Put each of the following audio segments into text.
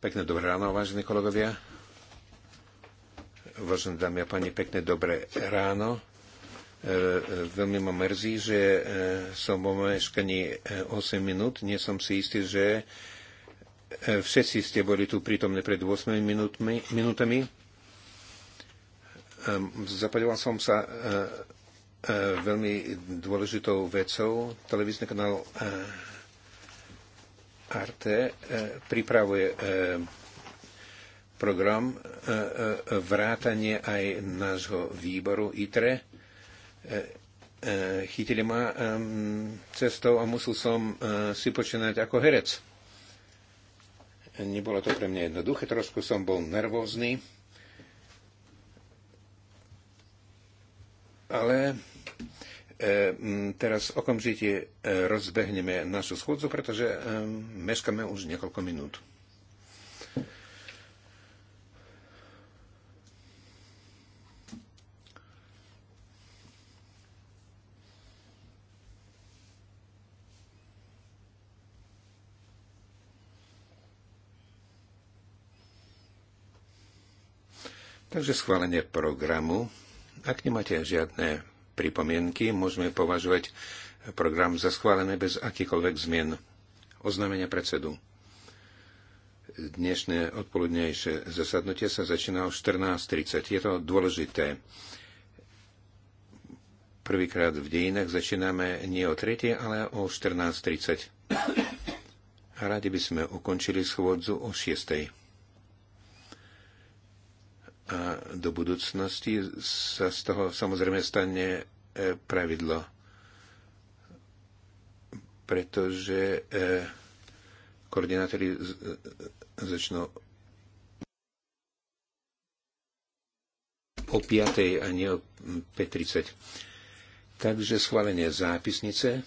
Pekné dobré ráno, vážení kolegovia. Vážené dámy a páni, pekné dobré ráno. E, e, veľmi ma mrzí, že e, som vo meškaní 8 minút. Nie som si istý, že všetci ste boli tu prítomní pred 8 minútmi, minútami. Zapadoval som sa veľmi dôležitou vecou. Televízny kanál Arte e, pripravuje e, program e, vrátanie aj nášho výboru ITRE. Chytili ma cestou a musel som si počínať ako herec. Nebolo to pre mňa jednoduché, trošku som bol nervózny, ale E, teraz okamžite e, rozbehneme našu schôdzu, pretože e, meškame už niekoľko minút. Takže schválenie programu. Ak nemáte žiadne pripomienky, môžeme považovať program za schválené bez akýchkoľvek zmien. Oznámenia predsedu. Dnešné odpoludnejšie zasadnutie sa začína o 14.30. Je to dôležité. Prvýkrát v dejinách začíname nie o 3, ale o 14.30. Radi by sme ukončili schôdzu o 6. A do budúcnosti sa z toho samozrejme stane e, pravidlo. Pretože e, koordinátori e, začnú o 5. a nie o 5.30. Takže schválenie zápisnice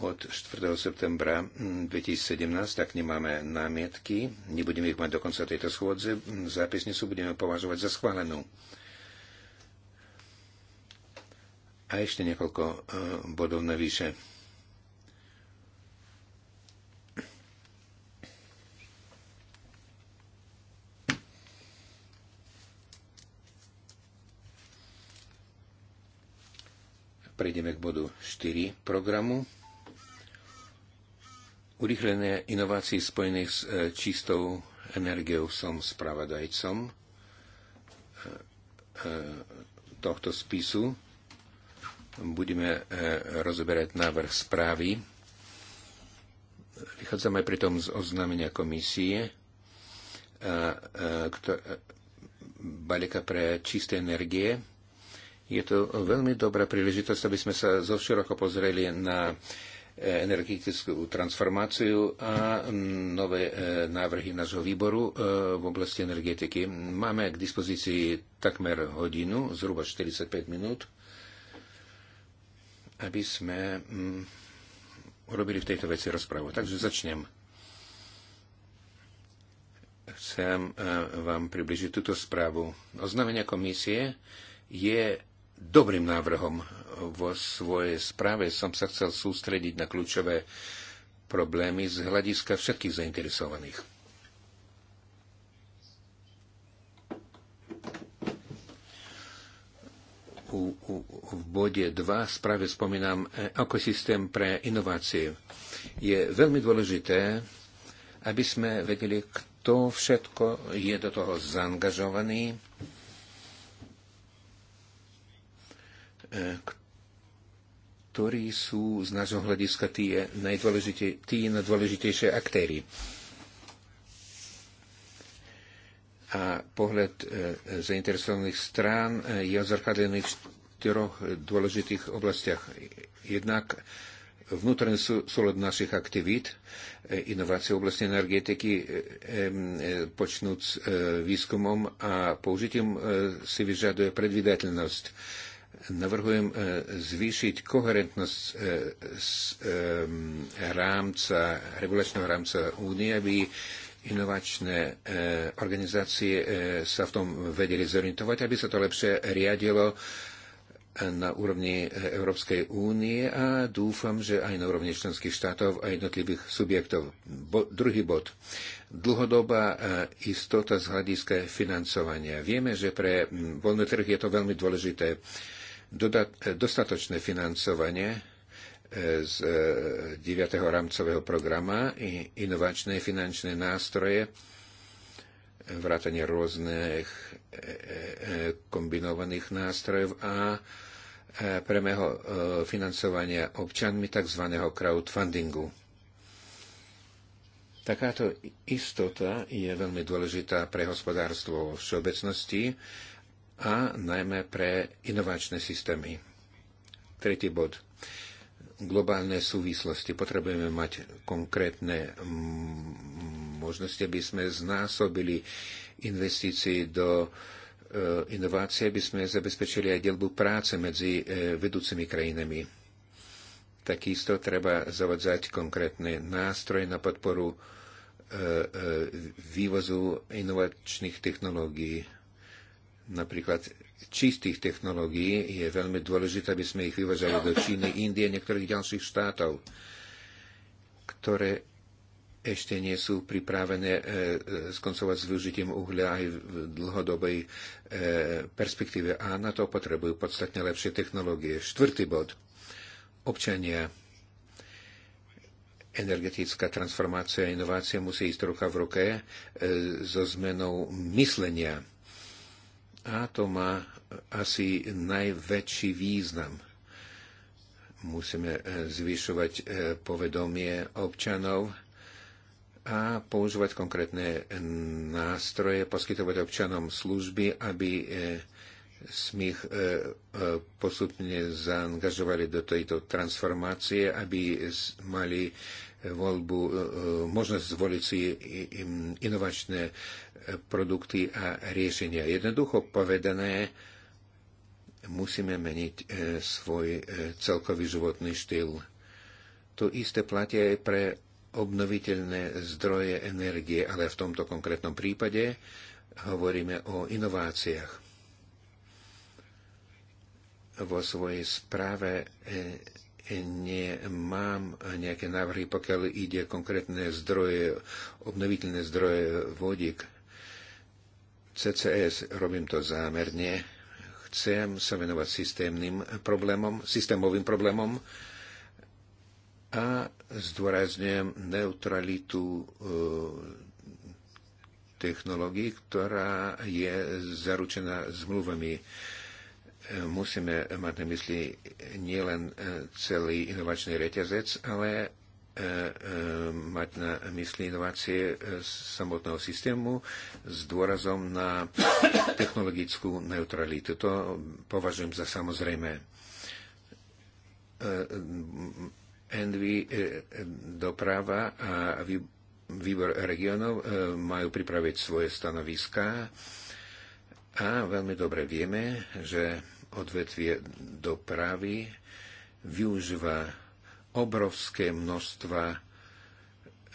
od 4. septembra 2017, mm, tak nemáme námietky, nebudeme ich mať do konca tejto schôdze, mm, zápisnicu budeme považovať za schválenú. A ešte niekoľko e, bodov navyše. Prejdeme k bodu 4 programu. Urychlené inovácií spojených s e, čistou energiou som spravodajcom e, e, tohto spisu. Budeme rozoberať návrh správy. Vychádzame pritom z oznámenia komisie balika pre čisté energie. Je to veľmi dobrá príležitosť, aby sme sa široko pozreli na uh, energetickú transformáciu a nové e, návrhy nášho výboru e, v oblasti energetiky. Máme k dispozícii takmer hodinu, zhruba 45 minút, aby sme mm, urobili v tejto veci rozpravu. Takže začnem chcem e, vám približiť túto správu. Oznámenie komisie je dobrým návrhom vo svojej správe som sa chcel sústrediť na kľúčové problémy z hľadiska všetkých zainteresovaných. U, u, v bode 2 správe spomínam e, ekosystém pre inovácie. Je veľmi dôležité, aby sme vedeli, kto všetko je do toho zaangažovaný, e, ktorí sú z nášho hľadiska tí, najdôležitej, tí najdôležitejšie aktéry. A pohľad e, zainteresovaných strán e, je zrkadlený v štyroch dôležitých oblastiach. Jednak vnútorný súlad našich aktivít, e, inovácie v oblasti energetiky, e, počnúc výskumom a použitím si vyžaduje predvydateľnosť Navrhujem e, zvýšiť koherentnosť e, e, rámca, regulačného rámca únie, aby inovačné organizácie sa v tom vedeli zorientovať, aby sa to lepšie riadilo na úrovni Európskej únie a dúfam, že aj na úrovni členských štátov a jednotlivých subjektov. Bo, druhý bod. Dlhodobá istota z hľadiska financovania. Vieme, že pre voľné trhy je to veľmi dôležité. E, E, dostatočné financovanie e, z 9. E, rámcového programa i inovačné finančné nástroje, vrátanie rôznych kombinovaných nástrojov a premého financovania občanmi tzv. crowdfundingu. Takáto istota je veľmi dôležitá pre hospodárstvo v všeobecnosti, a najmä pre inovačné systémy. Tretí bod. Globálne súvislosti. Potrebujeme mať konkrétne možnosti, aby sme znásobili investícii do e, inovácie, aby sme zabezpečili aj delbu práce medzi e, vedúcimi krajinami. Takisto treba zavadzať konkrétne nástroje na podporu e, vývozu inovačných technológií napríklad čistých technológií, je veľmi dôležité, aby sme ich vyvážali do Číny, Indie, niektorých ďalších štátov, ktoré ešte nie sú pripravené e, e, skoncovať s využitím uhlia aj v dlhodobej e, perspektíve a na to potrebujú podstatne lepšie technológie. Štvrtý bod. Občania energetická transformácia a inovácia musí ísť ruka v ruke so zmenou myslenia táto má asi najväčší význam. Musíme e, zvyšovať e, povedomie občanov a používať konkrétne nástroje, poskytovať občanom služby, aby e, smých postupne zaangažovali do tejto transformácie, aby mali voľbu, e, e, možnosť zvoliť si inovačné e, produkty a riešenia. Jednoducho povedané, musíme meniť svoj celkový životný štýl. To isté platí aj pre obnoviteľné zdroje energie, ale v tomto konkrétnom prípade hovoríme o inováciách. Vo svojej správe nemám nejaké návrhy, pokiaľ ide konkrétne zdroje, obnoviteľné zdroje vodík. CCS robím to zámerne. Chcem sa venovať systémnym problémom, systémovým problémom a zdôrazňujem neutralitu eh, technológií, ktorá je zaručená zmluvami musíme mať na mysli nielen e, celý inovačný reťazec, ale e, e, mať na mysli inovácie samotného systému s dôrazom na technologickú neutralitu. To považujem za samozrejme. Envy doprava a výbor regionov majú pripraviť svoje stanoviská a veľmi dobre vieme, že odvetvie dopravy využíva obrovské množstva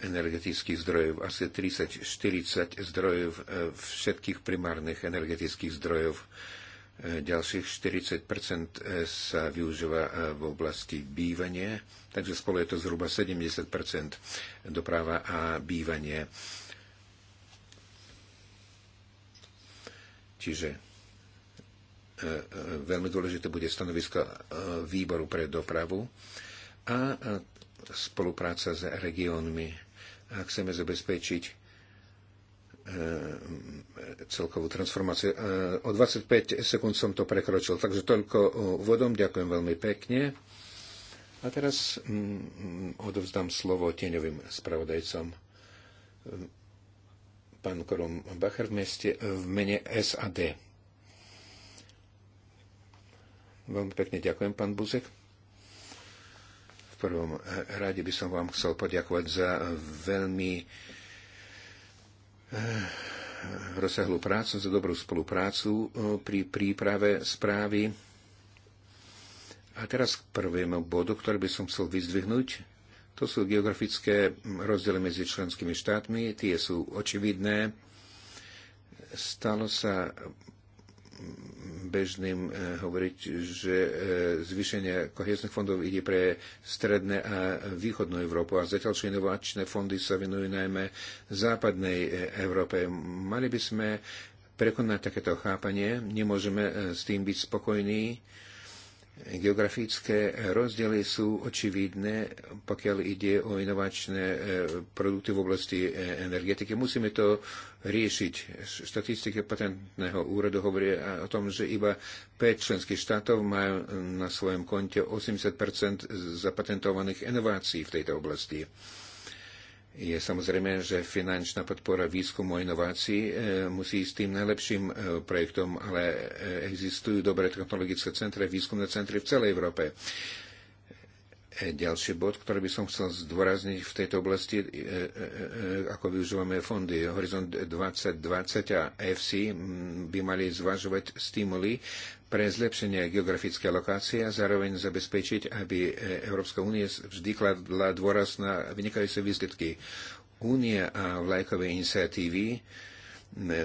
energetických zdrojov, asi 30-40 zdrojov e, všetkých primárnych energetických zdrojov. E, ďalších 40 e, sa využíva v oblasti bývania, takže spolu je to zhruba 70 doprava a bývanie. Čiže E, veľmi dôležité bude stanovisko e, výboru pre dopravu a spolupráca s regiónmi. A chceme zabezpečiť e, celkovú transformáciu. O 25 sekúnd som to prekročil, takže toľko vodom, Ďakujem veľmi pekne. A teraz odovzdám slovo tieňovým spravodajcom. Pán Korom Bacher v, meste, v mene SAD. Veľmi pekne ďakujem, pán Buzek. V prvom rade by som vám chcel poďakovať za veľmi eh, rozsahlú prácu, za dobrú spoluprácu eh, pri príprave správy. A teraz k prvému bodu, ktorý by som chcel vyzdvihnúť. To sú geografické rozdiely medzi členskými štátmi, tie sú očividné. Stalo sa bežným eh, hovoriť, že eh, zvýšenie kohezných fondov ide pre stredné a východnú Európu a zatiaľ, čo inovačné fondy sa venujú najmä západnej eh, Európe. Mali by sme prekonať takéto chápanie, nemôžeme s tým byť spokojní Geografické rozdiely sú očividné, pokiaľ ide o inovačné e, produkty v oblasti e, energetiky. Musíme to riešiť. Štatistiky patentného úradu hovoria o tom, že iba 5 členských štátov majú na svojom konte 80 zapatentovaných inovácií v tejto oblasti. Je samozrejme, že finančná podpora výskumu a inovácií e, musí ísť tým najlepším e, projektom, ale e, existujú dobré technologické centra, výskumné centry v celej Európe. E, ďalší bod, ktorý by som chcel zdôrazniť v tejto oblasti, e, e, ako využívame fondy Horizont 2020 a EFC, by mali zvažovať stimuly pre zlepšenie geografické lokácie a zároveň zabezpečiť, aby Európska únie vždy kladla dôraz na vynikajúce výsledky. únie a vlajkové iniciatívy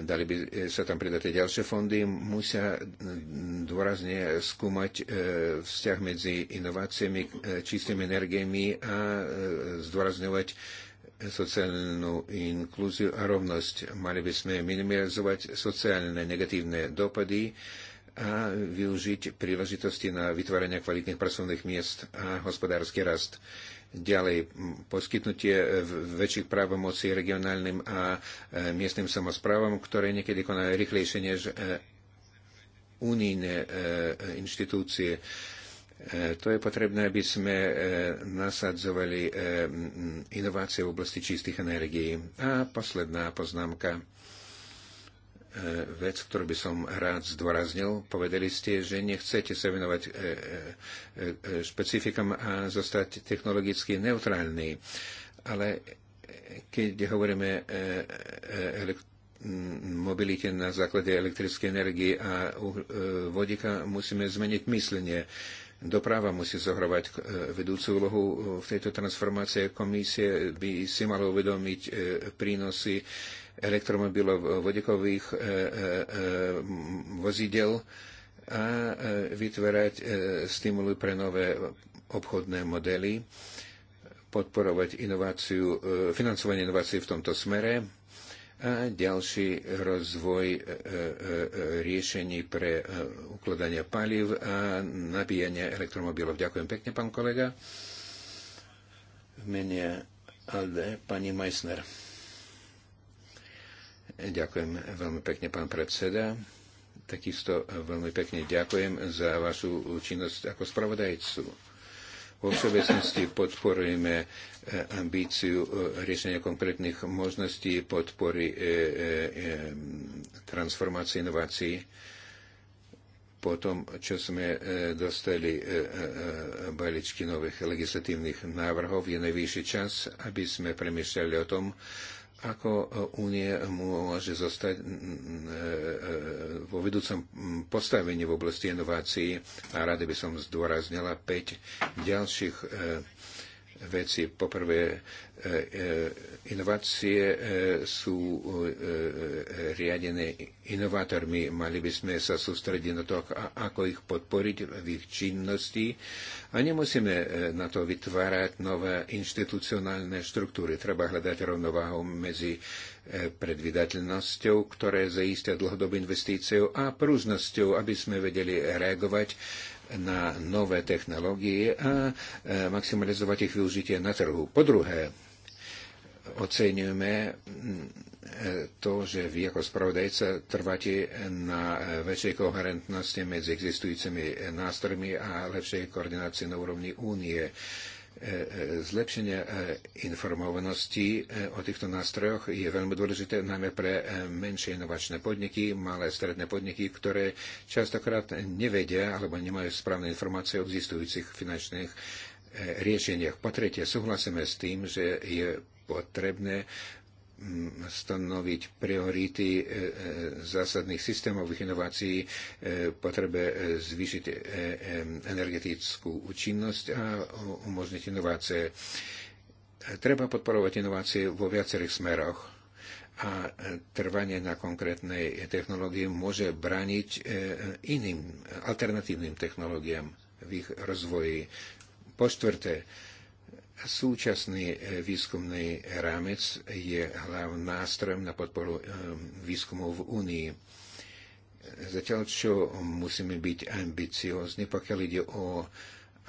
dali by sa tam pridať ďalšie fondy, musia dôrazne skúmať e, vzťah medzi inováciami, e, čistými energiami a e, zdôrazňovať sociálnu inklúziu a rovnosť. Mali by sme minimalizovať sociálne negatívne dopady a využiť príležitosti na vytváranie kvalitných pracovných miest a hospodársky rast. Ďalej, poskytnutie e, väčších právomocí regionálnym a e, miestnym samozprávam, ktoré niekedy konajú rýchlejšie než e, unijné inštitúcie. To je potrebné, aby sme nasadzovali inovácie v oblasti čistých energií. A posledná poznámka E, vec, ktorú by som rád zdôraznil. Povedali ste, že nechcete sa venovať e, e, špecifikom a zostať technologicky neutrálny. Ale keď hovoríme mobilite na základe elektrickej energie a vodika, musíme zmeniť myslenie. Doprava musí zohrovať vedúcu úlohu v tejto transformácie. Komisie by si malo uvedomiť prínosy elektromobilov, eh, vodíkových eh, eh, vozidel a vytvárať stimuly pre nové obchodné modely, podporovať inováciu, financovanie inovácií v tomto smere a ďalší rozvoj riešení pre ukladanie paliv a nabíjanie elektromobilov. Ďakujem pekne, pán kolega. V mene Alde, pani Meissner. Ďakujem veľmi pekne, pán predseda. Takisto veľmi pekne ďakujem za vašu činnosť ako spravodajcu. Vo všeobecnosti podporujeme e, ambíciu e, riešenia konkrétnych možností podpory e, transformácie inovácií po tom, čo sme dostali baličky nových legislatívnych návrhov, je najvyšší čas, aby sme premýšľali o tom, ako e, únie môže zostať e, e, vo vedúcom postavení v oblasti inovácií a rady by som zdôraznila 5 ďalších veci. Poprvé, e, e, inovácie e, sú riadené inovátormi. Mali by sme sa sústrediť na to, ako ich podporiť v ich činnosti a nemusíme na to vytvárať nové inštitucionálne štruktúry. Treba hľadať rovnováhu medzi predvydateľnosťou, ktoré zaistia dlhodobú investíciou a prúžnosťou, aby sme vedeli reagovať na nové technológie a e, maximalizovať ich využitie na trhu. Po druhé, oceňujeme e, to, že vy ako spravodajca trváte na väčšej koherentnosti medzi existujúcimi nástrojmi a lepšej koordinácii na úrovni únie. E, e, zlepšenie e, informovanosti o týchto nástrojoch je veľmi dôležité, najmä pre menšie inovačné podniky, malé stredné podniky, ktoré častokrát nevedia alebo nemajú správne informácie o existujúcich finančných riešeniach. Po tretie, súhlasíme s tým, že je potrebné stanoviť priority e, e, zásadných systémových inovácií, e, potrebe zvýšiť energetickú účinnosť a umožniť inovácie. Treba podporovať inovácie vo viacerých smeroch a trvanie na konkrétnej technológii môže braniť iným alternatívnym technológiám v ich rozvoji. Po štvrté, Súčasný e, výskumný rámec je hlavným nástrojom na podporu e, výskumu v Únii. Zatiaľ, čo musíme byť ambiciózni, pokiaľ ide o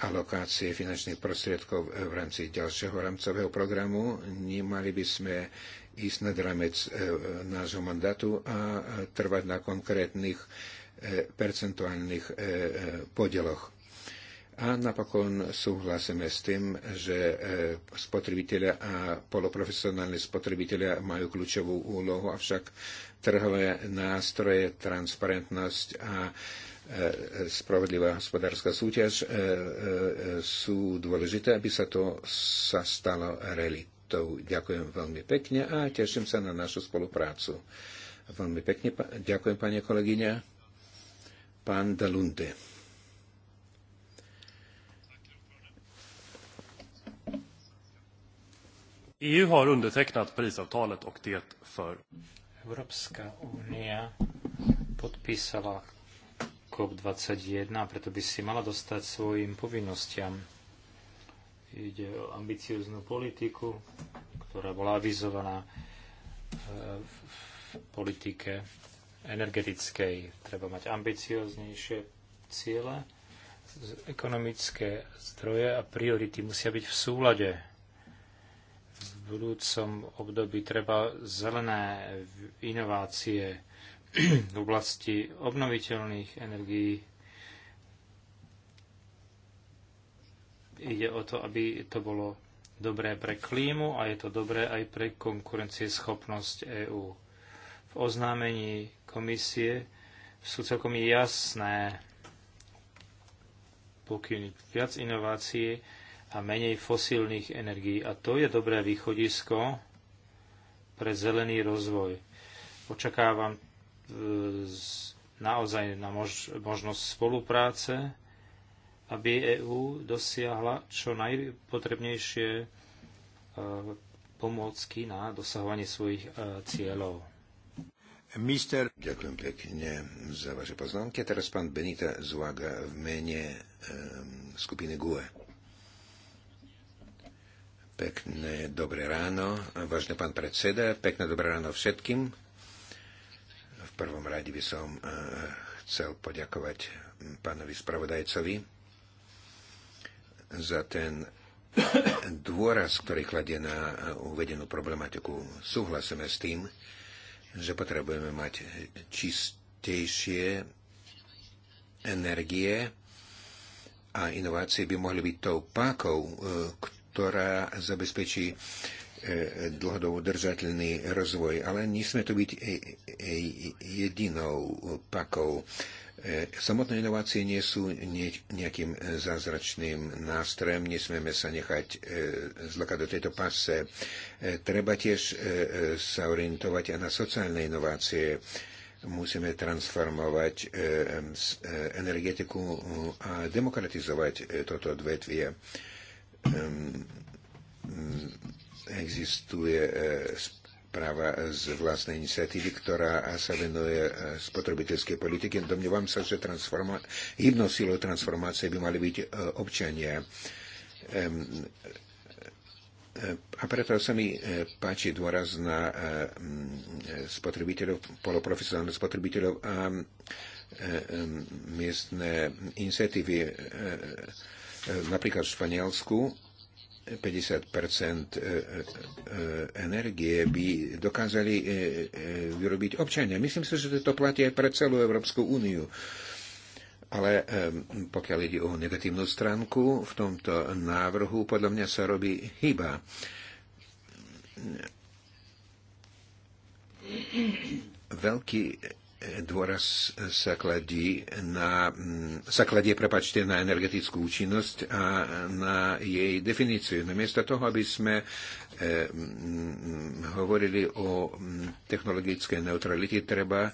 alokácie finančných prostriedkov v rámci ďalšieho rámcového programu, nemali by sme ísť nad rámec e, nášho mandátu a trvať na konkrétnych percentuálnych podeloch a napokon súhlasíme s tým, že e, spotrebitelia a poloprofesionálni spotrebitelia majú kľúčovú úlohu, avšak trhové nástroje, transparentnosť a e, spravodlivá hospodárska súťaž e, sú dôležité, aby sa to sa stalo realitou. Ďakujem veľmi pekne a teším sa na našu spoluprácu. Veľmi pekne ďakujem, pani kolegyňa. Pán Dalunde. EU har undertecknat Parisavtalet och det för... Európska únia podpísala COP21, preto by si mala dostať svojim povinnostiam. Ide o ambicióznu politiku, ktorá bola avizovaná e, v politike energetickej. Treba mať ambicioznejšie ciele, ekonomické zdroje a priority musia byť v súlade budúcom období treba zelené inovácie v oblasti obnoviteľných energií. Ide o to, aby to bolo dobré pre klímu a je to dobré aj pre konkurencieschopnosť EÚ. V oznámení komisie sú celkom jasné pokyny viac inovácií, a menej fosílnych energií. A to je dobré východisko pre zelený rozvoj. Očakávam e, naozaj na mož, možnosť spolupráce, aby EÚ dosiahla čo najpotrebnejšie e, pomôcky na dosahovanie svojich e, cieľov. Mister... Ďakujem pekne za vaše poznámky. teraz pán Benita Zuaga v mene um, skupiny GUE. Pekné dobré ráno, vážne pán predseda, pekné dobré ráno všetkým. V prvom rade by som eh, chcel poďakovať hm, pánovi spravodajcovi za ten dôraz, ktorý kladie na eh, uvedenú problematiku. Súhlasíme s tým, že potrebujeme mať čistejšie energie a inovácie by mohli byť tou pákou, eh, ktorá zabezpečí e, dlhodobo držateľný rozvoj. Ale nesme to byť e, e, jedinou pakou. Samotné inovácie nie sú nejakým zázračným nástrojem, nesmieme sa nechať zlakať do tejto pase. Treba tiež sa orientovať aj na sociálne inovácie. Musíme transformovať energetiku a demokratizovať toto odvetvie. Mm, existuje e, práva z vlastnej iniciatívy, ktorá sa venuje e, spotrebiteľskej politike. Domnievam sa, že transforma- hybnou silou transformácie by mali byť e, občania. A preto sa mi páči dôraz na mm, spotrebiteľov, poloprofesionálnych spotrebiteľov a miestne iniciatívy E, napríklad v Španielsku 50 e, e, energie by dokázali vyrobiť občania. Myslím si, že to platí aj pre celú Európsku úniu. Ale pokiaľ ide o negatívnu stránku, v tomto návrhu podľa mňa sa robí chyba. Veľký dôraz sa kladí na, mm, sa kladie, prepačte, na energetickú účinnosť a na jej definíciu. Namiesto toho, aby sme eh, hovorili o technologickej neutralite, treba e,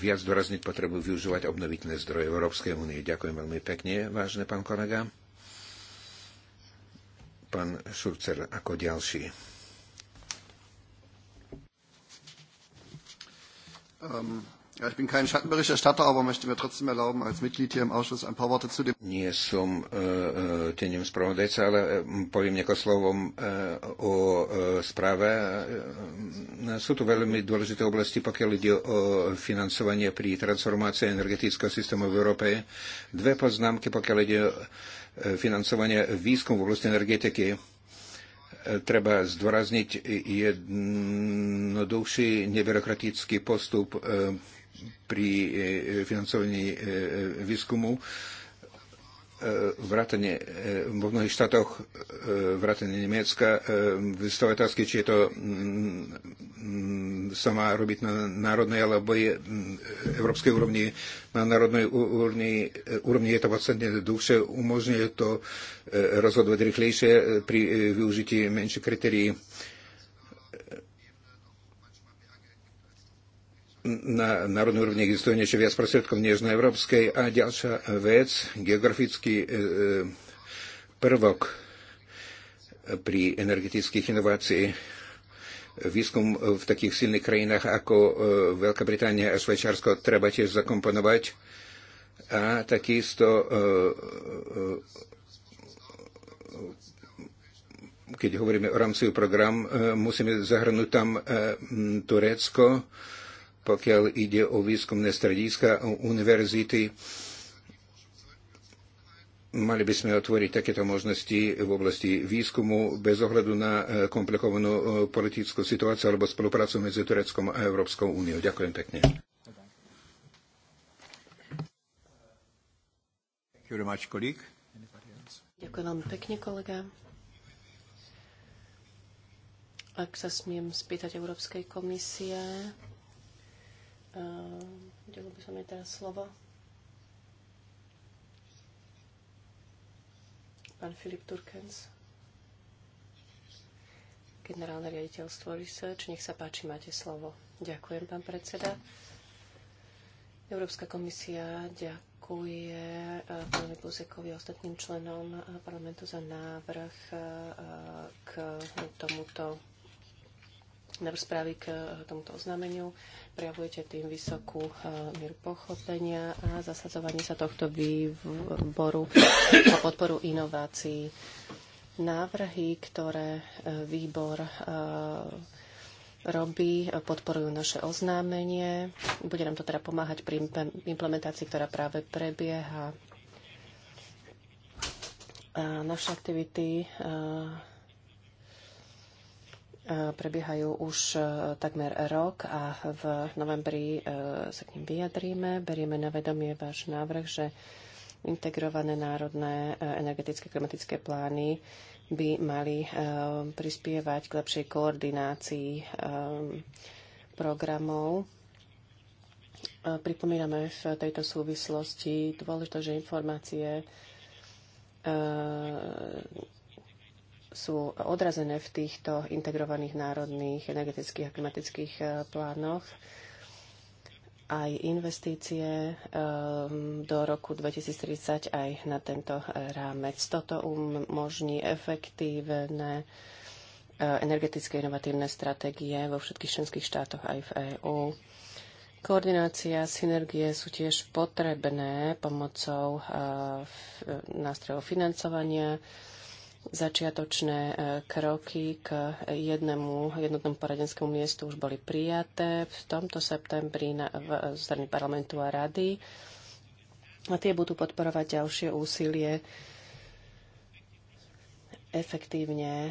viac dôrazniť potrebu využívať obnoviteľné zdroje Európskej únie. Ďakujem veľmi pekne, vážne pán kolega. Pán Šurcer ako ďalší. Ähm, ja, ich bin kein Schattenberichterstatter, aber möchte mir trotzdem erlauben, als Mitglied hier im Ausschuss ein paar Worte zu dem... Nie som äh, äh, e, spravodajca, ale ähm, poviem nieko slovom äh, o e, správe. sú tu veľmi dôležité oblasti, pokiaľ ide o financovanie pri transformácii energetického systému v Európe. Dve poznámky, pokiaľ ide o e, financovanie výskum v oblasti energetiky treba zdôrazniť jednoduchší nebyrokratický postup eh, pri eh, financovaní eh, výskumu E, vrátane e, vo mnohých štátoch, e, vrátane Nemecka, vystáva otázky, či je to sa má robiť na národnej alebo je európskej úrovni. Na národnej úrovni, úrovni je to podstatne dlhšie, umožňuje to rozhodovať rýchlejšie pri využití menších kritérií. na národnej úrovni existuje niečo viac prostriedkov než na európskej. A ďalšia vec, geografický e, e, prvok pri energetických inováciách výskum v takých silných krajinách ako e, Veľká Británia a Švajčiarsko treba tiež zakomponovať a takisto keď hovoríme o rámci program, musíme zahrnúť tam Turecko, pokiaľ ide o výskumné strediska, a univerzity. Mali by sme otvoriť takéto možnosti v oblasti výskumu bez ohľadu na e, komplikovanú e, politickú situáciu alebo spoluprácu medzi Tureckom a Európskou úniou. Ďakujem pekne. Ďakujem veľmi pekne, kolega. Ak sa smiem spýtať Európskej komisie, Uh, by som jej teraz slovo. Pán Filip Turkens. Generálne riaditeľstvo Research. Nech sa páči, máte slovo. Ďakujem, pán predseda. Európska komisia ďakuje eh, pánovi Buzekovi a ostatným členom eh, parlamentu za návrh eh, k tomuto správy k eh, tomuto oznámeniu. Prejavujete tým vysokú eh, mieru pochopenia a zasadzovanie sa tohto výboru o podporu inovácií. Návrhy, ktoré eh, výbor robí, podporujú naše oznámenie. Bude nám to teda pomáhať pri implementácii, ktorá práve prebieha. A naše aktivity prebiehajú už e, takmer rok a v novembri e, sa k ním vyjadríme. Berieme na vedomie váš návrh, že integrované národné e, energetické klimatické plány by mali prispievať k lepšej koordinácii programov. Pripomíname v tejto súvislosti dôležité, že informácie sú odrazené v týchto integrovaných národných energetických a klimatických e, plánoch. Aj investície e, do roku 2030 aj na tento rámec. Toto umožní efektívne e, energetické inovatívne stratégie vo všetkých členských štátoch aj v EÚ. Koordinácia, synergie sú tiež potrebné pomocou nástrojov financovania, Začiatočné e, kroky k jednému jednotnému poradenskému miestu už boli prijaté v tomto septembri na, v, strany parlamentu a rady. A tie budú podporovať ďalšie úsilie efektívne e,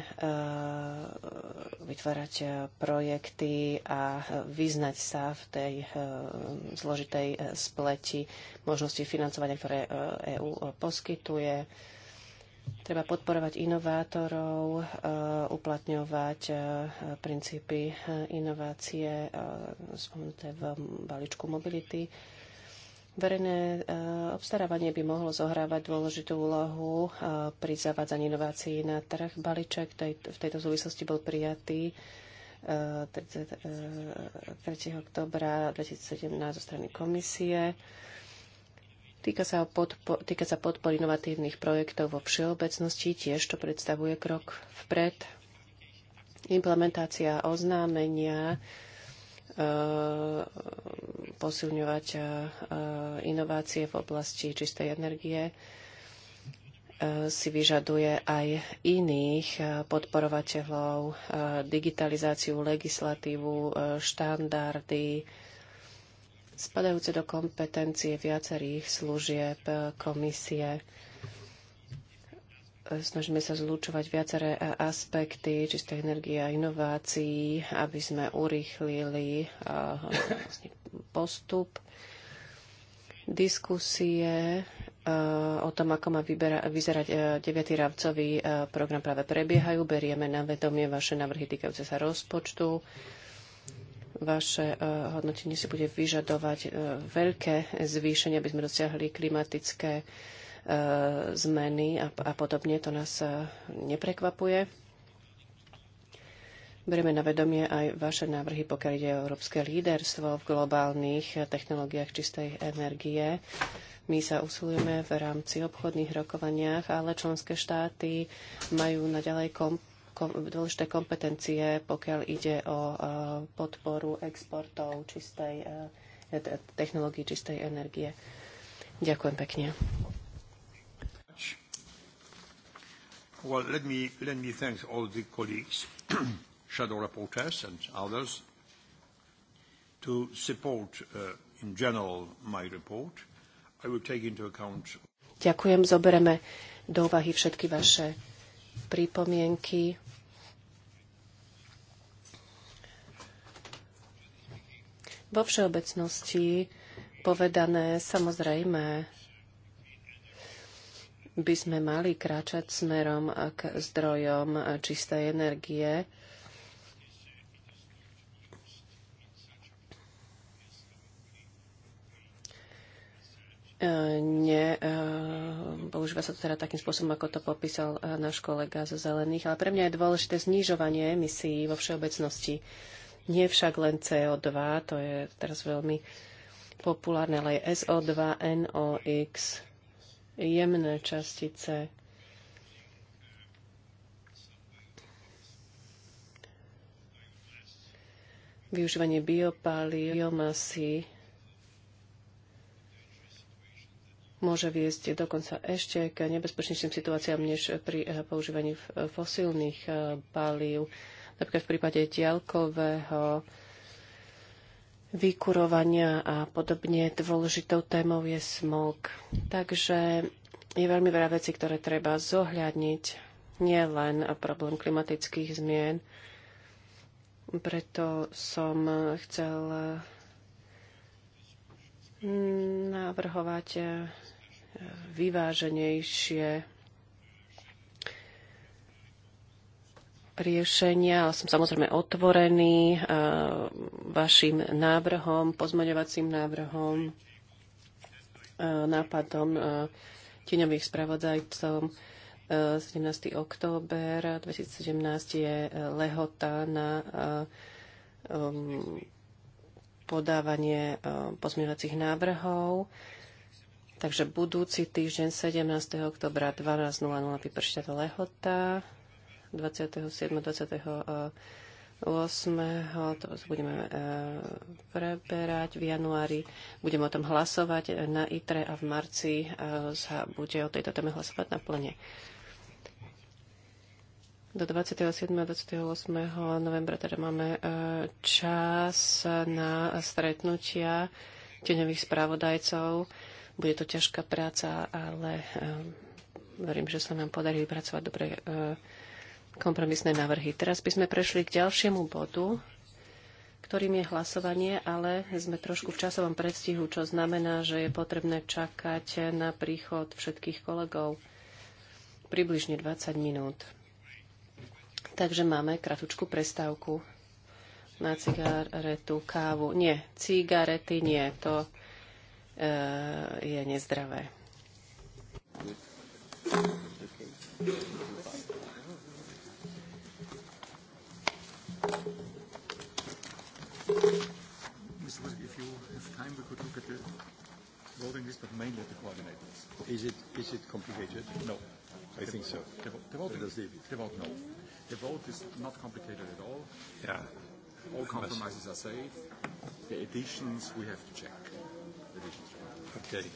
vytvárať e, projekty a vyznať sa v tej zložitej spleti možnosti financovania, ktoré EÚ poskytuje Treba podporovať inovátorov, e, uplatňovať e, princípy e, inovácie spomenuté v balíčku mobility. Verejné obstarávanie by mohlo zohrávať dôležitú úlohu pri zavádzaní inovácií na trh. Balíček v tejto súvislosti bol prijatý 3. oktobra 2017 zo strany komisie. Týka sa, podpo- týka sa podpor inovatívnych projektov vo všeobecnosti, tiež to predstavuje krok vpred. Implementácia oznámenia e, posilňovať e, inovácie v oblasti čistej energie e, si vyžaduje aj iných podporovateľov, digitalizáciu, legislatívu, štandardy, spadajúce do kompetencie viacerých služieb e, komisie. Snažíme sa zlúčovať viaceré e, aspekty čisté energie a inovácií, aby sme urýchlili e, vlastne postup diskusie o tom, ako má vybera, vyzerať 9. rámcový program práve prebiehajú. Berieme na vedomie vaše návrhy týkajúce sa rozpočtu Vaše e, hodnotenie si bude vyžadovať e, veľké zvýšenie, aby sme dosiahli klimatické e, zmeny a, a podobne. To nás neprekvapuje. Berieme na vedomie aj vaše návrhy, pokiaľ ide o európske líderstvo v globálnych technológiách čistej energie. My sa usilujeme v rámci obchodných rokovaniach, ale členské štáty majú naďalej kompetencie dôležité kompetencie, pokiaľ ide o e, podporu exportov čistej e, technológie čistej energie. Ďakujem pekne. Well, let me, let me thank all the colleagues, shadow rapporteurs and others, to support uh, in general my report. I will take into account... Ďakujem, zoberieme do úvahy všetky vaše pripomienky. Vo všeobecnosti povedané, samozrejme, by sme mali kráčať smerom k zdrojom čistej energie. Nie, e, používa sa to teda takým spôsobom, ako to popísal e, náš kolega zo Zelených, ale pre mňa je dôležité znižovanie emisí vo všeobecnosti. Nie však len CO2, to je teraz veľmi populárne, ale je SO2, NOx, jemné častice. Využívanie biopály, biomasy môže viesť dokonca ešte k nebezpečnejším situáciám než pri používaní fosílnych eh, palív napríklad v prípade diaľkového vykurovania a podobne. Dôležitou témou je smog. Takže je veľmi veľa vecí, ktoré treba zohľadniť, nie len problém klimatických zmien. Preto som chcel navrhovať vyváženejšie riešenia. Som samozrejme otvorený e, vašim návrhom, pozmaňovacím návrhom, e, nápadom e, tieňových spravodajcov. 17. október 2017 je lehota na um, podávanie pozmeňovacích návrhov. Takže budúci týždeň 17. oktobra 12.00 vypršťa lehota 27. E, to budeme e, preberať. V januári budeme o tom hlasovať na ITRE a v marci e, sa bude o tejto téme hlasovať na plene. Do 27. a 28. novembra teda máme čas na stretnutia teňových správodajcov. Bude to ťažká práca, ale verím, že sa nám podarí vypracovať dobre kompromisné návrhy. Teraz by sme prešli k ďalšiemu bodu, ktorým je hlasovanie, ale sme trošku v časovom predstihu, čo znamená, že je potrebné čakať na príchod všetkých kolegov približne 20 minút. Takže máme kratučku prestávku na cigaretu, kávu. Nie, cigarety nie, to e, je nezdravé. Thank you. Mr. Wood, if you have time, we could look at the voting list, but mainly at the coordinators. Is it, is it complicated? No. I the, think so. The, the, voting, the vote, no. The vote is not complicated at all. Yeah. All compromises are safe. The additions we have to check. Additions. Okay.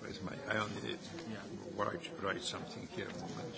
Where's my? I only need. Yeah. Write, write something here. A moment.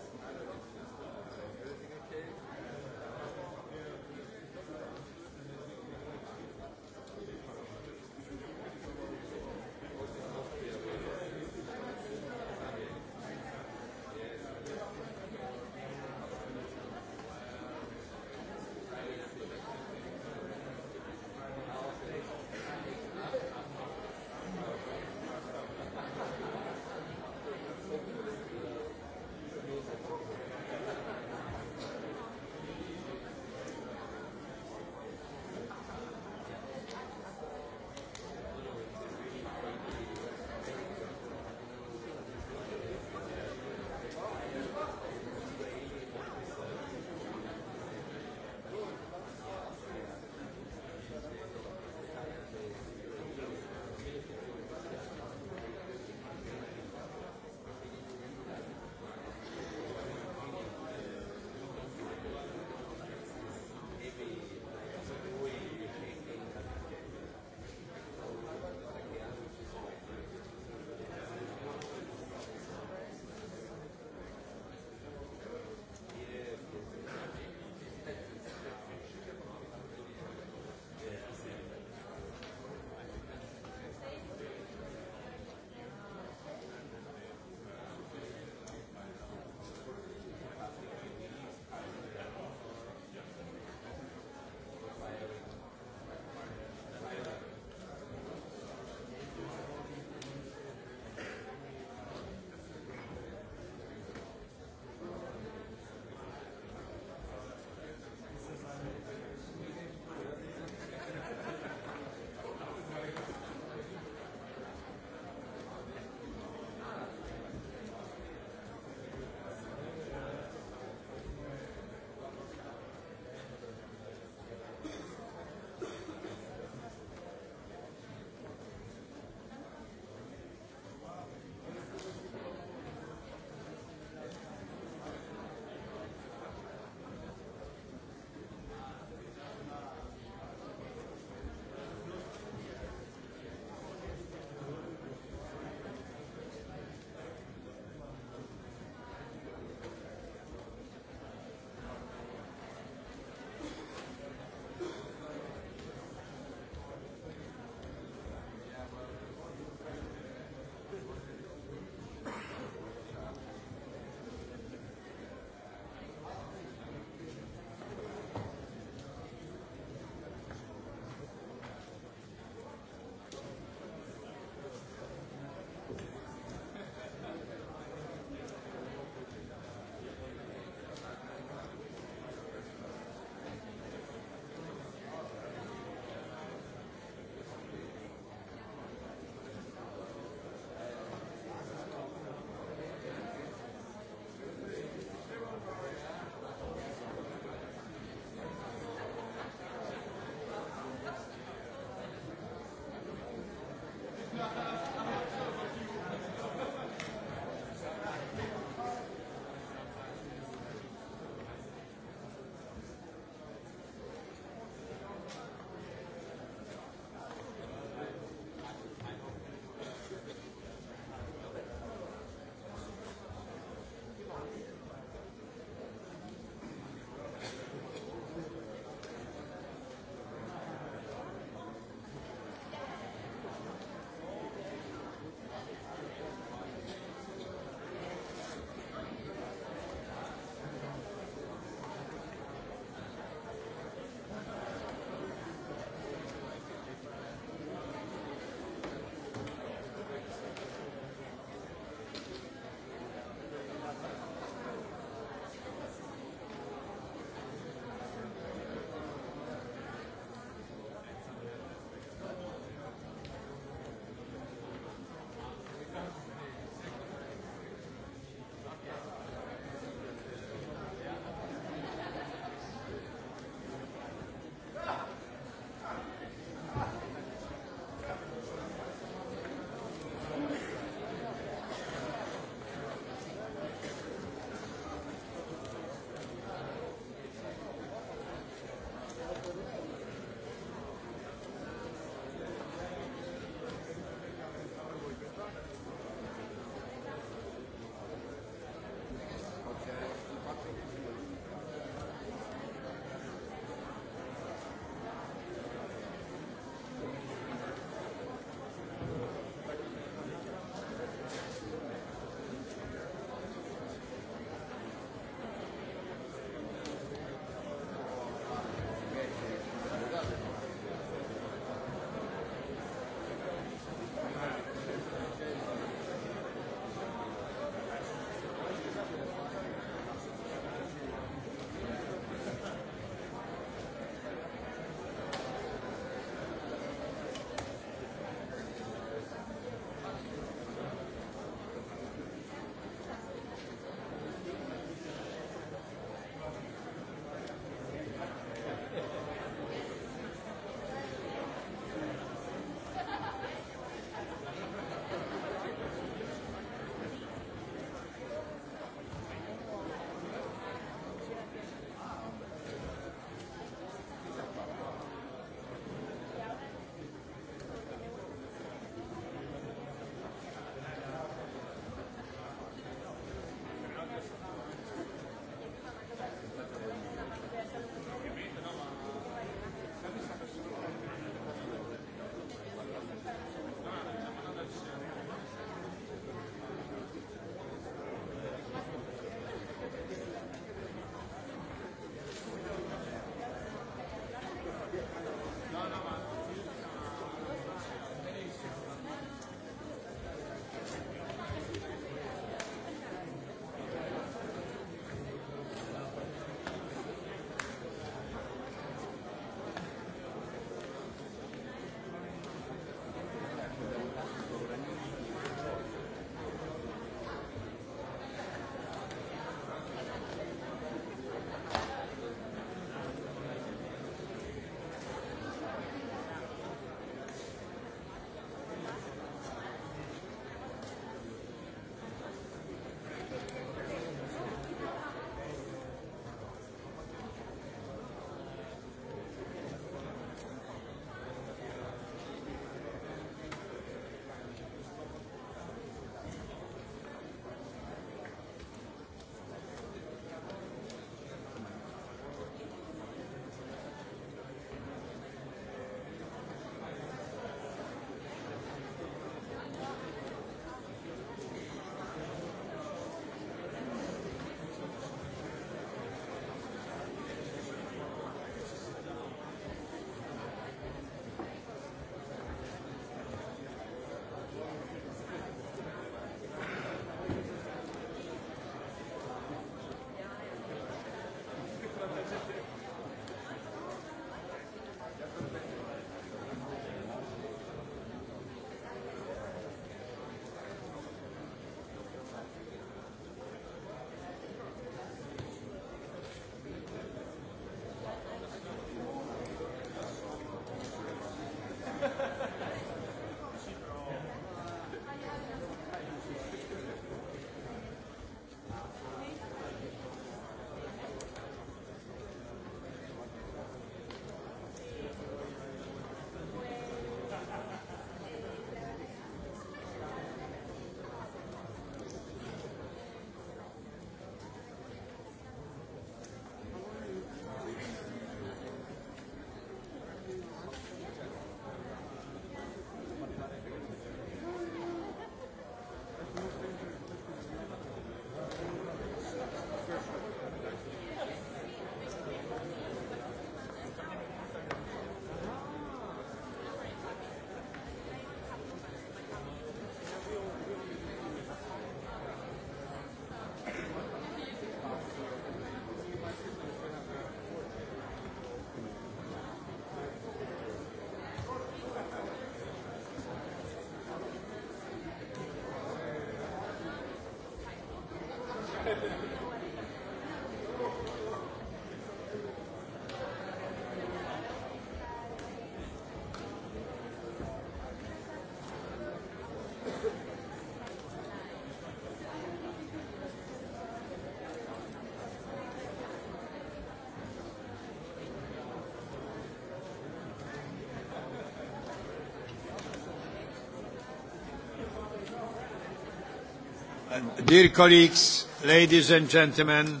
Dear colleagues, Ladies and gentlemen,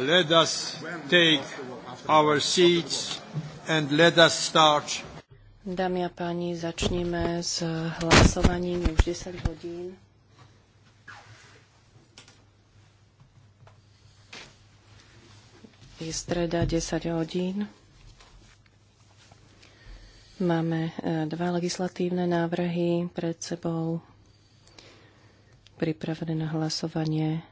let us take our seats and let us start. Dámy a páni, začneme s hlasovaním už 10 hodín. Je streda 10 hodín. Máme e, dva legislatívne návrhy pred sebou pripravené na hlasovanie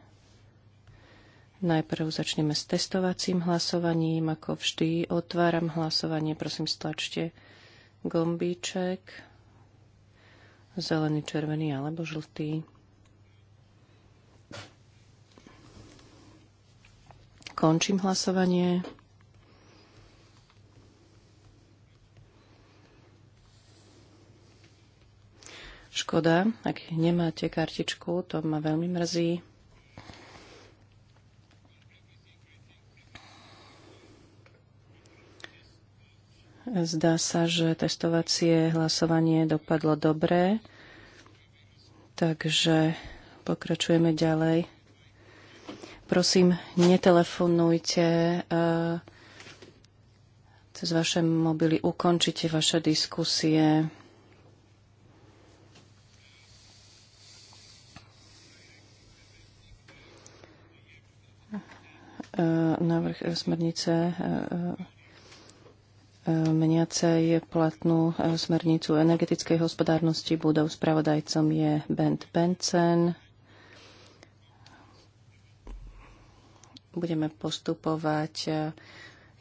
Najprv začneme s testovacím hlasovaním. Ako vždy otváram hlasovanie. Prosím, stlačte gombíček. Zelený, červený alebo žltý. Končím hlasovanie. Škoda, ak nemáte kartičku, to ma veľmi mrzí. Zdá sa, že testovacie hlasovanie dopadlo dobre, takže pokračujeme ďalej. Prosím, netelefonujte e, cez vaše mobily, ukončite vaše diskusie. E, návrh smernice e, meniacej platnú e, smernicu energetickej hospodárnosti budov. Spravodajcom je Bent Bensen. Budeme postupovať e,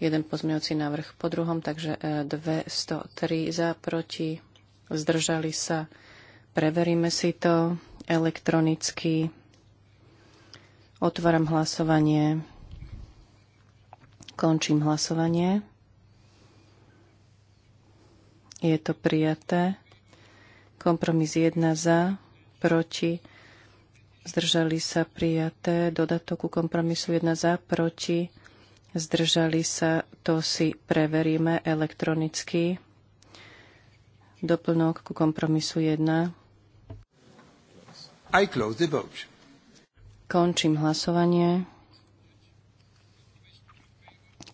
jeden pozmeňovací návrh po druhom, takže 203 e, za, proti, zdržali sa. Preveríme si to elektronicky. Otváram hlasovanie. Končím hlasovanie. Je to prijaté. Kompromis 1 za, proti, zdržali sa prijaté. Dodatok ku kompromisu 1 za, proti, zdržali sa. To si preveríme elektronicky. Doplnok ku kompromisu 1. I close the vote. Končím hlasovanie.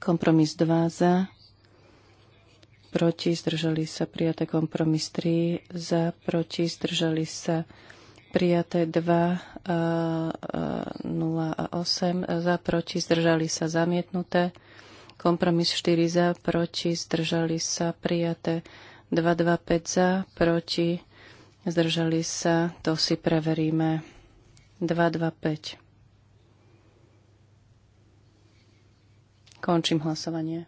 Kompromis 2 za, proti, zdržali sa prijaté kompromis 3, za, proti, zdržali sa prijaté 2, 0 e, e, a 8, za, proti, zdržali sa zamietnuté, kompromis 4 za, proti, zdržali sa prijaté 2, 2, 5 za, proti, zdržali sa, to si preveríme, 2, 2, 5. Končím hlasovanie.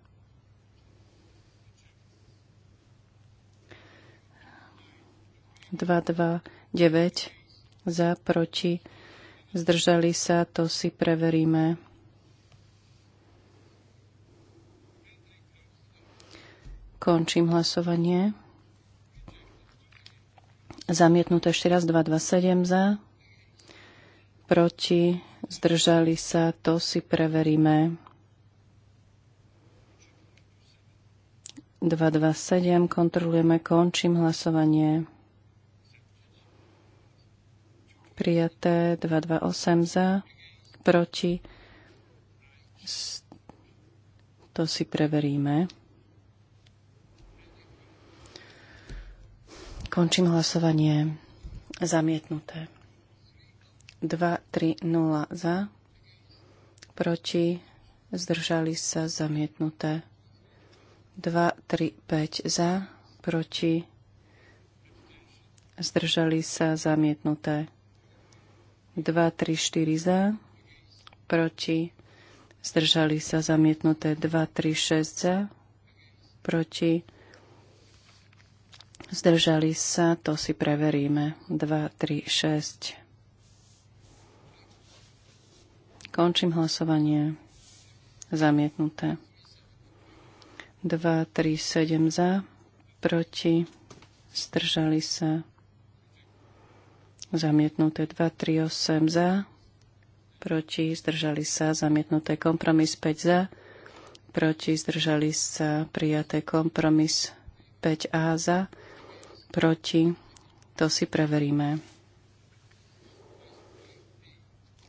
229 za, proti, zdržali sa, to si preveríme. Končím hlasovanie. Zamietnuté ešte raz 227 za, proti, zdržali sa, to si preveríme. 227, kontrolujeme, končím hlasovanie prijaté 228 za, proti. To si preveríme. Končím hlasovanie. Zamietnuté. 2, 3, 0 za. Proti. Zdržali sa zamietnuté. 2, 3, 5 za. Proti. Zdržali sa zamietnuté. 2, 3, 4 za, proti, zdržali sa zamietnuté 2, 3, 6 za, proti, zdržali sa, to si preveríme, 2, 3, 6. Končím hlasovanie, zamietnuté. 2, 3, 7 za, proti, zdržali sa, Zamietnuté 2, 3, 8 za. Proti zdržali sa. Zamietnuté kompromis 5 za. Proti zdržali sa. Prijaté kompromis 5A za. Proti. To si preveríme.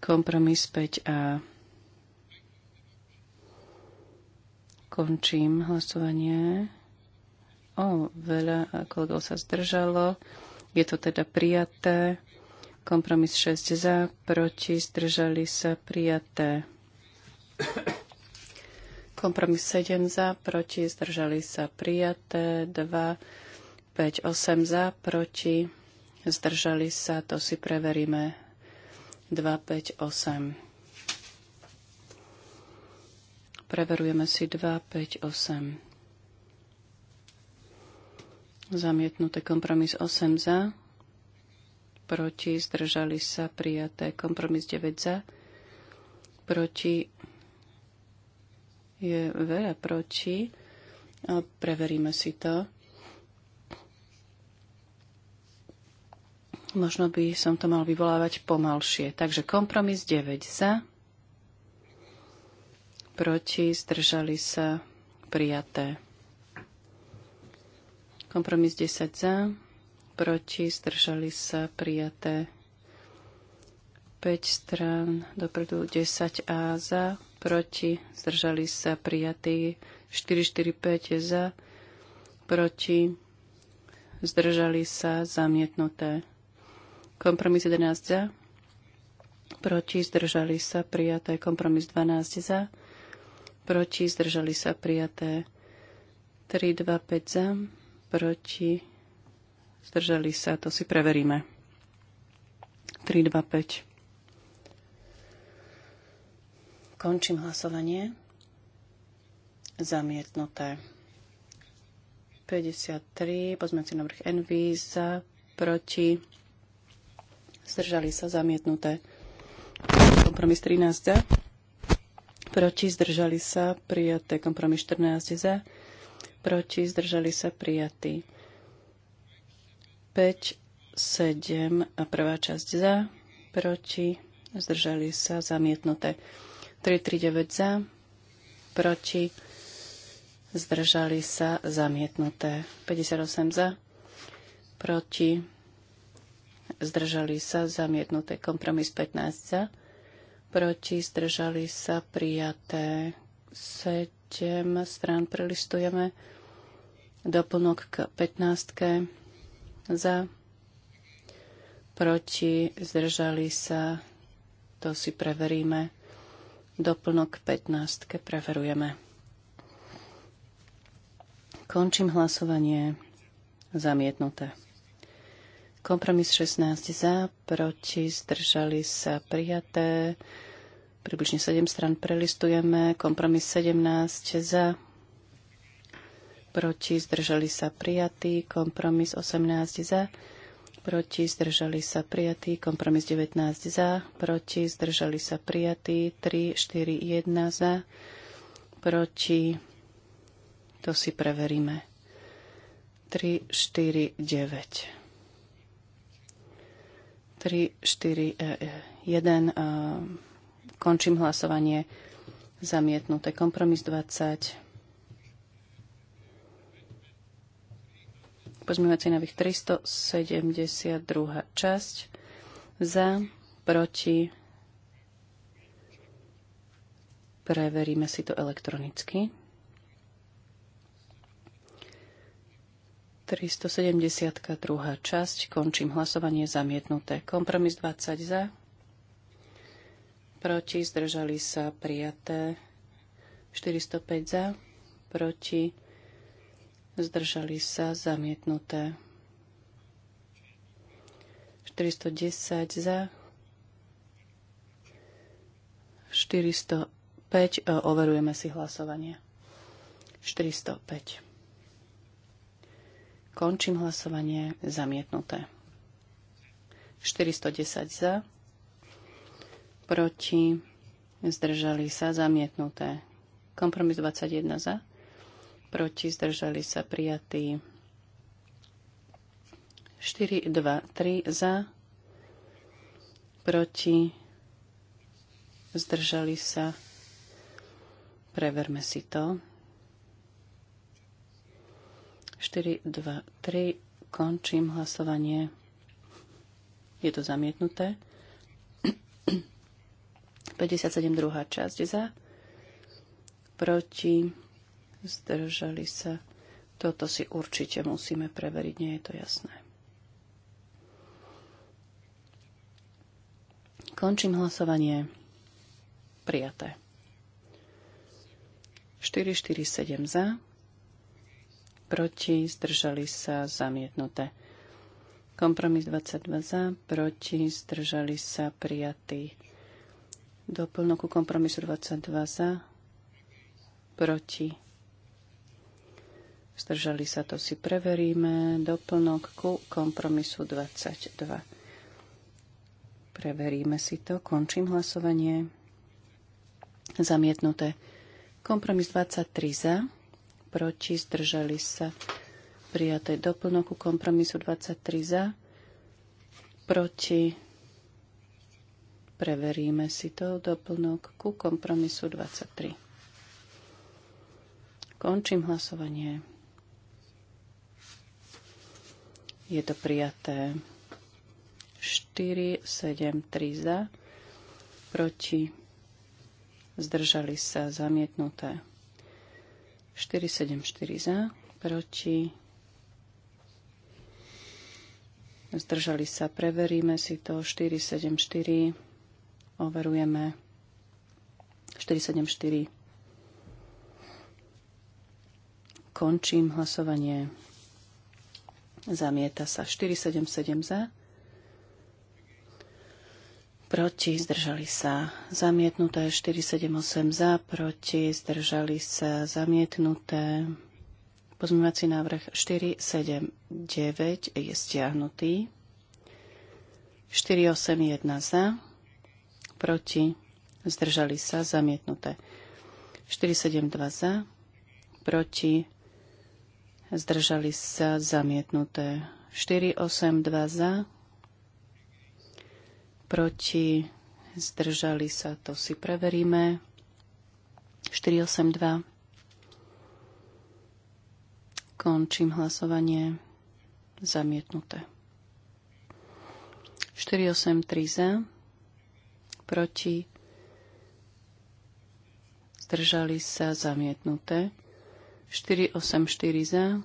Kompromis 5A. Končím hlasovanie. O, veľa kolegov sa zdržalo. Je to teda prijaté. Kompromis 6 za, proti, zdržali sa, prijaté. Kompromis 7 za, proti, zdržali sa, prijaté. 2, 5, 8 za, proti, zdržali sa, to si preveríme. 2, 5, 8. Preverujeme si 2, 5, 8. Zamietnuté kompromis 8 za, proti, zdržali sa prijaté. Kompromis 9 za, proti, je veľa proti. Preveríme si to. Možno by som to mal vyvolávať pomalšie. Takže kompromis 9 za, proti, zdržali sa prijaté. Kompromis 10 za, proti, zdržali sa prijaté. 5 strán dopredu 10 a za, proti, zdržali sa prijatí je za, proti, zdržali sa zamietnuté. Kompromis 11 za, proti, zdržali sa prijaté. Kompromis 12 za, proti, zdržali sa prijaté. 3, 2, 5 za, proti, Zdržali sa, to si preveríme. 3, 2, 5. Končím hlasovanie. Zamietnuté. 53, pozmeňujúci návrh NV, za, proti, zdržali sa, zamietnuté. Kompromis 13 za, proti, zdržali sa, prijaté. Kompromis 14 za, proti, zdržali sa, prijatý. 5, 7 a prvá časť za, proti, zdržali sa, zamietnuté. 3, 3, 9 za, proti, zdržali sa, zamietnuté. 58 za, proti, zdržali sa, zamietnuté. Kompromis 15 za, proti, zdržali sa, prijaté. 7 strán prelistujeme. Doplnok k 15 za, proti, zdržali sa, to si preveríme. Doplnok 15 preverujeme. Končím hlasovanie zamietnuté. Kompromis 16 za, proti, zdržali sa, prijaté. Približne 7 stran prelistujeme. Kompromis 17 za, proti, zdržali sa prijatí, kompromis 18 za, proti, zdržali sa prijatí, kompromis 19 za, proti, zdržali sa prijatí, 3, 4, 1 za, proti, to si preveríme, 3, 4, 9. 3, 4, 1, končím hlasovanie, zamietnuté, kompromis 20, Pozmývací návrh 372. časť. Za, proti. Preveríme si to elektronicky. 372 časť. Končím hlasovanie zamietnuté. Kompromis 20 za. Proti zdržali sa prijaté 405 za. Proti zdržali sa zamietnuté. 410 za, 405, e, overujeme si hlasovanie. 405. Končím hlasovanie zamietnuté. 410 za, proti, zdržali sa zamietnuté. Kompromis 21 za proti, zdržali sa prijatí. 4, 2, 3 za, proti, zdržali sa. Preverme si to. 4, 2, 3, končím hlasovanie. Je to zamietnuté. 57 druhá časť za, proti, zdržali sa. Toto si určite musíme preveriť, nie je to jasné. Končím hlasovanie. Prijaté. 447 za, proti, zdržali sa, zamietnuté. Kompromis 22 za, proti, zdržali sa, prijatý. Doplnoku kompromisu 22 za, proti, Zdržali sa to si preveríme. Doplnok ku kompromisu 22. Preveríme si to. Končím hlasovanie. Zamietnuté. Kompromis 23 za. Proti zdržali sa. Prijaté doplnok ku kompromisu 23 za. Proti. Preveríme si to. Doplnok ku kompromisu 23. Končím hlasovanie Je to prijaté 4, 7, 3 za, proti, zdržali sa zamietnuté 4, 7, 4 za, proti, zdržali sa, preveríme si to 4, 7, 4, overujeme 4, 7, 4. Končím hlasovanie Zamieta sa 477 za. Proti zdržali sa zamietnuté 478 za, proti zdržali sa zamietnuté. Pozmývací návrh 479 je stiahnutý. 481 za, proti zdržali sa zamietnuté. 472 za, proti zdržali sa zamietnuté. 4, 8, 2 za, proti, zdržali sa, to si preveríme. 4, 8, 2. Končím hlasovanie. Zamietnuté. 4, 8, 3 za, proti, zdržali sa, zamietnuté. 484 za,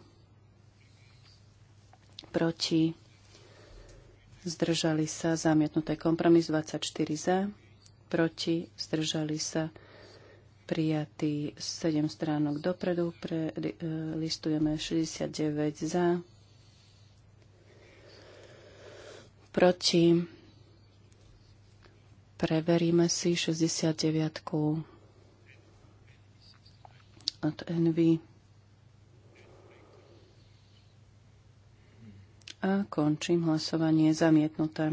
proti, zdržali sa, zamietnuté kompromis 24 za, proti, zdržali sa, prijatý 7 stránok dopredu, pre, eh, listujeme 69 za, proti, preveríme si 69 od Envy. a končím hlasovanie zamietnuté.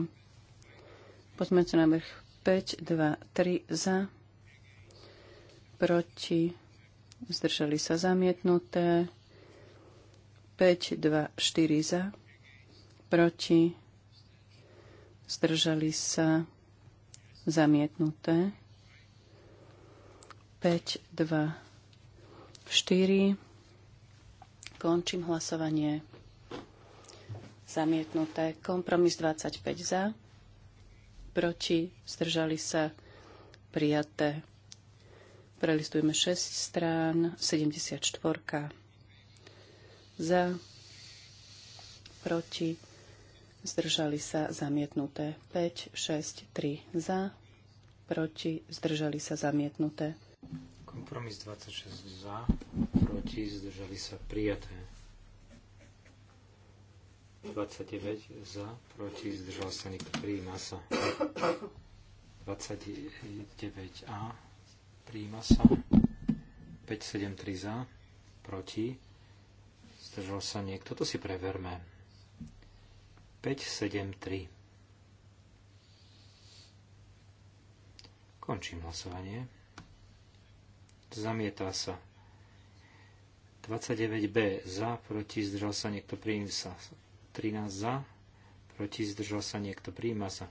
Pozmeňujúci návrh 5, 2, 3 za, proti, zdržali sa zamietnuté, 5, 2, 4 za, proti, zdržali sa zamietnuté, 5, 2, 4. Končím hlasovanie zamietnuté. Kompromis 25 za, proti, zdržali sa, prijaté. prelistujeme 6 strán, 74 za, proti, zdržali sa, zamietnuté. 5, 6, 3 za, proti, zdržali sa, zamietnuté. Kompromis 26 za, proti, zdržali sa, prijaté. 29 za, proti, zdržal sa niekto, príjma sa. 29a, prijíma sa. 573 za, proti, zdržal sa niekto, to si preverme. 573. Končím hlasovanie. Zamietá sa. 29b za, proti, zdržal sa niekto, príjim sa. 13 za, proti zdržal sa niekto, prijíma sa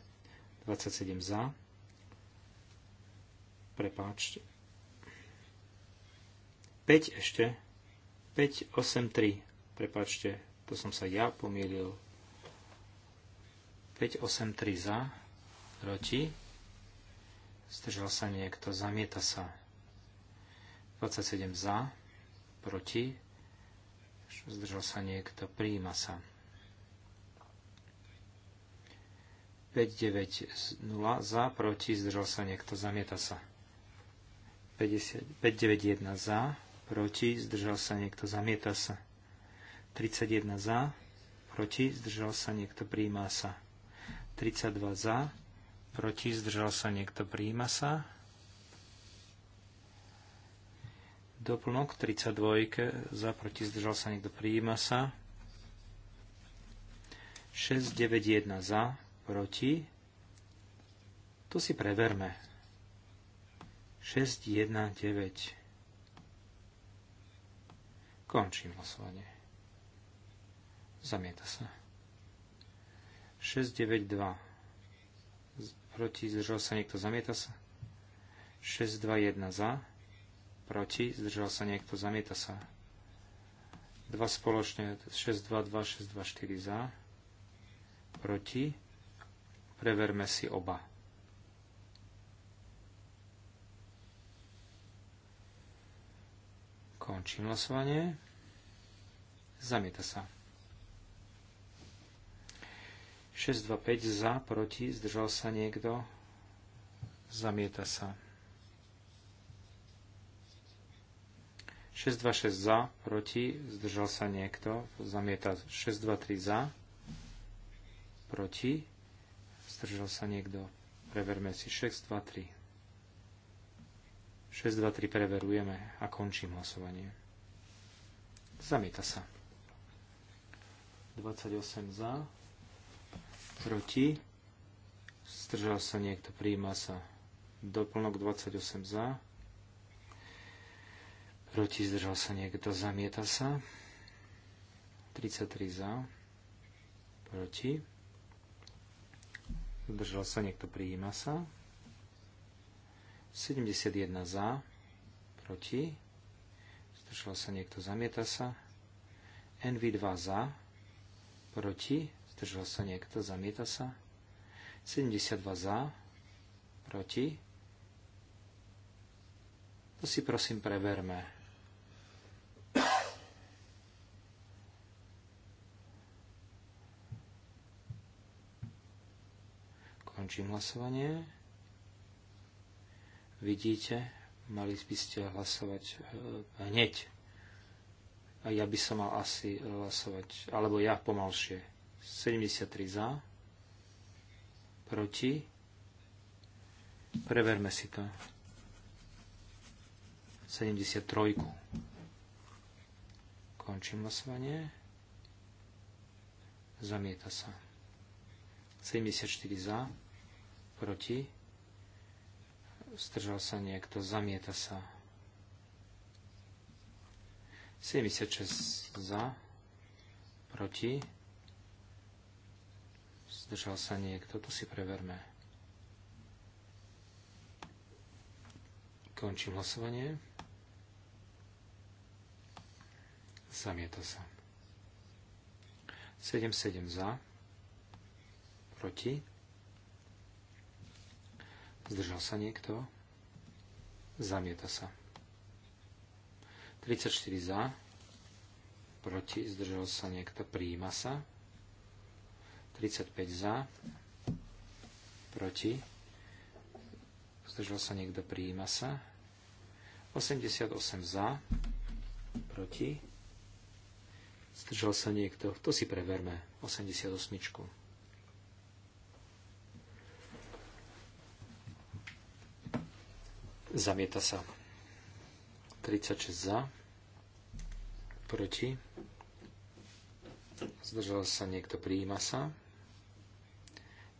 27 za, prepáčte, 5 ešte, 5, 8, 3, prepáčte, to som sa ja pomýlil, 5, 8, 3 za, proti, zdržal sa niekto, zamieta sa, 27 za, proti, zdržal sa niekto, prijíma sa. 590 za, proti, zdržal sa niekto, zamieta sa. 50, 591 za, proti, zdržal sa niekto, zamieta sa. 31 za, proti, zdržal sa niekto, príjma sa. 32 za, proti, zdržal sa niekto, príjma sa. Doplnok 32 za, proti, zdržal sa niekto, príjma sa. 691 za, proti. To si preverme. 9. Končím hlasovanie. Zamieta sa. 6, 9, 2, proti, zdržal sa niekto, zamieta sa. 6, 2, 1 za, proti, zdržal sa niekto, zamieta sa. 2 spoločne, 6, 2, 2, 6, 2, 4 za, proti, Preverme si oba. Končím hlasovanie. Zamieta sa. 625 za, proti, zdržal sa niekto. Zamieta sa. 626 za, proti, zdržal sa niekto, zamieta 623 za, proti, Zdržal sa niekto? Preverme si 623. 623 preverujeme a končím hlasovanie. Zamieta sa. 28 za. Proti. Zdržal sa niekto? Príjma sa. Doplnok 28 za. Proti zdržal sa niekto, zamieta sa. 33 za. Proti. Zdržal sa niekto, prijíma sa. 71 za, proti. Zdržal sa niekto, zamieta sa. NV2 za, proti. Zdržal sa niekto, zamieta sa. 72 za, proti. To si prosím preverme. Končím hlasovanie. Vidíte, mali by ste hlasovať e, hneď. A ja by som mal asi hlasovať, alebo ja pomalšie. 73 za, proti. Preverme si to. 73. Končím hlasovanie. Zamieta sa. 74 za, proti, zdržal sa niekto, zamieta sa. 76 za, proti, zdržal sa niekto, to si preverme. Končím hlasovanie. Zamieta sa. 7-7 za, proti, Zdržal sa niekto? Zamieta sa. 34 za. Proti. Zdržal sa niekto? Príjima sa. 35 za. Proti. Zdržal sa niekto? Príjima sa. 88 za. Proti. Zdržal sa niekto? To si preverme. 88. Zamieta sa. 36 za. Proti. Zdržal sa niekto, prijíma sa.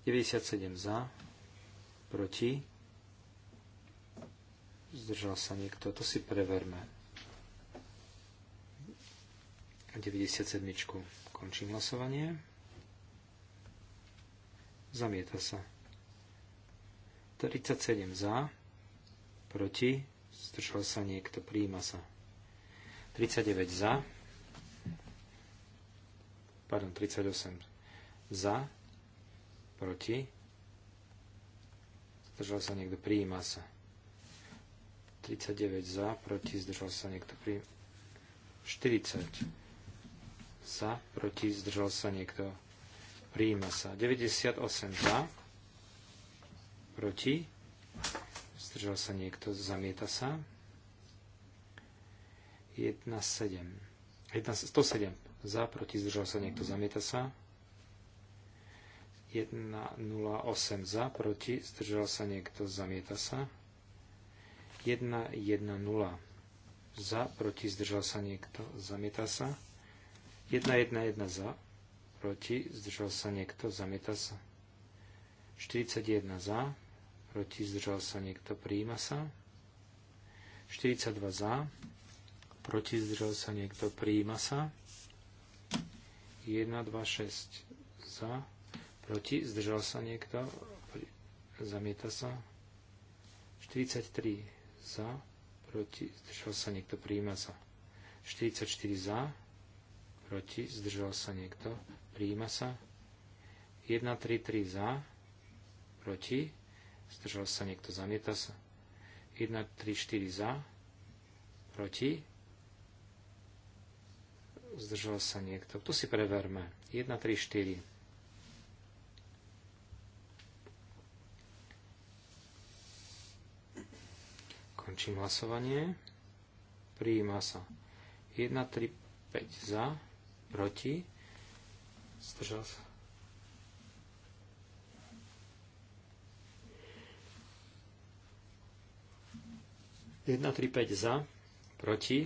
97 za. Proti. Zdržal sa niekto, to si preverme. 97. Končím hlasovanie. Zamieta sa. 37 za proti, zdržal sa niekto, príjima sa. 39 za, pardon, 38 za, proti, zdržal sa niekto, príjima sa. 39 za, proti, zdržal sa niekto, prijíma 40 za, proti, zdržal sa niekto, príjima sa. 98 za, proti, Zdržal sa niekto? Zamieta sa. 1.7. 107. Za, proti, zdržal sa niekto? Zamieta sa. 108 Za, proti, zdržal sa niekto? Zamieta sa. 1.1.0. Za, proti, zdržal sa niekto? Zamieta sa. 1, za, proti, zdržal sa niekto? Zamieta sa. 41 za, proti zdržal sa niekto, príjima sa. 42 za, proti zdržal sa niekto, príjima sa. 1, 2, 6 za, proti zdržal sa niekto, zamieta sa. 43 za, proti zdržal sa niekto, príjima sa. 44 za, proti zdržal sa niekto, príjima sa. 1, 3, 3 za, proti zdržal sa niekto, zamieta sa. 1, 3, 4 za, proti, zdržal sa niekto. Tu si preverme. 1, 3, 4. Končím hlasovanie. Prijíma sa. 1, 3, 5 za, proti, zdržal sa 1 5 za, proti,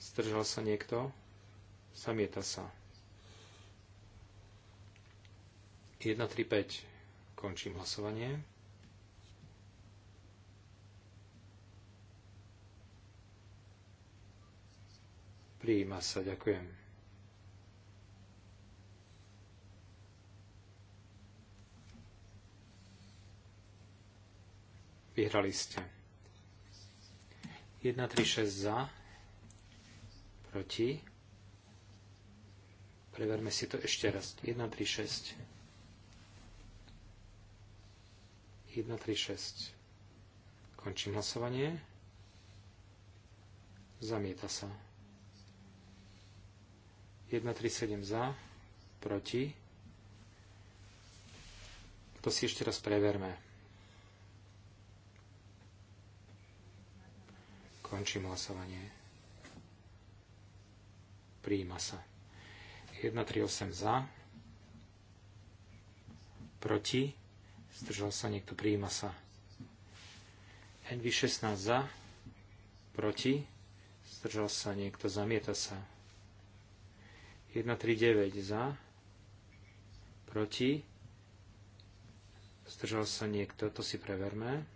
zdržal sa niekto, Samieta sa. 5, končím hlasovanie. Prijíma sa, ďakujem. Vyhrali ste. 1, 3, 6 za, proti. Preverme si to ešte raz. 1, 3, 6. 1, 3, 6. Končím hlasovanie. Zamieta sa. 1, 3, 7 za, proti. To si ešte raz preverme. Končím hlasovanie. Príjima sa. 1, 8 za. Proti. Zdržal sa niekto. Príjima sa. NV16 za. Proti. Zdržal sa niekto. Zamieta sa. 9 za. Proti. Zdržal sa niekto. To si preverme.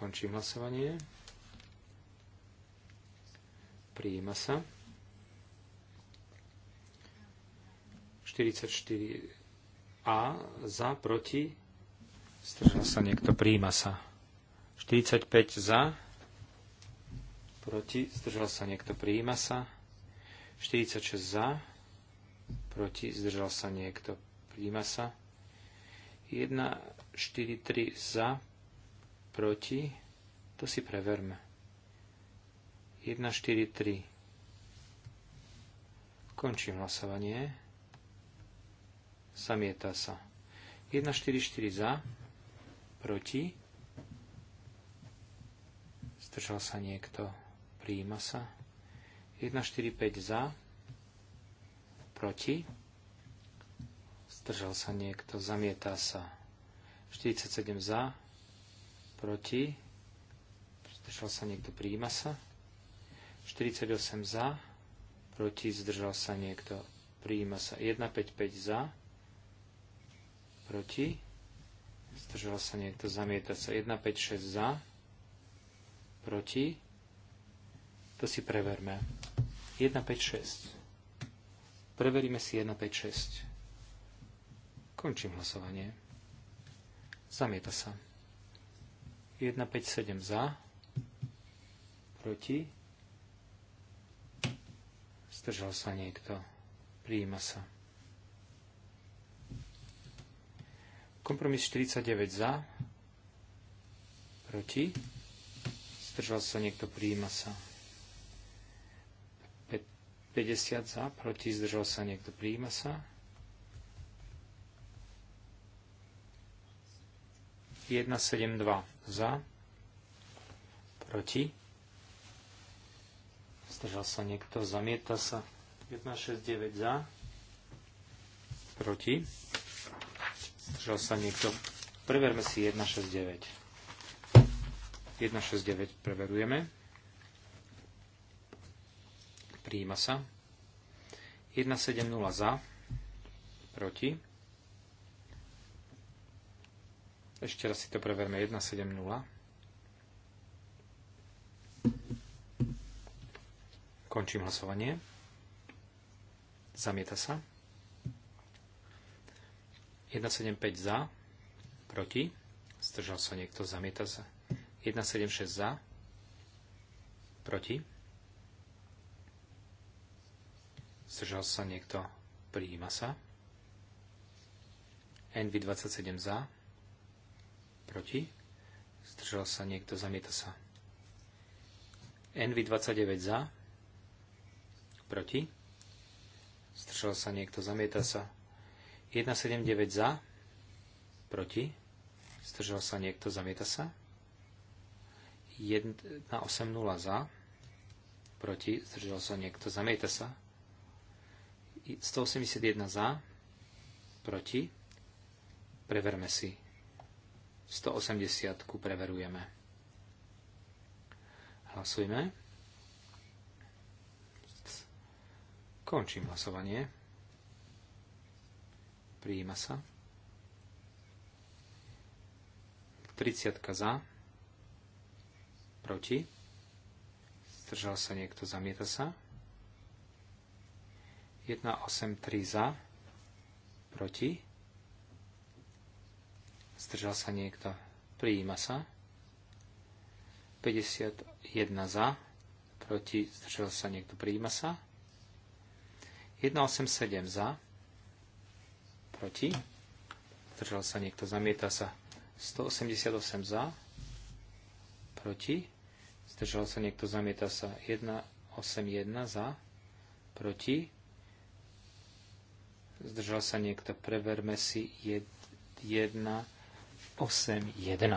Končím hlasovanie. Prijíma sa. 44A za, proti. Stržal sa niekto, prijíma sa. 45 za, proti, Stržal sa niekto, prijíma sa. 46 za, proti, zdržal sa niekto, prijíma sa. 1, 4, 3 za, proti, to si preverme. 1, 4, 3. Končím hlasovanie. Samieta sa. 1, 4, 4 za, proti. Zdržal sa niekto, prijíma sa. 1, 4, 5 za, proti. Zdržal sa niekto, zamieta sa. 47 za, proti, zdržal sa niekto, prijíma sa. 48 za, proti, zdržal sa niekto, prijíma sa. 155 za, proti, zdržal sa niekto, zamieta sa. 156 za, proti, to si preverme. 156. Preveríme si 156. Končím hlasovanie. Zamieta sa. 157 za, proti, zdržal sa niekto, prijíma sa. Kompromis 49 za, proti, zdržal sa niekto, prijíma sa. 50 za, proti, zdržal sa niekto, prijíma sa. 172 za, proti, zdržal sa niekto, zamieta sa 169 za, proti, zdržal sa niekto. Preverme si 169. 169 preverujeme. Prijíma sa. 170 za, proti, Ešte raz si to preverme. 1.7.0. Končím hlasovanie. Zamieta sa. 1.7.5 za. Proti. Zdržal sa niekto. Zamieta sa. 1.7.6 za. Proti. Zdržal sa niekto. Prijíma sa. NV27 za Proti? Zdržal sa niekto, zamieta sa. NV29 za. Proti? Zdržal sa niekto, zamieta sa. 179 za. Proti? Zdržal sa niekto, zamieta sa. 180 za. Proti? Zdržal sa niekto, zamieta sa. 181 za. Proti? Preverme si. 180 preverujeme. Hlasujme. Končím hlasovanie. Prijíma sa. 30 za. Proti. Zdržal sa niekto, zamieta sa. 1, 8, 3 za. Proti Zdržal sa niekto? Prijíma sa. 51 za. Proti. Zdržal sa niekto? Prijíma sa. 187 za. Proti. Zdržal sa niekto? Zamieta sa. 188 za. Proti. Zdržal sa niekto? Zamieta sa. 181 za. Proti. Zdržal sa niekto? Preverme si 1. 1 8.1.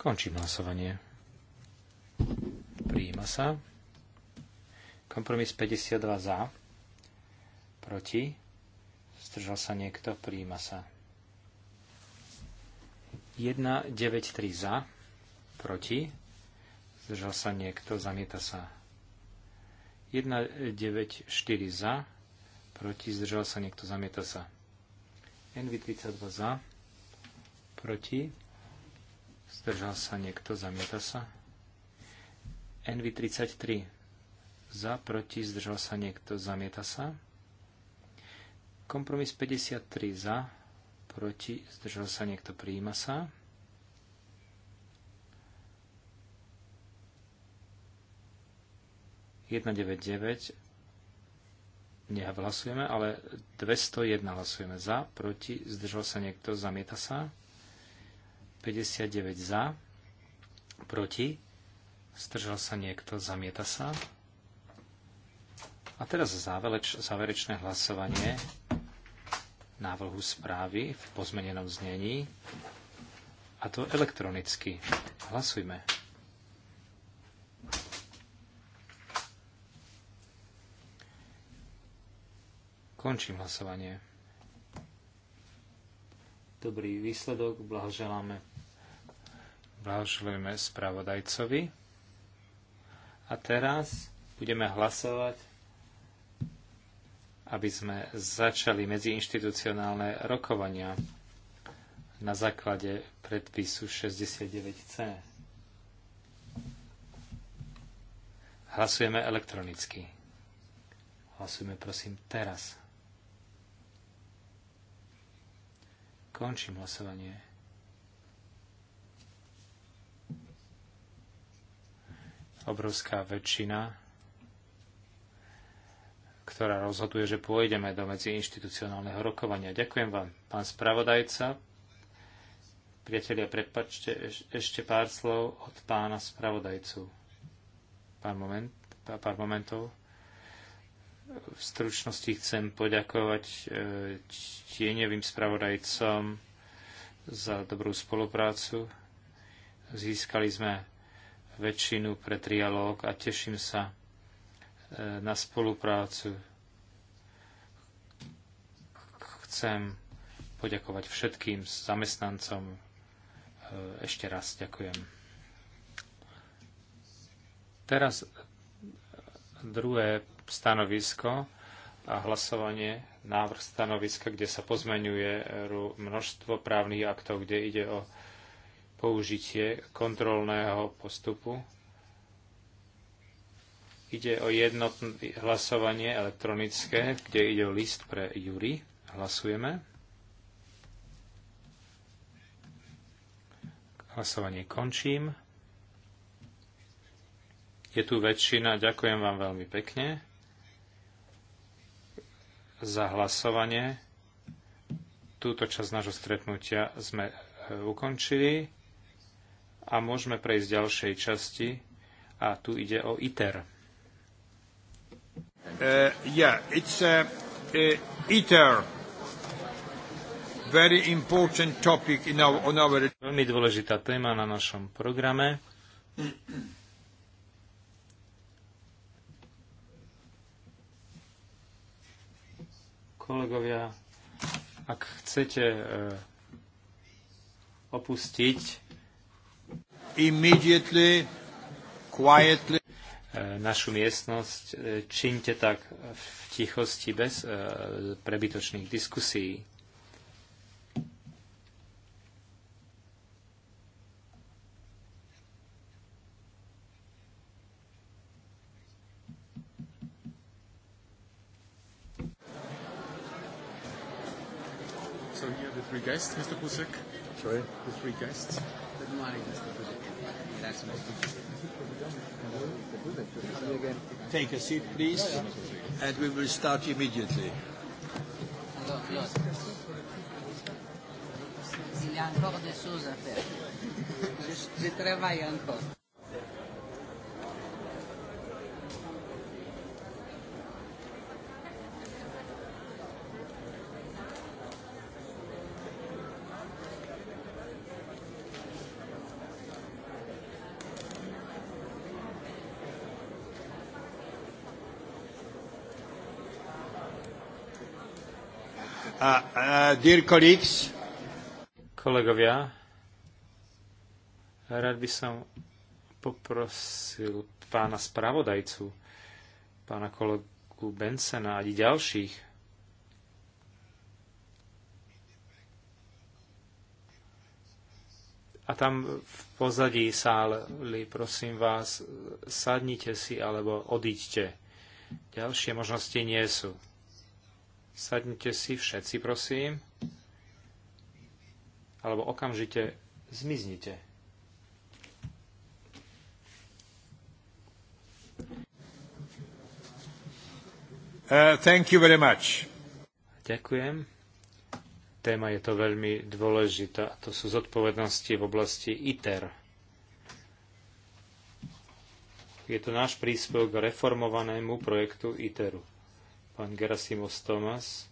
Končím hlasovanie. Prijíma sa. Kompromis 52 za. Proti. Zdržal sa niekto. Prijíma sa. 193 za. Proti. Zdržal sa niekto. Zamieta sa. 194 za. Proti. Zdržal sa niekto. Zamieta sa. NV32 za, proti, zdržal sa niekto, zamieta sa. NV33 za, proti, zdržal sa niekto, zamieta sa. Kompromis 53 za, proti, zdržal sa niekto, prijíma sa. Jedna 199 nehlasujeme, ale 201 hlasujeme za, proti, zdržal sa niekto, zamieta sa. 59 za, proti, zdržal sa niekto, zamieta sa. A teraz záverečné hlasovanie návrhu správy v pozmenenom znení, a to elektronicky. Hlasujme. Končím hlasovanie. Dobrý výsledok, blahoželáme. Blahoželujeme spravodajcovi. A teraz budeme hlasovať, aby sme začali medziinštitucionálne rokovania na základe predpisu 69c. Hlasujeme elektronicky. Hlasujeme prosím teraz. Končím hlasovanie. Obrovská väčšina, ktorá rozhoduje, že pôjdeme do medziinstitucionálneho rokovania. Ďakujem vám, pán spravodajca. Priatelia, prepačte ešte pár slov od pána spravodajcu. Pár, moment, pár momentov. V stručnosti chcem poďakovať e, tieňovým spravodajcom za dobrú spoluprácu. Získali sme väčšinu pre trialóg a teším sa e, na spoluprácu. Chcem poďakovať všetkým zamestnancom. E, ešte raz ďakujem. Teraz druhé stanovisko a hlasovanie, návrh stanoviska, kde sa pozmenuje množstvo právnych aktov, kde ide o použitie kontrolného postupu. Ide o jednotné hlasovanie elektronické, kde ide o list pre jury. Hlasujeme. Hlasovanie končím. Je tu väčšina. Ďakujem vám veľmi pekne za hlasovanie. Túto časť nášho stretnutia sme e, ukončili a môžeme prejsť ďalšej časti a tu ide o ITER. Uh, e, yeah, it's a, e, uh, ITER. Very important topic in our, on our... Veľmi dôležitá téma na našom programe. Kolegovia, ak chcete e, opustiť immediately, quietly e, našu miestnosť, e, činte tak v tichosti bez prebytočných diskusí. three guests, Mr. Kusek. Sorry? The three guests. Good morning, Mr. Busek. That's Take a seat, please, and we will start immediately. Il y a encore des choses à faire. Je, je travaille encore. Uh, Kolegovia, rád by som poprosil pána spravodajcu, pána kolegu Bensena a ďalších, A tam v pozadí sály, prosím vás, sadnite si alebo odíďte. Ďalšie možnosti nie sú. Sadnite si všetci, prosím. Alebo okamžite zmiznite. Uh, thank you very much. Ďakujem. Téma je to veľmi dôležitá. To sú zodpovednosti v oblasti ITER. Je to náš príspevok k reformovanému projektu ITERu pán Gerasimos Tomas,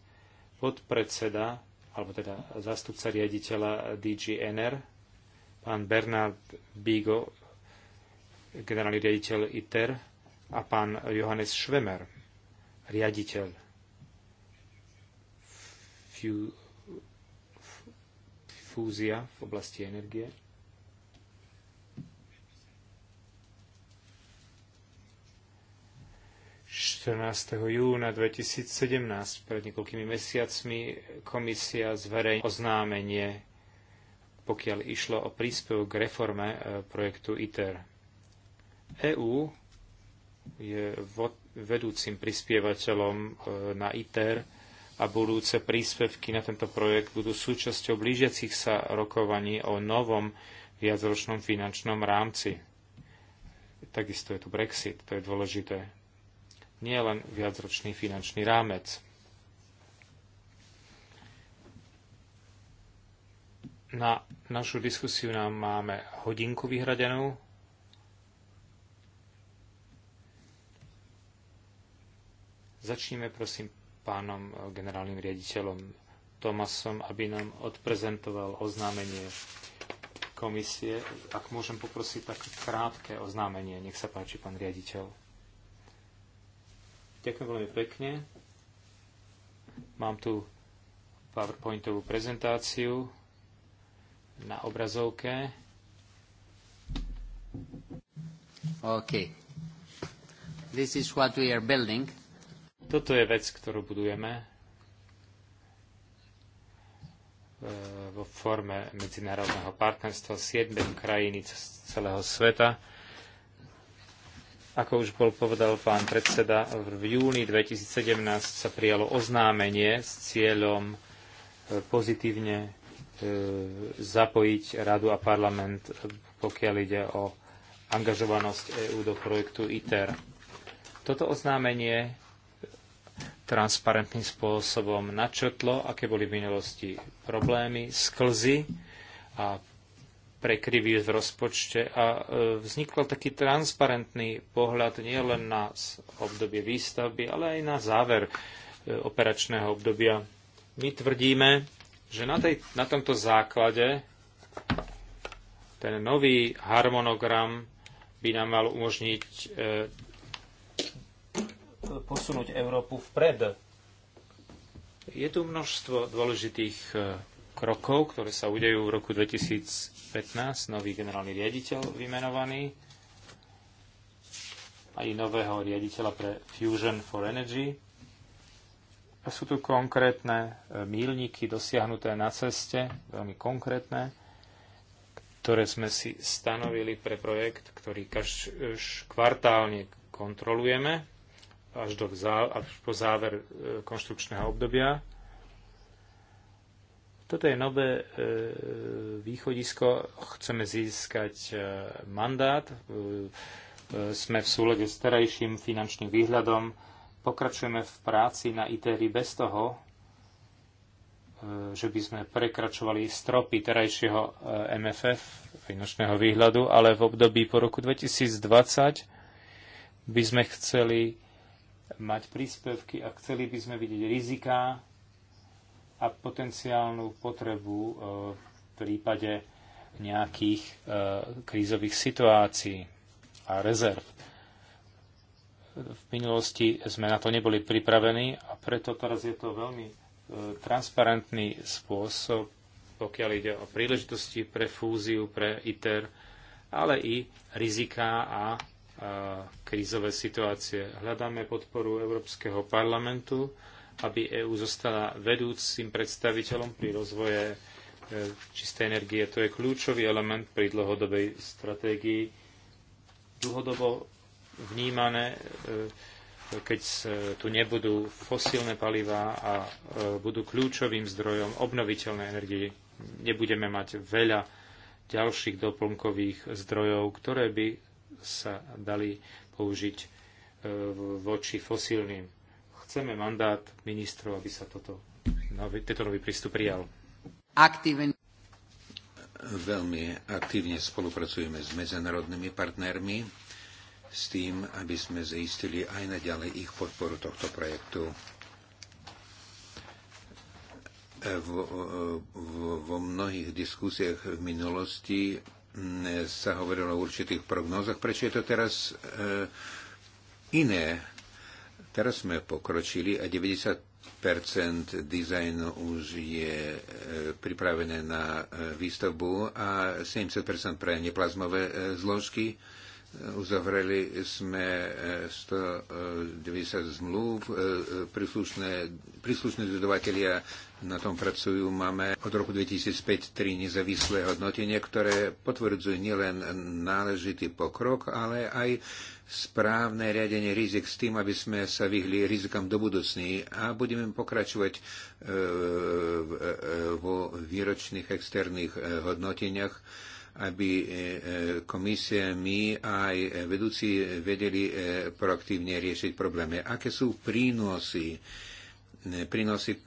podpredseda, alebo teda zástupca riaditeľa DGNR, pán Bernard Bigo, generálny riaditeľ ITER a pán Johannes Schwemer, riaditeľ fúzia v oblasti energie. 14. júna 2017, pred niekoľkými mesiacmi, komisia zverejnila oznámenie, pokiaľ išlo o príspevok k reforme e, projektu ITER. EÚ je vedúcim prispievateľom e, na ITER a budúce príspevky na tento projekt budú súčasťou blížiacich sa rokovaní o novom viacročnom finančnom rámci. Takisto je tu Brexit, to je dôležité nie len viacročný finančný rámec. Na našu diskusiu nám máme hodinku vyhradenú. Začníme prosím pánom generálnym riaditeľom Tomasom, aby nám odprezentoval oznámenie komisie. Ak môžem poprosiť tak krátke oznámenie, nech sa páči, pán riaditeľ. Ďakujem veľmi pekne. Mám tu PowerPointovú prezentáciu na obrazovke. OK. This is what we are building. Toto je vec, ktorú budujeme e, vo forme medzinárodného partnerstva s jednou krajiny z celého sveta ako už bol povedal pán predseda, v júni 2017 sa prijalo oznámenie s cieľom e, pozitívne e, zapojiť radu a parlament, e, pokiaľ ide o angažovanosť EÚ do projektu ITER. Toto oznámenie transparentným spôsobom načrtlo, aké boli v minulosti problémy, sklzy a prekryvy v rozpočte a e, vznikol taký transparentný pohľad nielen na obdobie výstavby, ale aj na záver e, operačného obdobia. My tvrdíme, že na, tej, na tomto základe ten nový harmonogram by nám mal umožniť e, posunúť Európu vpred. Je tu množstvo dôležitých krokov, ktoré sa udejú v roku 2015. Nový generálny riaditeľ vymenovaný aj nového riaditeľa pre Fusion for Energy. A sú tu konkrétne e, mílniky dosiahnuté na ceste, veľmi konkrétne, ktoré sme si stanovili pre projekt, ktorý každý kvartálne kontrolujeme až, do, až po záver e, konštrukčného obdobia toto je nové e, východisko. Chceme získať e, mandát. E, sme v súlede s terajším finančným výhľadom. Pokračujeme v práci na ITERI bez toho, že by sme prekračovali stropy terajšieho MFF, finančného výhľadu, ale v období po roku 2020 by sme chceli mať príspevky a chceli by sme vidieť riziká a potenciálnu potrebu e, v prípade nejakých e, krízových situácií a rezerv. V minulosti sme na to neboli pripravení a preto teraz je to veľmi e, transparentný spôsob, pokiaľ ide o príležitosti pre fúziu, pre ITER, ale i riziká a krízové situácie. Hľadáme podporu Európskeho parlamentu, aby EÚ zostala vedúcim predstaviteľom pri rozvoje e, čistej energie. To je kľúčový element pri dlhodobej stratégii. Dlhodobo vnímané, e, keď e, tu nebudú fosílne palivá a budú kľúčovým zdrojom obnoviteľnej energie, nebudeme mať veľa ďalších doplnkových zdrojov, ktoré by sa dali použiť voči fosílnym chceme mandát ministrov, aby sa toto, nový, tento nový prístup prijal. Aktívne. Veľmi aktívne spolupracujeme s medzinárodnými partnermi s tým, aby sme zaistili aj naďalej ich podporu tohto projektu. V, v, vo mnohých diskusiách v minulosti mm, sa hovorilo o určitých prognózach. Prečo je to teraz e, iné? Teraz sme pokročili a 90% dizajnu už je e, pripravené na e, výstavbu a 70% pre neplazmové e, zložky. Uzavreli sme 190 zmluv, príslušné, príslušné na tom pracujú. Máme od roku 2005 tri nezávislé hodnotenia, ktoré potvrdzujú nielen náležitý pokrok, ale aj správne riadenie rizik s tým, aby sme sa vyhli rizikom do budúcní a budeme pokračovať e, e, e, vo výročných externých hodnoteniach aby komisia, my aj vedúci vedeli proaktívne riešiť problémy. Aké sú prínosy? Prínosy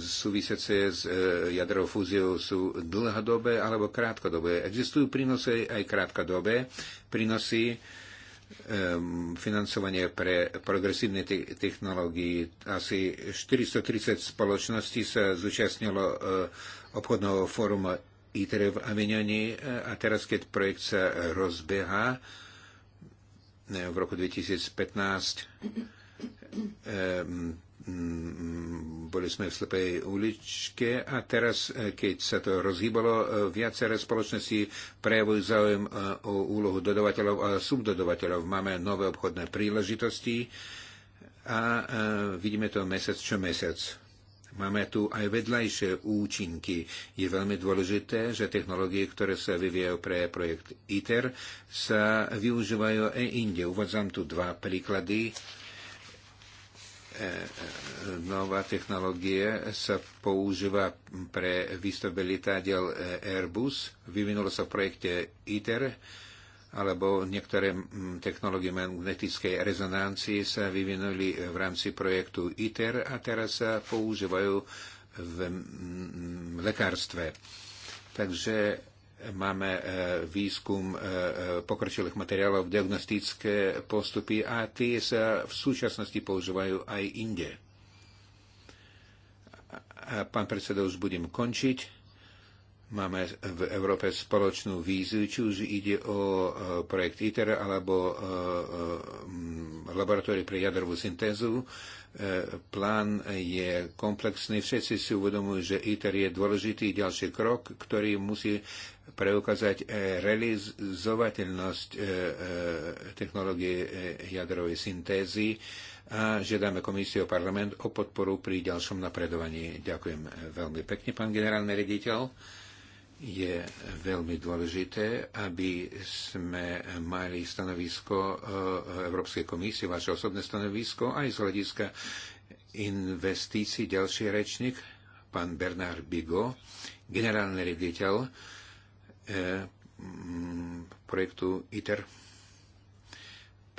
súvisiace s jadrovou fúziou sú dlhodobé alebo krátkodobé. Existujú prínosy aj krátkodobé. Prínosy financovanie pre progresívne te- technológie. Asi 430 spoločností sa zúčastnilo e, obchodného fóruma ITRE v Avignoni e, a teraz, keď projekt sa rozbieha e, v roku 2015, Mm, boli sme v slepej uličke a teraz, eh, keď sa to rozhýbalo, eh, viaceré spoločnosti prejavujú záujem eh, o úlohu dodavateľov a subdodavateľov. Máme nové obchodné príležitosti a vidíme to mesiac čo mesiac. Máme tu aj vedľajšie účinky. Je veľmi dôležité, že technológie, ktoré sa vyvíjajú pre projekt ITER, sa využívajú aj inde. Uvádzam tu dva príklady E, e, nová technológie sa používa pre výstavbe lietadiel e, Airbus. Vyvinulo sa v projekte ITER, alebo niektoré technológie magnetickej rezonancie sa vyvinuli v rámci projektu ITER a teraz sa používajú v lekárstve. Takže Máme e, výskum e, e, pokročilých materiálov, diagnostické postupy a tie sa v súčasnosti používajú aj inde. Pán predseda, už budem končiť. Máme v Európe spoločnú víziu, či už ide o projekt ITER alebo laboratóriu pre jadrovú syntézu E, plán je komplexný. Všetci si uvedomujú, že ITER je dôležitý ďalší krok, ktorý musí preukázať e, realizovateľnosť e, technológie jadrovej syntézy a žiadame komisiu a parlament o podporu pri ďalšom napredovaní. Ďakujem veľmi pekne, pán generálny rediteľ je veľmi dôležité, aby sme mali stanovisko eh, Európskej komisie, vaše osobné stanovisko, aj z hľadiska investícií. Ďalší rečník, pán Bernard Bigo, generálny riaditeľ eh, projektu ITER.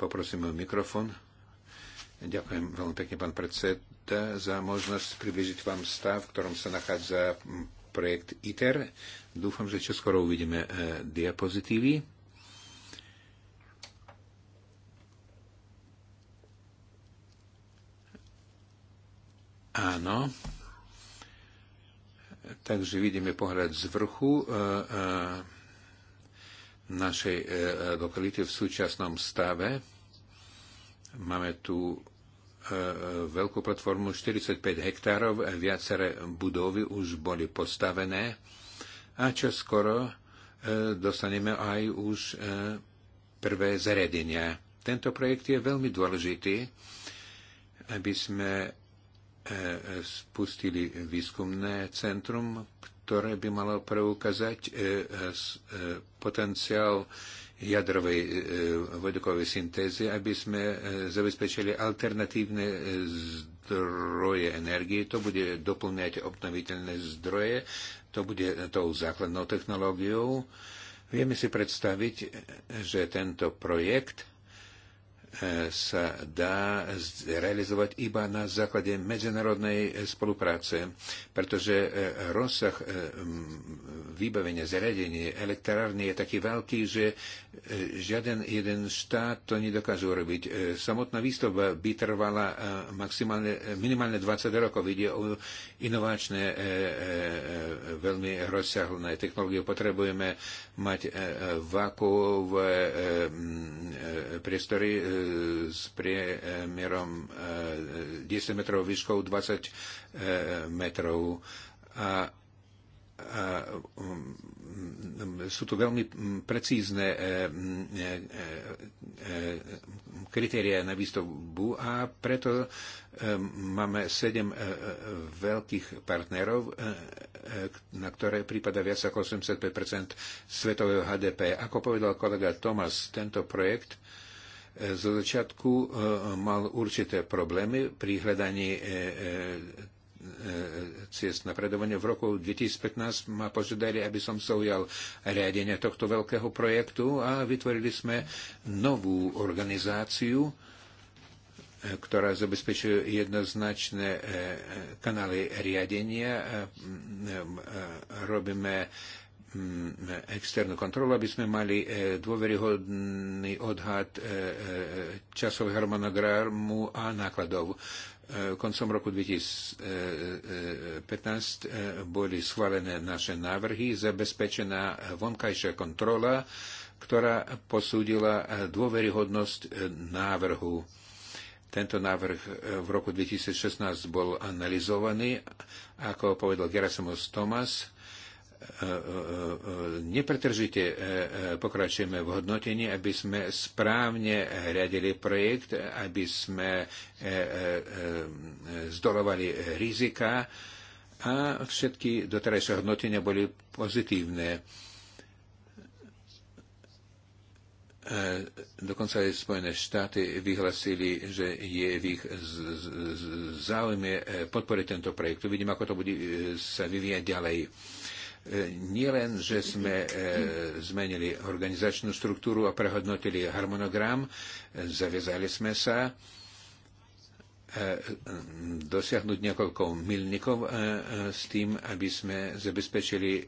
Poprosím o mikrofón. Ďakujem veľmi pekne, pán predseda, za možnosť približiť vám stav, v ktorom sa nachádza projekt ITER Dúfam, že čoskoro uvidíme e, diapozitívy. Áno. Takže vidíme pohľad z vrchu e, e, našej lokality v súčasnom stave. Máme tu veľkú platformu 45 hektárov, viaceré budovy už boli postavené a čo skoro e, dostaneme aj už e, prvé zariadenia. Tento projekt je veľmi dôležitý, aby sme e, spustili výskumné centrum, ktoré by malo preukázať potenciál jadrovej vodokovej syntézy, aby sme zabezpečili alternatívne zdroje energie. To bude doplňať obnoviteľné zdroje to bude tou základnou technológiou. Vieme si predstaviť, že tento projekt sa dá realizovať iba na základe medzinárodnej spolupráce, pretože e, rozsah e, vybavenia, zariadenie elektrárny je taký veľký, že e, žiaden jeden štát to nedokáže urobiť. Samotná výstavba by trvala maximálne, minimálne 20 rokov. Ide o inováčne, veľmi rozsiahlné technológie. Potrebujeme mať vakuové priestory s priemerom 10 e, metrov výškou 20 e, metrov. A a mm, sú tu veľmi precízne e, mm, kritéria na výstavbu a preto máme sedem veľkých partnerov, na ktoré prípada viac ako 85 svetového HDP. Ako povedal kolega Tomas, tento projekt zo začiatku e, mal určité problémy pri hľadaní e, e, ciest napredovania. V roku 2015 ma požiadali, aby som sa ujal riadenia tohto veľkého projektu a vytvorili sme novú organizáciu, ktorá zabezpečuje jednoznačné kanály riadenia. Robíme Mm, externú kontrolu, aby sme mali e, dôveryhodný odhad e, e, časového harmonogramu a nákladov. Koncom roku 2015 boli schválené naše návrhy, zabezpečená vonkajšia kontrola, ktorá posúdila dôveryhodnosť návrhu. Tento návrh v roku 2016 bol analyzovaný, ako povedal Gerasimus Thomas, nepretržite e, e, pokračujeme v hodnotení, aby sme správne riadili projekt, aby sme e, zdolovali rizika a všetky doterajšie hodnotenia boli pozitívne. Dokonca aj Spojené štáty vyhlasili, že je v ich záujme podporiť tento projekt. Uvidím, ako to bude sa vyvíjať ďalej. E, nielen, že sme e, zmenili organizačnú štruktúru a prehodnotili harmonogram, e, zaviazali sme sa dosiahnuť niekoľko milníkov s tým, aby sme zabezpečili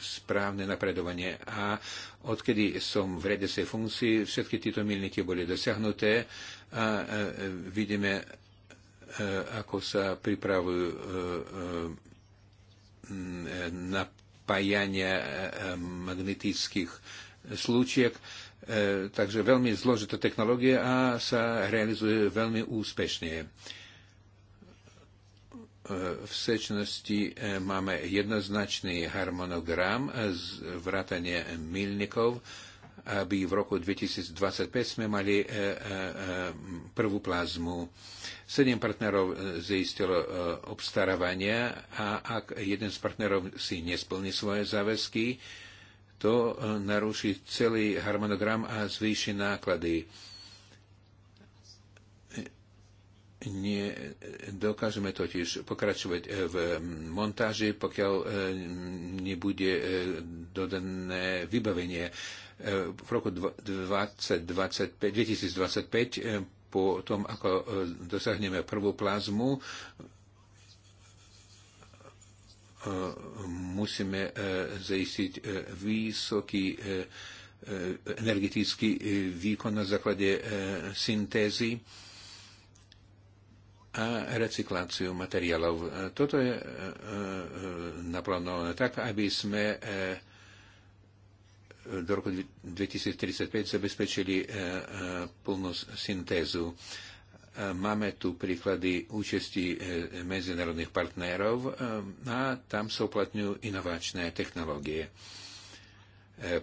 správne napredovanie. A odkedy som v redesej funkcii, všetky tieto milníky boli dosiahnuté a vidíme, ako sa pripravujú na spájania e, e, magnetických slučiek. E, takže veľmi zložitá technológia a sa realizuje veľmi úspešne. V sečnosti máme jednoznačný harmonogram z vrátania milníkov, aby v roku 2025 sme mali e, e, e, prvú plazmu. Sedem partnerov zistilo obstarávania a ak jeden z partnerov si nesplní svoje záväzky, to naruší celý harmonogram a zvýši náklady. Dokážeme totiž pokračovať v montáži, pokiaľ nebude dodané vybavenie. Eh, v roku 2025, 2025 eh, po tom, ako eh, dosiahneme prvú plazmu, musíme zaistiť vysoký energetický výkon na základe syntézy a recykláciu materiálov. Toto je naplánované tak, aby sme do roku 2035 zabezpečili e, e, plnú syntézu. E, máme tu príklady účasti medzinárodných partnerov a tam sa uplatňujú inovačné technológie.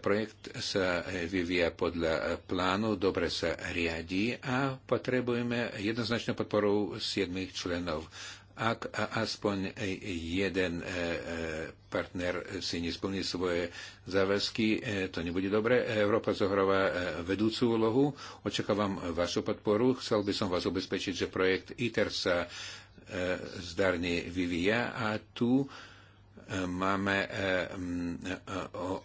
Projekt sa vyvíja podľa plánu, dobre sa riadi a potrebujeme jednoznačnú podporu siedmých členov ak aspoň e- jeden e- e- partner si nesplní svoje záväzky, to nebude dobre. Európa zohráva vedúcu úlohu. Očakávam vašu podporu. Chcel by som vás ubezpečiť, že projekt ITER sa zdarne vyvíja a tu máme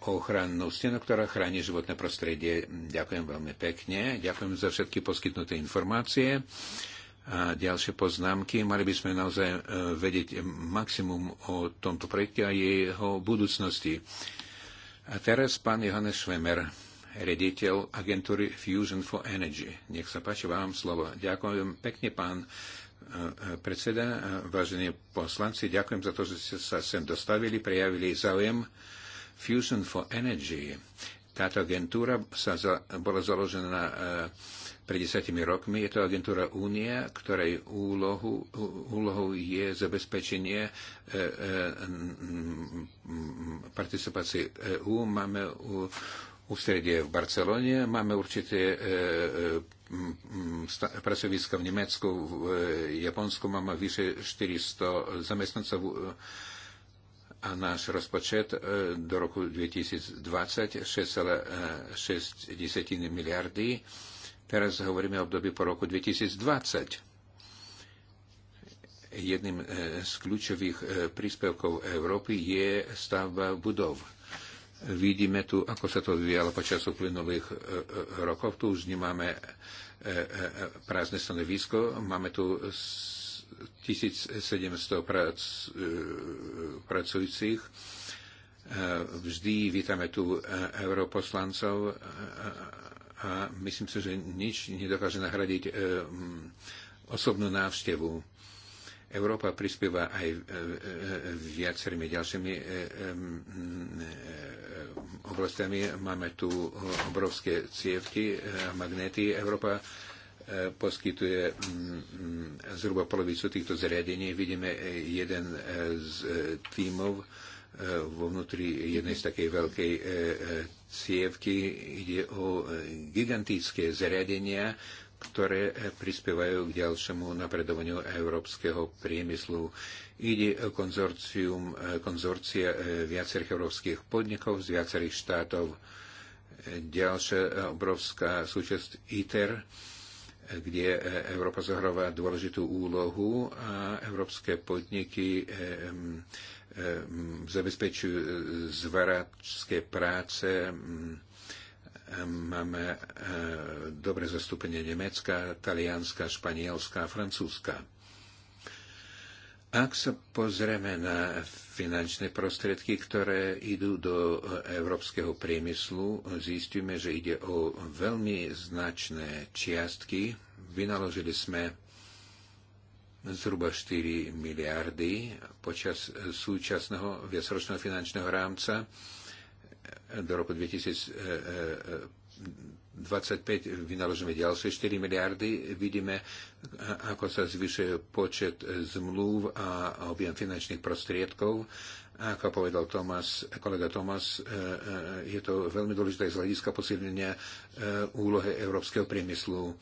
ochrannú stenu, ktorá chráni životné prostredie. Ďakujem veľmi pekne. Ďakujem za všetky poskytnuté informácie a ďalšie poznámky. Mali by sme naozaj e, vedieť maximum o tomto projekte a jeho budúcnosti. A teraz pán Johannes Schwemer, rediteľ agentúry Fusion for Energy. Nech sa páči, vám slovo. Ďakujem pekne, pán e, e, predseda, vážení poslanci. Ďakujem za to, že ste sa sem dostavili, prejavili záujem. Fusion for Energy. Táto agentúra sa za, bola založená na pred desiatimi rokmi. Je to agentúra Únia, ktorej úlohu, úlohou je zabezpečenie e, e, participácie EÚ. Máme ústredie v Barcelone, máme určité e, pracoviska v Nemecku, v Japonsku máme vyše 400 zamestnancov a náš rozpočet do roku 2020 6,6 miliardy Teraz hovoríme o období po roku 2020. Jedným e, z kľúčových e, príspevkov Európy je stavba budov. Vidíme tu, ako sa to vyvíjalo počas uplynulých e, rokov. Tu už nemáme prázdne stanovisko. Máme tu 1700 prac, pracujúcich. Vždy vítame tu europoslancov a myslím si, že nič nedokáže nahradiť e, osobnú návštevu. Európa prispieva aj e, e, viacerými ďalšími oblastiami. Máme tu obrovské cievky, magnety. Európa poskytuje zhruba polovicu týchto zariadení. Vidíme jeden z tímov vo vnútri jednej z takej veľkej cievky, ide o e, gigantické zariadenia, ktoré e, prispievajú k ďalšiemu napredovaniu európskeho priemyslu. Ide o konzorcium, e, konzorcia viacerých európskych podnikov z viacerých štátov. Ďalšia obrovská súčasť ITER, kde Európa zohráva dôležitú úlohu a európske podniky Eh, zabezpečujú eh, zvaračské práce. Mm, eh, máme dobre zastúpenie Nemecka, Talianska, Španielska a Francúzska. Ak sa pozrieme na finančné prostriedky, ktoré idú do európskeho priemyslu, zistíme, že ide o veľmi značné čiastky. Vynaložili sme zhruba 4 miliardy počas súčasného viacročného finančného rámca do roku 2025 vynaložíme ďalšie 4 miliardy. Vidíme, ako sa zvyšuje počet zmluv a objem finančných prostriedkov. A ako povedal Tomas, kolega Tomas, je to veľmi dôležité z hľadiska posilnenia úlohy európskeho priemyslu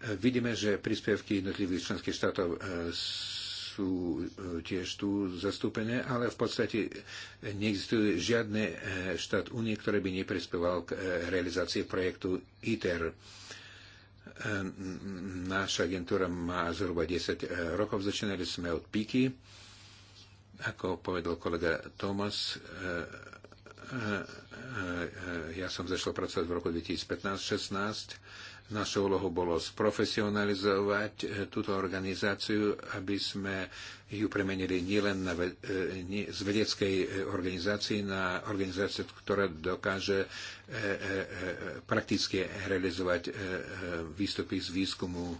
Vidíme, že príspevky jednotlivých členských štátov e, sú e, tiež tu zastúpené, ale v podstate neexistuje žiadny e, štát únie, ktorý by neprispieval k realizácii projektu ITER. Naša agentúra má zhruba 10 rokov, začínali sme od píky, Ako povedal kolega Thomas, ja som začal pracovať v roku 2015-16 Našou úlohou bolo sprofesionalizovať eh, túto organizáciu, aby sme ju premenili nielen na, eh, nie, z vedeckej eh, organizácii na organizáciu, ktorá dokáže prakticky realizovať výstupy z výskumu.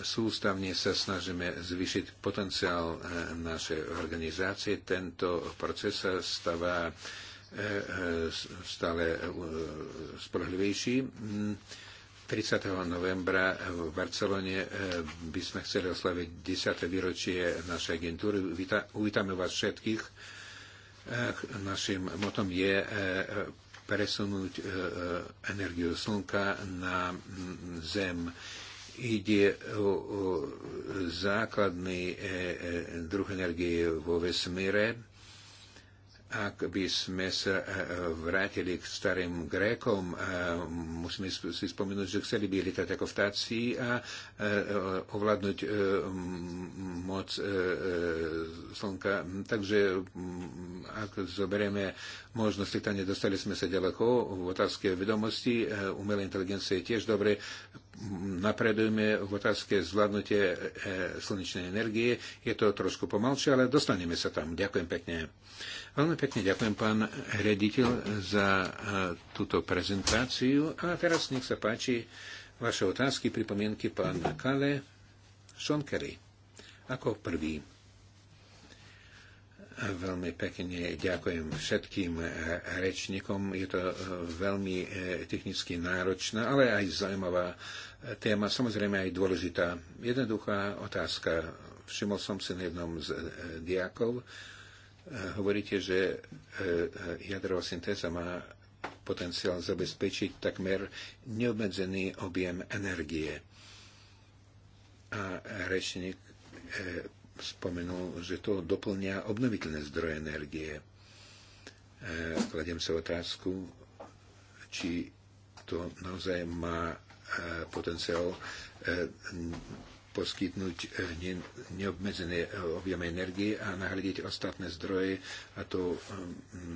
Sústavne sa snažíme zvýšiť potenciál našej organizácie. Tento proces sa stáva E, e, stále e, spolahlivejší. 30. Mm, novembra v Barcelone by sme chceli oslaviť 10. výročie našej agentúry. Uvítame vás všetkých. Našim motom je presunúť energiu slnka na mm, zem. Ide o základný druh energie vo vesmíre ak by sme sa e, vrátili k starým Grékom, e, musíme si spomenúť, že chceli by lietať ako vtáci a e, ovládnuť moc slnka. Takže ak zoberieme možnosti, ktoré nedostali sme sa ďaleko, v otázke vedomosti, umelej inteligencie je tiež dobre, napredujeme v otázke zvládnutie slnečnej energie. Je to trošku pomalšie, ale dostaneme sa tam. Ďakujem pekne. Veľmi pekne ďakujem, pán rediteľ, za e, túto prezentáciu. A teraz nech sa páči vaše otázky, pripomienky pán Kale, Sean ako prvý. Veľmi pekne ďakujem všetkým e, rečníkom. Je to e, veľmi technicky náročná, ale aj zaujímavá téma, samozrejme aj dôležitá. Jednoduchá otázka. Všimol som si na jednom z diakov, Eh, hovoríte, že eh, eh, jadrová syntéza má potenciál zabezpečiť takmer neobmedzený objem energie. A rečník spomenul, že to doplňa obnoviteľné zdroje energie. Kladiem sa otázku, či to naozaj má potenciál poskytnúť eh, neobmedzené eh, objemy energie a nahľadiť ostatné zdroje a to eh,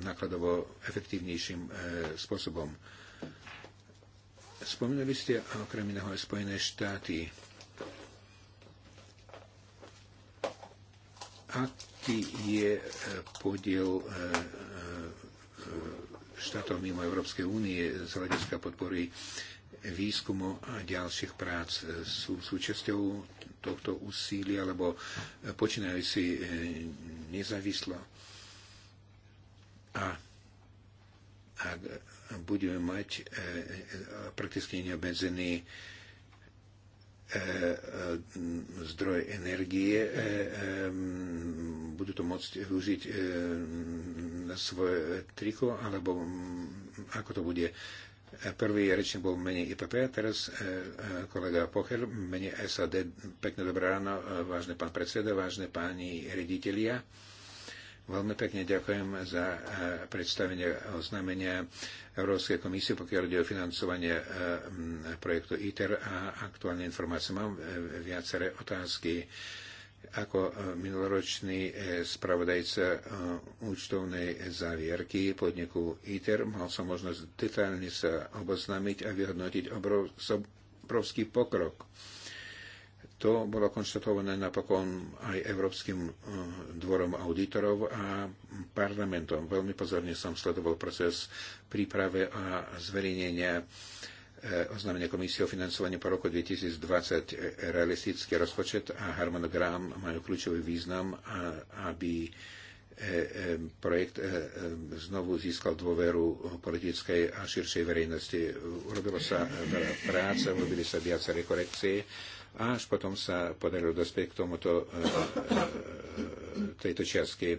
nákladovo efektívnejším spôsobom. Spomínali ste okrem iného aj Spojené štáty. Aký je podiel štátov mimo Európskej únie z hľadiska podpory výskumu a ďalších prác sú súčasťou tohto úsilia, alebo počínajú si e, nezávislo. A ak budeme mať e, e, prakticky neobmedzený zdroj energie, budú to môcť využiť na svoje triko, alebo ako to bude E, prvý rečník bol v mene IPP, teraz e, e, kolega Pocher, menej SAD. Pekne dobré ráno, vážne pán predseda, vážne páni reditelia. Veľmi pekne ďakujem za predstavenie oznámenia Európskej komisie, pokiaľ ide o financovanie projektu ITER a aktuálne informácie. Mám viaceré otázky. Ako e, minuloročný e, spravodajca e, účtovnej závierky podniku ITER mal som možnosť detailne sa oboznámiť a vyhodnotiť obrovský pokrok. To bolo konštatované napokon aj Európskym dvorom auditorov a parlamentom. Veľmi pozorne som sledoval proces príprave a zverejnenia Eh, oznámenie komisie o financovaní po roku 2020 eh, realistický rozpočet a harmonogram majú kľúčový význam, aby eh, projekt znovu získal dôveru politickej a širšej verejnosti. Urobilo sa veľa práce, urobili sa viaceré korekcie a až potom sa podarilo dospieť k tomuto, tejto čiastky.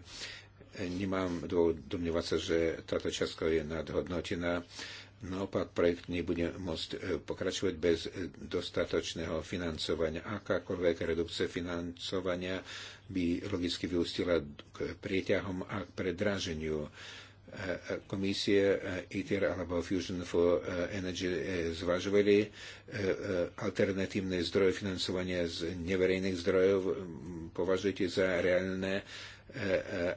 Nemám dôvod domnievať sa, že táto čiastka je nadhodnotená. Naopak projekt nebude môcť e, pokračovať bez e, dostatočného financovania. Akákoľvek redukcia financovania by logicky vyústila k prieťahom a k predraženiu e, komisie ITER alebo Fusion for Energy zvažovali alternatívne zdroje financovania z neverejných zdrojov. Považujete za reálne,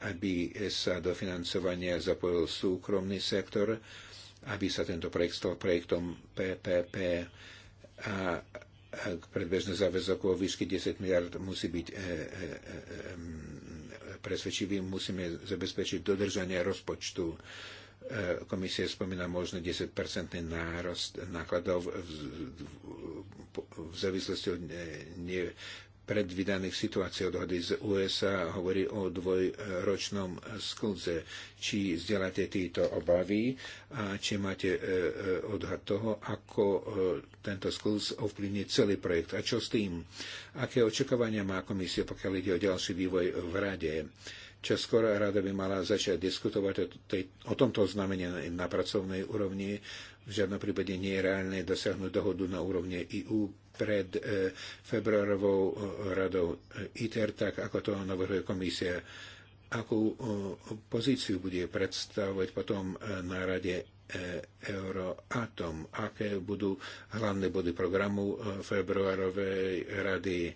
aby sa do financovania zapojil súkromný sektor? aby sa tento projekt stal projektom PPP a predbežný záväzok o výške 10 miliard musí byť e, e, e, presvedčivý. Musíme zabezpečiť dodržanie rozpočtu. E, Komisie spomína možno 10-percentný nárost nákladov v, v, v závislosti od predvydaných situácií odhady z USA hovorí o dvojročnom sklze. Či vzdeláte tieto obavy a či máte e, e, odhad toho, ako e, tento sklz ovplyvní celý projekt. A čo s tým? Aké očakávania má komisia, pokiaľ ide o ďalší vývoj v rade? čo skoro rada by mala začať diskutovať o, tej, o tomto znamení na pracovnej úrovni. V žiadnom prípade nie je reálne dosiahnuť dohodu na úrovni EU pred e, februárovou e, radou e, ITER, tak ako to navrhuje komisia. Akú pozíciu bude predstavovať potom na rade Euroatom? Aké budú hlavné body programu februárovej rady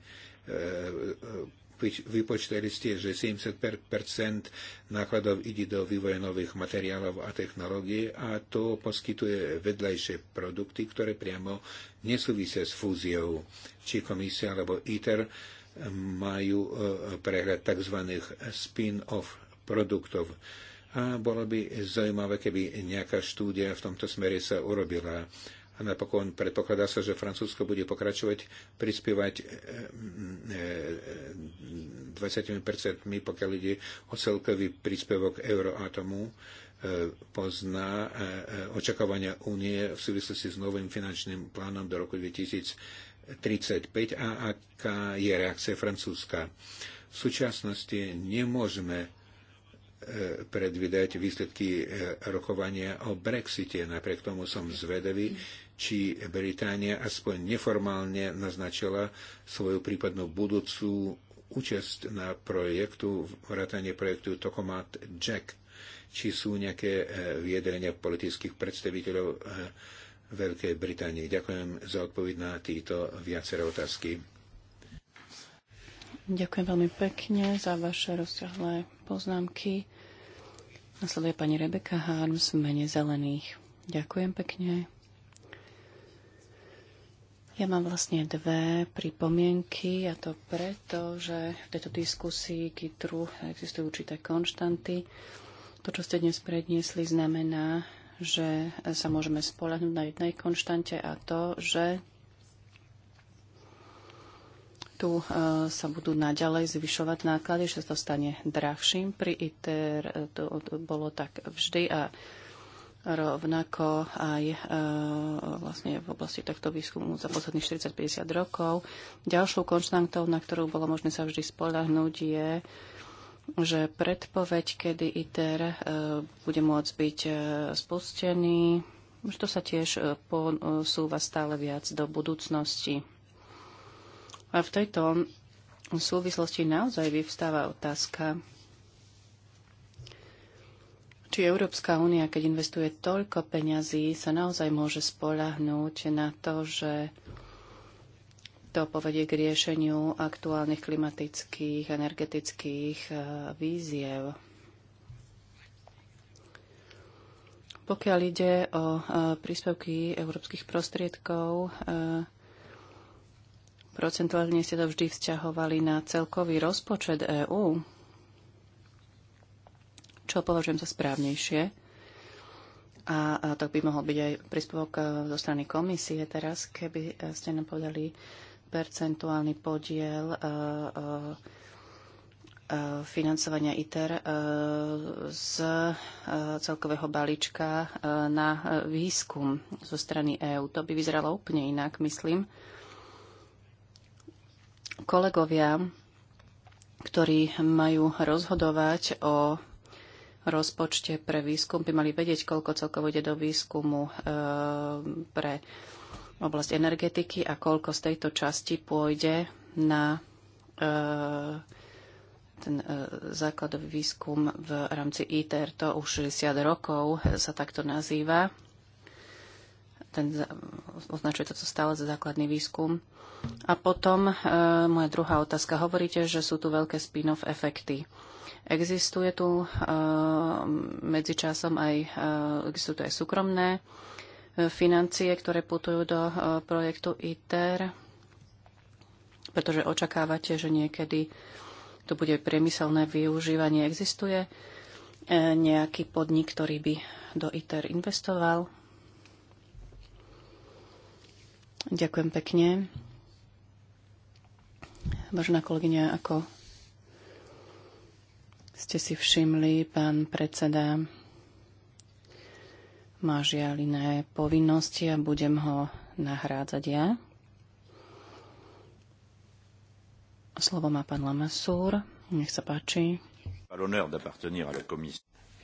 vypočítali ste, že 70 nákladov ide do vývoja nových materiálov a technológií a to poskytuje vedľajšie produkty, ktoré priamo nesúvisia s fúziou. Či komisia alebo ITER eh, majú eh, prehľad tzv. spin-off produktov. A bolo by zaujímavé, keby nejaká štúdia v tomto smere sa urobila a napokon predpokladá sa, že Francúzsko bude pokračovať, prispievať 20%, eh, eh, eh, pokiaľ ide o celkový príspevok Euroatomu, pozná očakávania únie v súvislosti s novým finančným plánom do roku 2035 a aká je reakcia Francúzska. V súčasnosti nemôžeme predvídať výsledky rokovania o Brexite. Napriek tomu som zvedavý, či Británia aspoň neformálne naznačila svoju prípadnú budúcu účasť na projektu, vrátanie projektu Tokomat Jack. Či sú nejaké eh, vyjadrenia politických predstaviteľov eh, Veľkej Británie. Ďakujem za odpoveď na tieto viaceré otázky. Ďakujem veľmi pekne za vaše rozťahlé poznámky. Nasleduje pani Rebeka Harms v mene zelených. Ďakujem pekne. Ja mám vlastne dve pripomienky a to preto, že v tejto diskusii kytru existujú určité konštanty. To, čo ste dnes predniesli, znamená, že sa môžeme spolahnúť na jednej konštante a to, že tu e, sa budú naďalej zvyšovať náklady, že sa to stane drahším. Pri ITER to bolo tak vždy a rovnako aj e, vlastne v oblasti tohto výskumu za posledných 40-50 rokov. Ďalšou konštantou, na ktorú bolo možné sa vždy spolahnúť, je, že predpoveď, kedy ITER e, bude môcť byť e, spustený, že to sa tiež e, posúva stále viac do budúcnosti. A v tejto súvislosti naozaj vyvstáva otázka, či Európska únia, keď investuje toľko peňazí, sa naozaj môže spolahnúť na to, že to povedie k riešeniu aktuálnych klimatických, energetických e, víziev. Pokiaľ ide o e, príspevky európskych prostriedkov, e, Procentuálne ste to vždy vzťahovali na celkový rozpočet EÚ čo považujem za správnejšie. A, a to by mohol byť aj príspevok e, zo strany komisie teraz, keby e, ste nám povedali percentuálny podiel e, financovania ITER z celkového balíčka na výskum zo strany EÚ. To by vyzeralo úplne inak, myslím. Kolegovia, ktorí majú rozhodovať o rozpočte pre výskum by mali vedieť, koľko celkovo ide do výskumu e, pre oblasť energetiky a koľko z tejto časti pôjde na e, ten e, základový výskum v rámci ITER. To už 60 rokov sa takto nazýva. Ten označuje to stále za základný výskum. A potom moja druhá otázka. Hovoríte, že sú tu veľké spin-off efekty. Existuje tu eh, medzičasom aj, eh, existujú tu aj súkromné eh, financie, ktoré putujú do projektu ITER, pretože očakávate, že niekedy to bude priemyselné využívanie. Existuje nejaký podnik, ktorý by do ITER investoval? Ďakujem pekne. Vážená kolegyňa, ako ste si všimli, pán predseda má žiaľ iné povinnosti a budem ho nahrádzať ja. Slovo má pán Lamassur. Nech sa páči.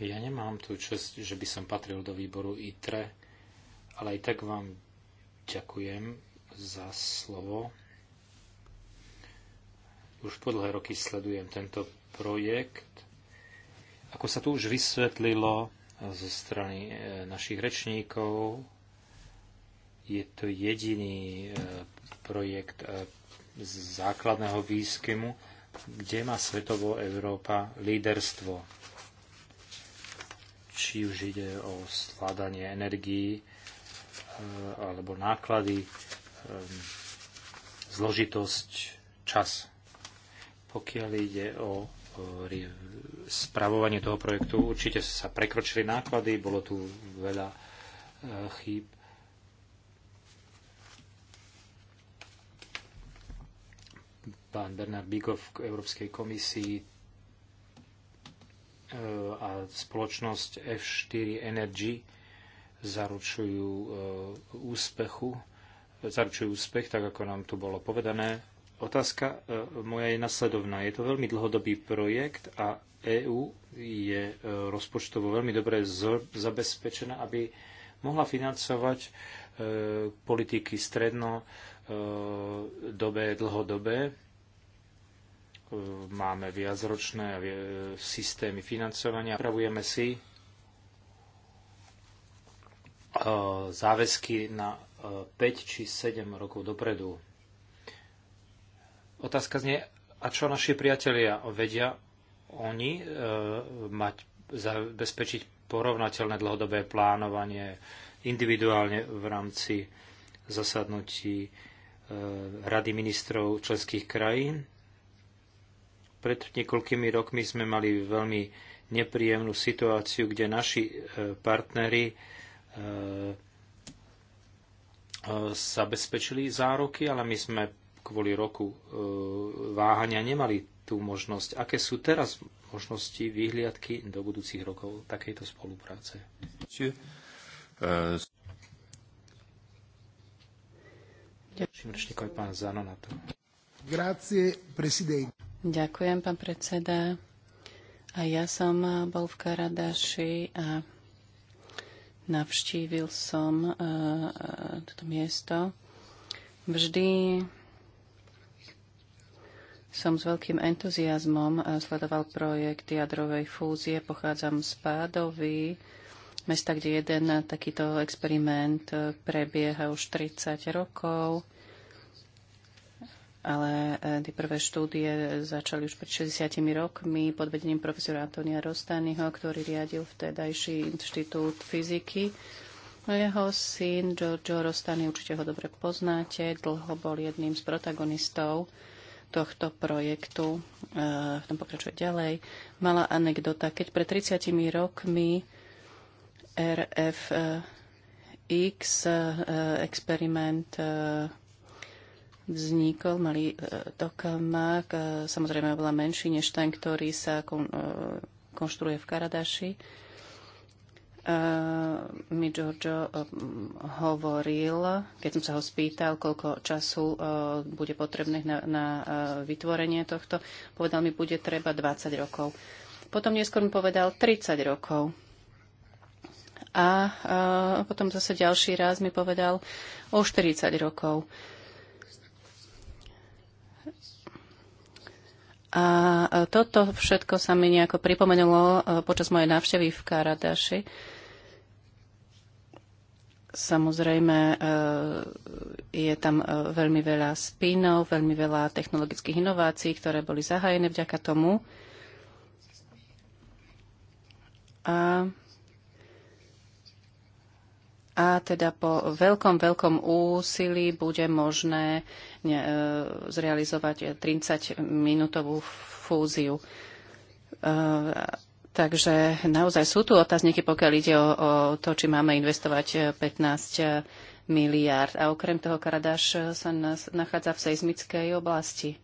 Ja nemám tú čest, že by som patril do výboru ITRE, ale aj tak vám ďakujem za slovo. Už po dlhé roky sledujem tento projekt. Ako sa tu už vysvetlilo zo strany e, našich rečníkov, je to jediný e, projekt e, základného výskumu, kde má svetovo Európa líderstvo. Či už ide o skladanie energií alebo náklady, zložitosť, čas. Pokiaľ ide o spravovanie toho projektu, určite sa prekročili náklady, bolo tu veľa e, chýb. Pán Bernard Bigov k Európskej komisii e, a spoločnosť F4 Energy zaručujú e, úspechu zaručujú úspech, tak ako nám tu bolo povedané. Otázka e, moja je nasledovná. Je to veľmi dlhodobý projekt a EÚ je e, rozpočtovo veľmi dobre zabezpečená, aby mohla financovať e, politiky stredno dobé, dlhodobé. Máme viacročné systémy financovania. Pravujeme si záväzky na 5 či 7 rokov dopredu Otázka znie, a čo naši priatelia vedia oni e, mať, zabezpečiť porovnateľné dlhodobé plánovanie individuálne v rámci zasadnutí e, Rady ministrov členských krajín. Pred niekoľkými rokmi sme mali veľmi nepríjemnú situáciu, kde naši e, partnery e, e, zabezpečili zároky, ale my sme kvôli roku e, váhania nemali tú možnosť. Aké sú teraz možnosti, výhliadky do budúcich rokov takejto spolupráce? Ďakujem. rečníkom pán Zano, na to. Ďakujem, pán predseda. A ja som bol v Karadaši a navštívil som uh, toto miesto. Vždy som s veľkým entuziasmom eh, sledoval projekt jadrovej fúzie. Pochádzam z Pádovy, mesta, kde jeden takýto experiment eh, prebieha už 30 rokov. Ale eh, tie prvé štúdie začali už pred 60 rokmi pod vedením profesora Antonia Rostányho, ktorý riadil vtedajší inštitút fyziky. No, jeho syn Giorgio Rostany, určite ho dobre poznáte, dlho bol jedným z protagonistov tohto projektu, e, v tom pokračuje ďalej, malá anekdota. Keď pred 30 rokmi RFX e, experiment e, vznikol, malý tokamak, samozrejme bola menší než ten, ktorý sa konštruuje v Karadaši Eh, mi Giorgio eh, hovoril, keď som sa ho spýtal, koľko času eh, bude potrebné na, na vytvorenie tohto, povedal mi, bude treba 20 rokov. Potom neskôr mi povedal 30 rokov. A potom zase ďalší raz mi povedal o 40 rokov. A toto všetko sa mi nejako pripomenulo počas mojej návštevy v Karadaši Samozrejme, e, je tam e, veľmi veľa spinov, veľmi veľa technologických inovácií, ktoré boli zahájené vďaka tomu. A, a teda po veľkom, veľkom úsilí bude možné e, zrealizovať 30-minútovú fúziu Takže naozaj sú tu otázniky, pokiaľ ide o, o to, či máme investovať 15 e, e, miliárd. A okrem toho Karadáš e, sa nás nachádza v seizmickej oblasti.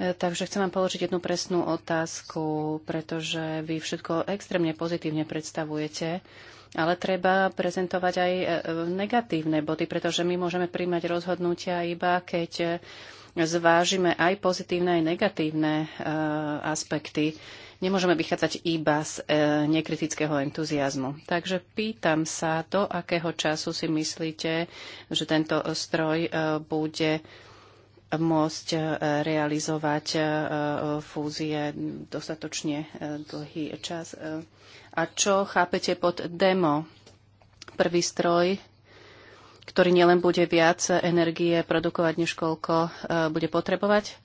Takže chcem vám položiť jednu presnú otázku, pretože vy všetko extrémne pozitívne predstavujete, ale treba prezentovať aj negatívne body, pretože my môžeme príjmať rozhodnutia iba, keď zvážime aj pozitívne, aj negatívne aspekty. Nemôžeme vychádzať iba z e, nekritického entuziasmu. Takže pýtam sa, do akého času si myslíte, že tento stroj e, bude môcť e, realizovať fúzie dostatočne dlhý čas. A čo chápete pod demo? Prvý stroj, ktorý nielen bude viac energie produkovať, než koľko bude potrebovať,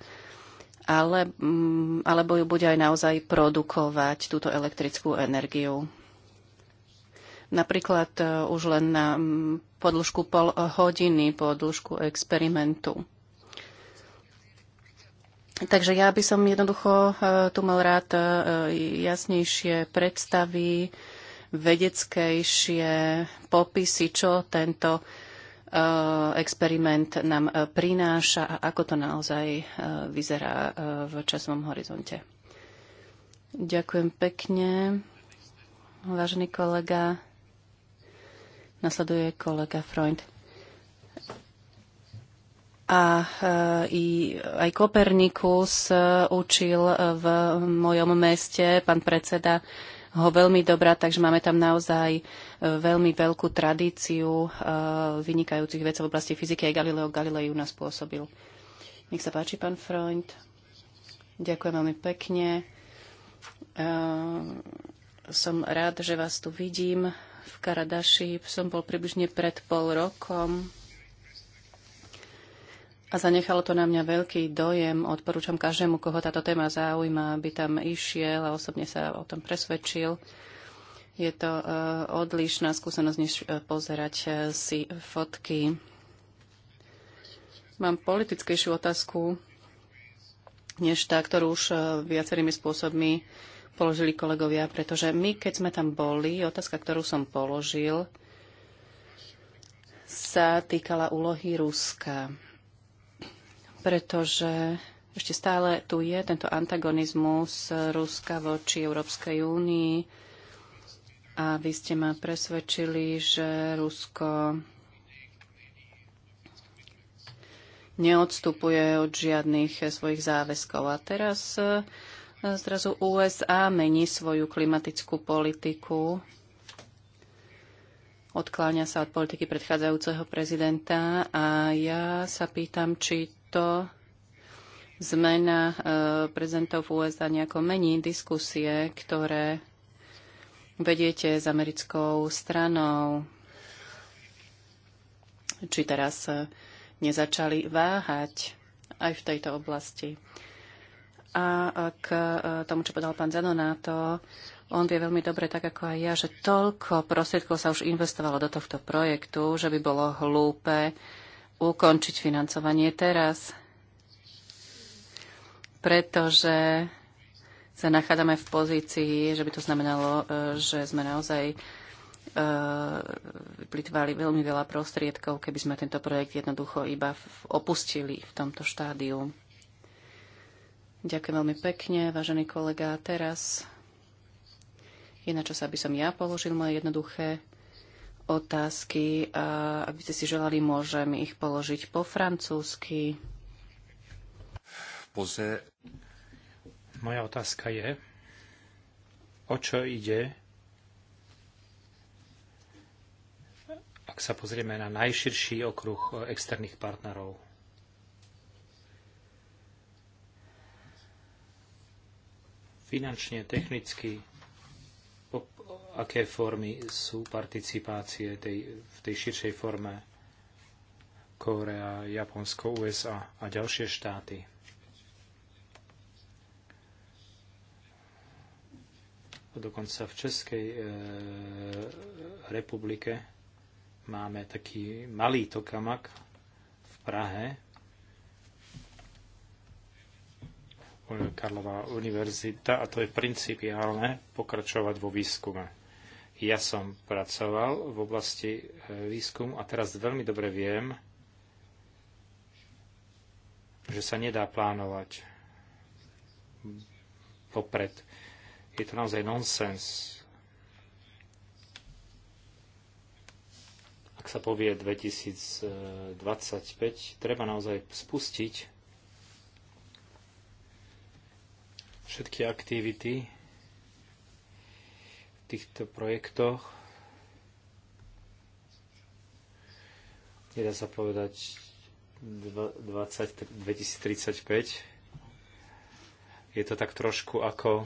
ale, mm, alebo ju bude aj naozaj produkovať túto elektrickú energiu. Napríklad e, už len na mm, podĺžku pol hodiny, podĺžku experimentu. Takže ja by som jednoducho e, tu mal rád e, jasnejšie predstavy, vedeckejšie popisy, čo tento Eh, experiment nám eh, prináša a ako to naozaj eh, vyzerá v časovom horizonte. Ďakujem pekne, vážený kolega. Nasleduje kolega Freund. A i, aj Kopernikus učil v mojom meste, pán predseda, ho veľmi dobrá, takže máme tam naozaj e, veľmi veľkú tradíciu e, vynikajúcich vecí v oblasti fyziky. Aj Galileo Galilei u nás pôsobil. Nech sa páči, pán Freund. Ďakujem veľmi pekne. E, som rád, že vás tu vidím v Karadaši. Som bol približne pred pol rokom a zanechalo to na mňa veľký dojem. Odporúčam každému, koho táto téma zaujíma, aby tam išiel a osobne sa o tom presvedčil. Je to uh, odlišná skúsenosť, než uh, pozerať uh, si fotky. Mám politickejšiu otázku, než tá, ktorú už viacerými spôsobmi položili kolegovia, pretože my, keď sme tam boli, otázka, ktorú som položil, sa týkala úlohy Ruska pretože ešte stále tu je tento antagonizmus Ruska voči Európskej únii a vy ste ma presvedčili, že Rusko neodstupuje od žiadnych svojich záväzkov. A teraz e, zrazu USA mení svoju klimatickú politiku, odkláňa sa od politiky predchádzajúceho prezidenta a ja sa pýtam, či to zmena e, prezentov v USA nejako mení diskusie, ktoré vediete s americkou stranou, či teraz e, nezačali váhať aj v tejto oblasti. A k e, tomu, čo povedal pán Zanonáto, on vie veľmi dobre, tak ako aj ja, že toľko prostriedkov sa už investovalo do tohto projektu, že by bolo hlúpe ukončiť financovanie teraz, pretože sa nachádzame v pozícii, že by to znamenalo, e, že sme naozaj e, vyplýtvali veľmi veľa prostriedkov, keby sme tento projekt jednoducho iba opustili v tomto štádiu. Ďakujem veľmi pekne, vážený kolega. Teraz je na čo sa by som ja položil moje jednoduché otázky, ak by ste si želali, môžem ich položiť po francúzsky. Pozé. Moja otázka je, o čo ide, ak sa pozrieme na najširší okruh externých partnerov. Finančne, technicky, aké formy sú participácie tej, v tej širšej forme Korea, Japonsko, USA a ďalšie štáty. Dokonca v Českej e, republike máme taký malý tokamak v Prahe, Karlová univerzita a to je principiálne pokračovať vo výskume. Ja som pracoval v oblasti e, výskumu a teraz veľmi dobre viem, že sa nedá plánovať popred. Je to naozaj nonsens. Ak sa povie 2025, treba naozaj spustiť všetky aktivity v týchto projektoch. Nedá sa povedať 20, 2035. Je to tak trošku ako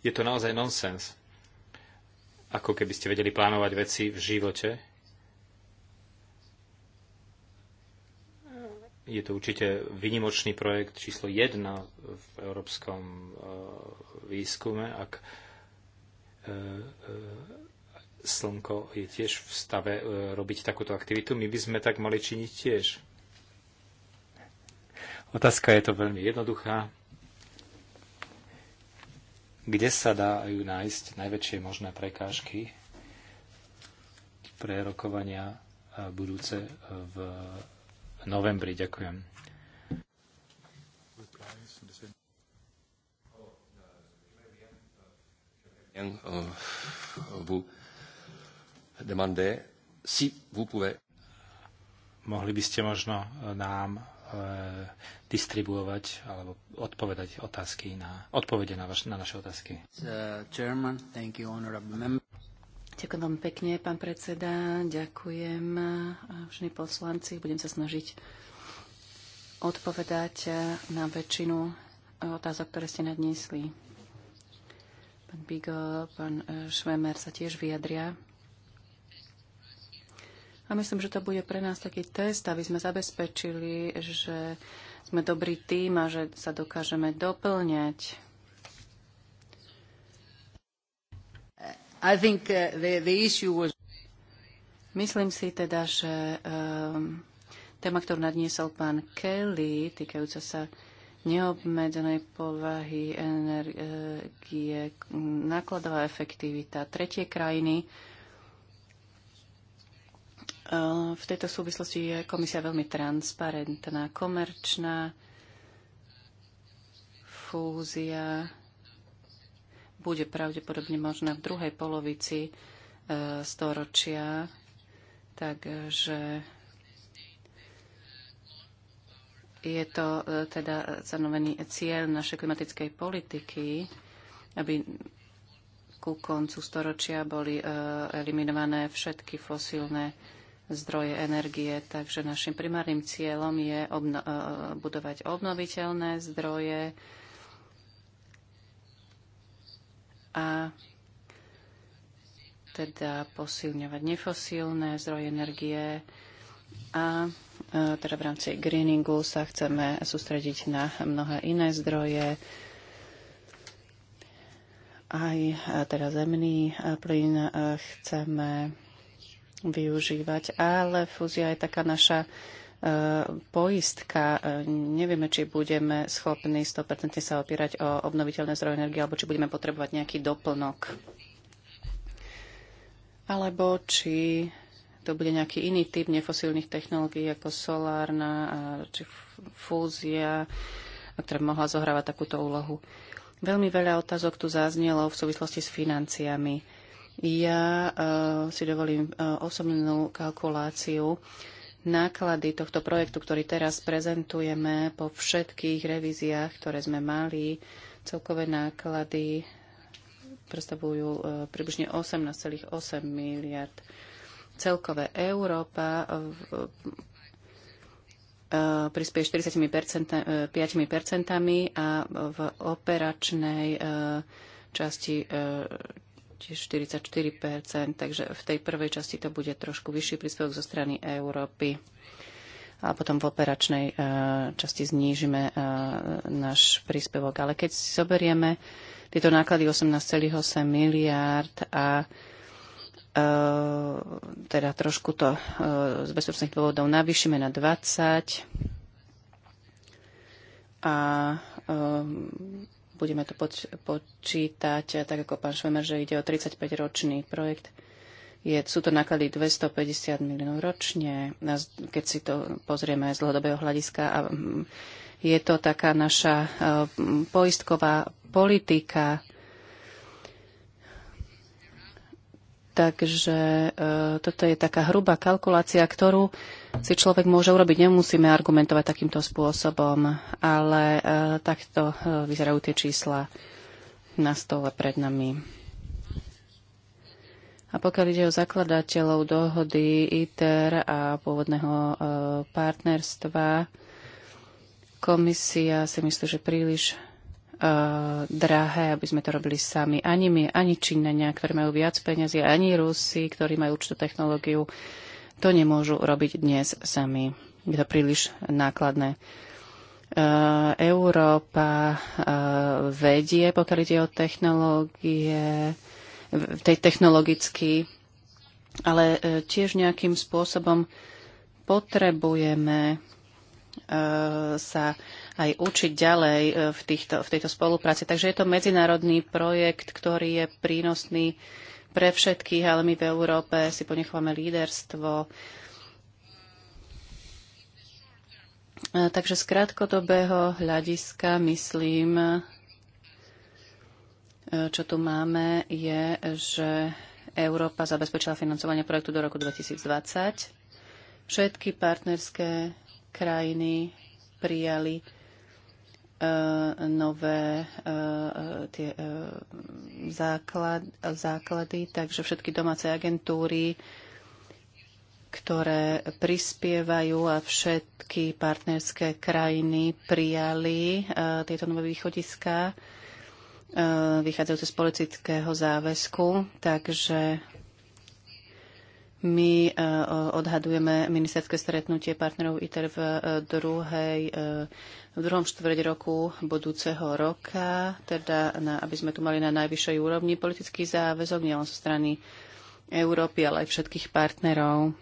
je to naozaj nonsens. Ako keby ste vedeli plánovať veci v živote, Je to určite vynimočný projekt číslo 1 v európskom eh, výskume, ak eh, eh, Slnko je tiež v stave robiť takúto aktivitu, my by sme tak mali činiť tiež. Otázka je to veľmi jednoduchá. Kde sa dajú nájsť najväčšie možné prekážky pre rokovania budúce v novembri. Ďakujem. Mohli by ste možno e, nám e, distribuovať alebo odpovedať otázky na, odpovede na, vaš, na naše otázky. Uh, chairman, thank you, Ďakujem veľmi pekne, pán predseda. Ďakujem všetkým poslanci. Budem sa snažiť odpovedať na väčšinu e, otázok, ktoré ste nadniesli. Pán Bigo, pán e, Švemer sa tiež vyjadria. A myslím, že to bude pre nás taký test, aby sme zabezpečili, že sme dobrý tým a že sa dokážeme doplňať I think uh, the, the issue was... Myslím si teda, že um, téma, ktorú nadniesol pán Kelly, týkajúca sa neobmedzenej povahy energie, nákladová efektivita, tretie krajiny. Uh, v tejto súvislosti je komisia veľmi transparentná, komerčná, fúzia, bude pravdepodobne možné v druhej polovici e, storočia. Takže je to e, teda zanovený cieľ našej klimatickej politiky, aby ku koncu storočia boli e, eliminované všetky fosílne zdroje energie. Takže našim primárnym cieľom je obno- budovať obnoviteľné zdroje, a teda posilňovať nefosílne zdroje energie a e, teda v rámci greeningu sa chceme sústrediť na mnohé iné zdroje, aj e, teda zemný e, plyn chceme využívať, ale fúzia je taká naša E, poistka. E, nevieme, či budeme schopní 100% sa opierať o obnoviteľné zdroje energie, alebo či budeme potrebovať nejaký doplnok. Alebo či to bude nejaký iný typ nefosílnych technológií ako solárna či fúzia, ktorá by mohla zohrávať takúto úlohu. Veľmi veľa otázok tu zaznelo v súvislosti s financiami. Ja uh, si dovolím uh, osobnú kalkuláciu náklady tohto projektu, ktorý teraz prezentujeme po všetkých revíziách, ktoré sme mali, celkové náklady predstavujú e, približne 18,8 miliard. Celkové Európa e, e, prispieje 45 percentami a v operačnej časti tiež 44%, takže v tej prvej časti to bude trošku vyšší príspevok zo strany Európy a potom v operačnej uh, časti znížime uh, náš príspevok. Ale keď si zoberieme tieto náklady 18,8 miliárd a uh, teda trošku to z bezpečných dôvodov navýšime na 20 a budeme to poč- počítať, eh, tak ako pán Švemer, že ide o 35-ročný projekt. Je, sú to náklady 250 miliónov ročne, keď si to pozrieme z dlhodobého hľadiska. A mm, je to taká naša eh, poistková politika, Takže e, toto je taká hrubá kalkulácia, ktorú si človek môže urobiť. Nemusíme argumentovať takýmto spôsobom, ale e, takto e, vyzerajú tie čísla na stole pred nami. A pokiaľ ide o zakladateľov dohody ITER a pôvodného e, partnerstva, komisia si myslí, že príliš Eh, drahé, aby sme to robili sami. Ani my, ani Číňania, ktorí majú viac peniazy, ani Rusi, ktorí majú určitú technológiu, to nemôžu robiť dnes sami. Je to príliš nákladné. Eh, Európa eh, vedie, pokiaľ ide o technológie, tej technologicky, ale tiež nejakým spôsobom potrebujeme sa aj učiť ďalej e, v, týchto, v tejto spolupráci. Takže je to medzinárodný projekt, ktorý je prínosný pre všetkých, ale my v Európe si ponechávame líderstvo. E, takže z krátkodobého hľadiska myslím, e, čo tu máme, je, že Európa zabezpečila financovanie projektu do roku 2020. Všetky partnerské krajiny prijali E, nové e, e, tie základ, základy, takže všetky domáce agentúry, ktoré prispievajú a všetky partnerské krajiny prijali tieto nové východiská vychádzajúce z politického záväzku, takže my e, odhadujeme ministerské stretnutie partnerov ITER v, e, druhej, e, v druhom štvrť roku budúceho roka, teda na, aby sme tu mali na najvyššej úrovni politický záväzok, nielen zo strany Európy, ale aj všetkých partnerov.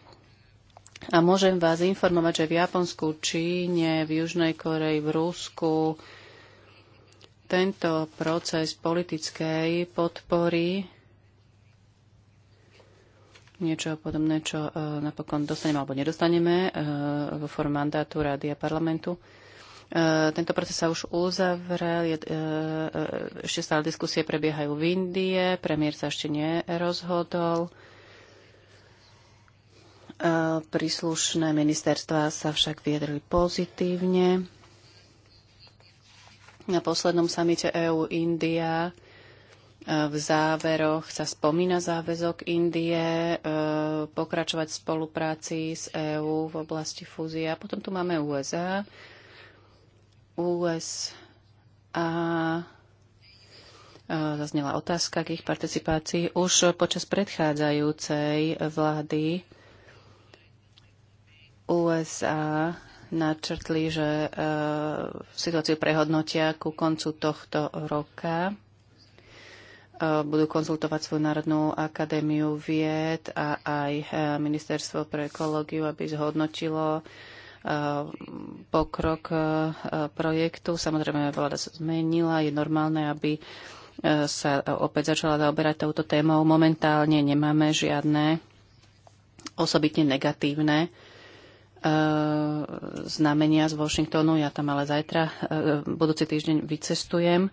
A môžem vás informovať, že v Japonsku, Číne, v Južnej Koreji, v Rusku tento proces politickej podpory niečo podobné, čo e, napokon dostaneme alebo nedostaneme e, vo forme mandátu Rady a parlamentu. E, tento proces sa už uzavrel, ešte stále diskusie prebiehajú v Indie, premiér sa ešte nerozhodol. Príslušné ministerstva sa však vyjadrili pozitívne. Na poslednom samite EU-India v záveroch sa spomína záväzok Indie e, pokračovať v spolupráci s EÚ v oblasti fúzie. A potom tu máme USA. USA e, zaznela otázka k ich participácii už počas predchádzajúcej vlády USA načrtli, že e, situáciu prehodnotia ku koncu tohto roka. E, budú konzultovať svoju Národnú akadémiu vied a aj e, Ministerstvo pre ekológiu, aby zhodnotilo e, pokrok projektu. Samozrejme, vláda sa zmenila, je normálne, aby sa opäť začala zaoberať touto témou. Momentálne nemáme žiadne osobitne negatívne znamenia z Washingtonu. Ja tam ale zajtra, budúci týždeň vycestujem.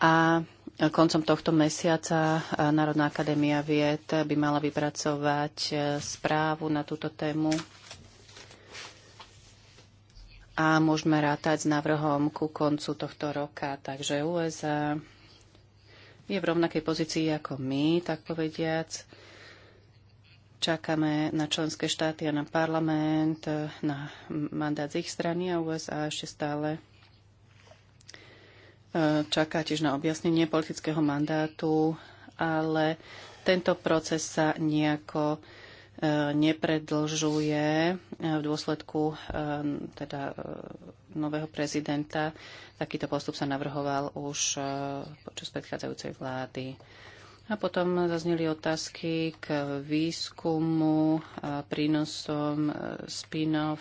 A Koncom tohto mesiaca eh, Národná akadémia vied by mala vypracovať eh, správu na túto tému a môžeme rátať s návrhom ku koncu tohto roka. Takže USA je v rovnakej pozícii ako my, tak povediac. Čakáme na členské štáty a na parlament, eh, na mandát z ich strany a USA ešte stále čaká tiež na objasnenie politického mandátu, ale tento proces sa nejako e, nepredlžuje e, v dôsledku e, teda nového prezidenta. Takýto postup sa navrhoval už počas predchádzajúcej vlády. A potom zazneli otázky k výskumu, prínosom spin-off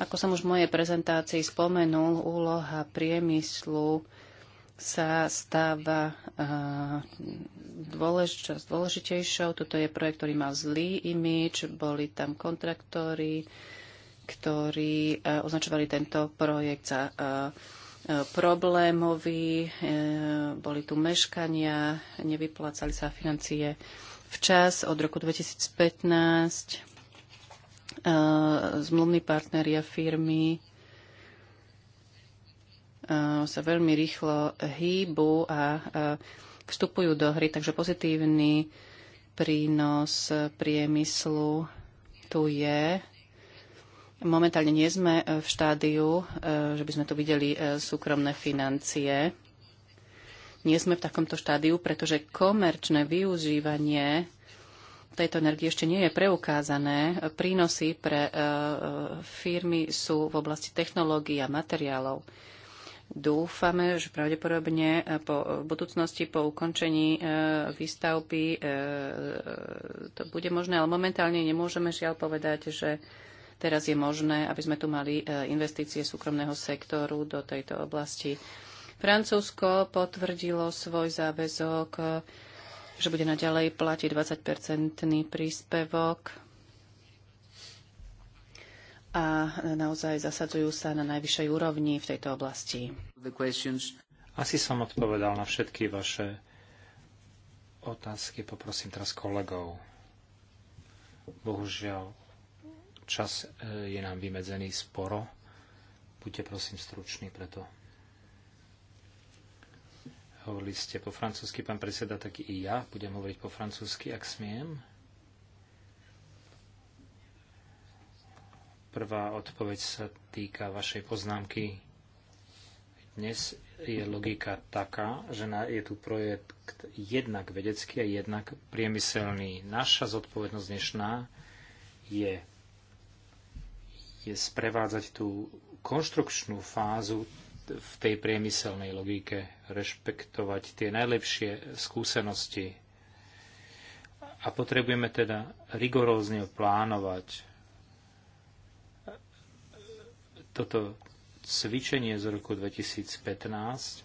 ako som už v mojej prezentácii spomenul, úloha priemyslu sa stáva čas dôležitejšou. Toto je projekt, ktorý mal zlý imič, boli tam kontraktory, ktorí označovali tento projekt za problémový, e, boli tu meškania, nevyplácali sa financie včas od roku 2015 Eh, zmluvní partneri a firmy eh, sa veľmi rýchlo hýbu a eh, vstupujú do hry, takže pozitívny prínos priemyslu tu je. Momentálne nie sme v štádiu, že by sme tu videli súkromné financie. Nie sme v takomto štádiu, pretože komerčné využívanie tejto energie ešte nie je preukázané. Prínosy pre e, e, firmy sú v oblasti technológií a materiálov. Dúfame, že pravdepodobne e, po, v budúcnosti po ukončení e, výstavby e, to bude možné, ale momentálne nemôžeme žiaľ povedať, že teraz je možné, aby sme tu mali investície súkromného sektoru do tejto oblasti. Francúzsko potvrdilo svoj záväzok že bude naďalej platiť 20-percentný príspevok a naozaj zasadzujú sa na najvyššej úrovni v tejto oblasti. Asi som odpovedal na všetky vaše otázky. Poprosím teraz kolegov. Bohužiaľ, čas e, je nám vymedzený sporo. Buďte prosím struční preto. Hovorili ste po francúzsky, pán predseda, tak i ja budem hovoriť po francúzsky, ak smiem. Prvá odpoveď sa týka vašej poznámky. Dnes je logika taká, že je tu projekt jednak vedecký a jednak priemyselný. Naša zodpovednosť dnešná je, je sprevádzať tú konštrukčnú fázu v tej priemyselnej logike rešpektovať tie najlepšie skúsenosti a potrebujeme teda rigorózne plánovať toto cvičenie z roku 2015, eh,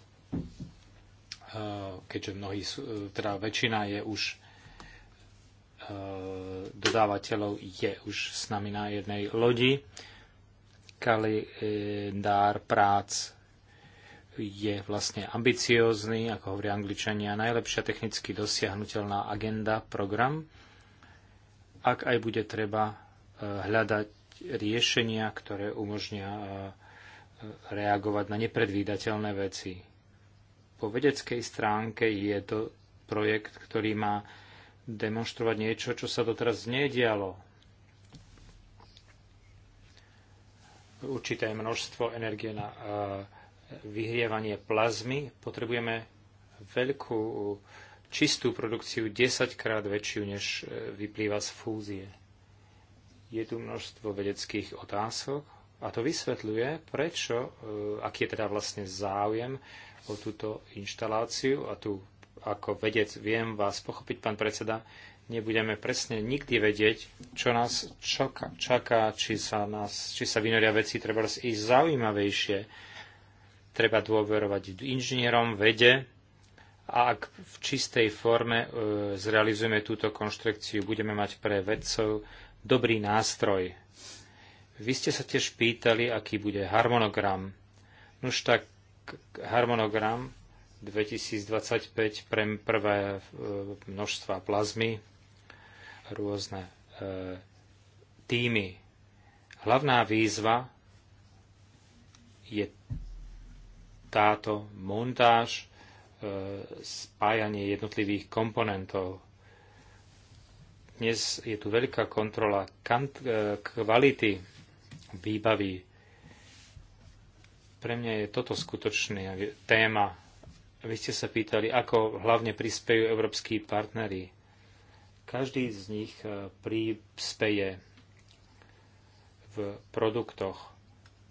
keďže mnohí, eh, teda väčšina je už eh, dodávateľov je už s nami na jednej lodi, kalendár prác je vlastne ambiciózny, ako hovoria angličania, najlepšia technicky dosiahnutelná agenda, program. Ak aj bude treba e, hľadať riešenia, ktoré umožnia e, e, reagovať na nepredvídateľné veci. Po vedeckej stránke je to projekt, ktorý má demonstrovať niečo, čo sa doteraz nedialo. Určité množstvo energie na uh, vyhrievanie plazmy, potrebujeme veľkú čistú produkciu 10 krát väčšiu, než e, vyplýva z fúzie. Je tu množstvo vedeckých otázok a to vysvetľuje, prečo, e, aký je teda vlastne záujem o túto inštaláciu a tu ako vedec viem vás pochopiť, pán predseda, nebudeme presne nikdy vedieť, čo nás čaká, či, sa nás, či sa vynoria veci treba i zaujímavejšie, Treba dôverovať inžinierom, vede a ak v čistej forme e, zrealizujeme túto konštrukciu, budeme mať pre vedcov dobrý nástroj. Vy ste sa tiež pýtali, aký bude harmonogram. Nuž tak harmonogram 2025 pre prvé e, množstva plazmy, rôzne e, týmy. Hlavná výzva je táto montáž, e, spájanie jednotlivých komponentov. Dnes je tu veľká kontrola e, kvality výbavy. Pre mňa je toto skutočný téma. Vy ste sa pýtali, ako hlavne prispejú európsky partnery. Každý z nich e, prispeje v produktoch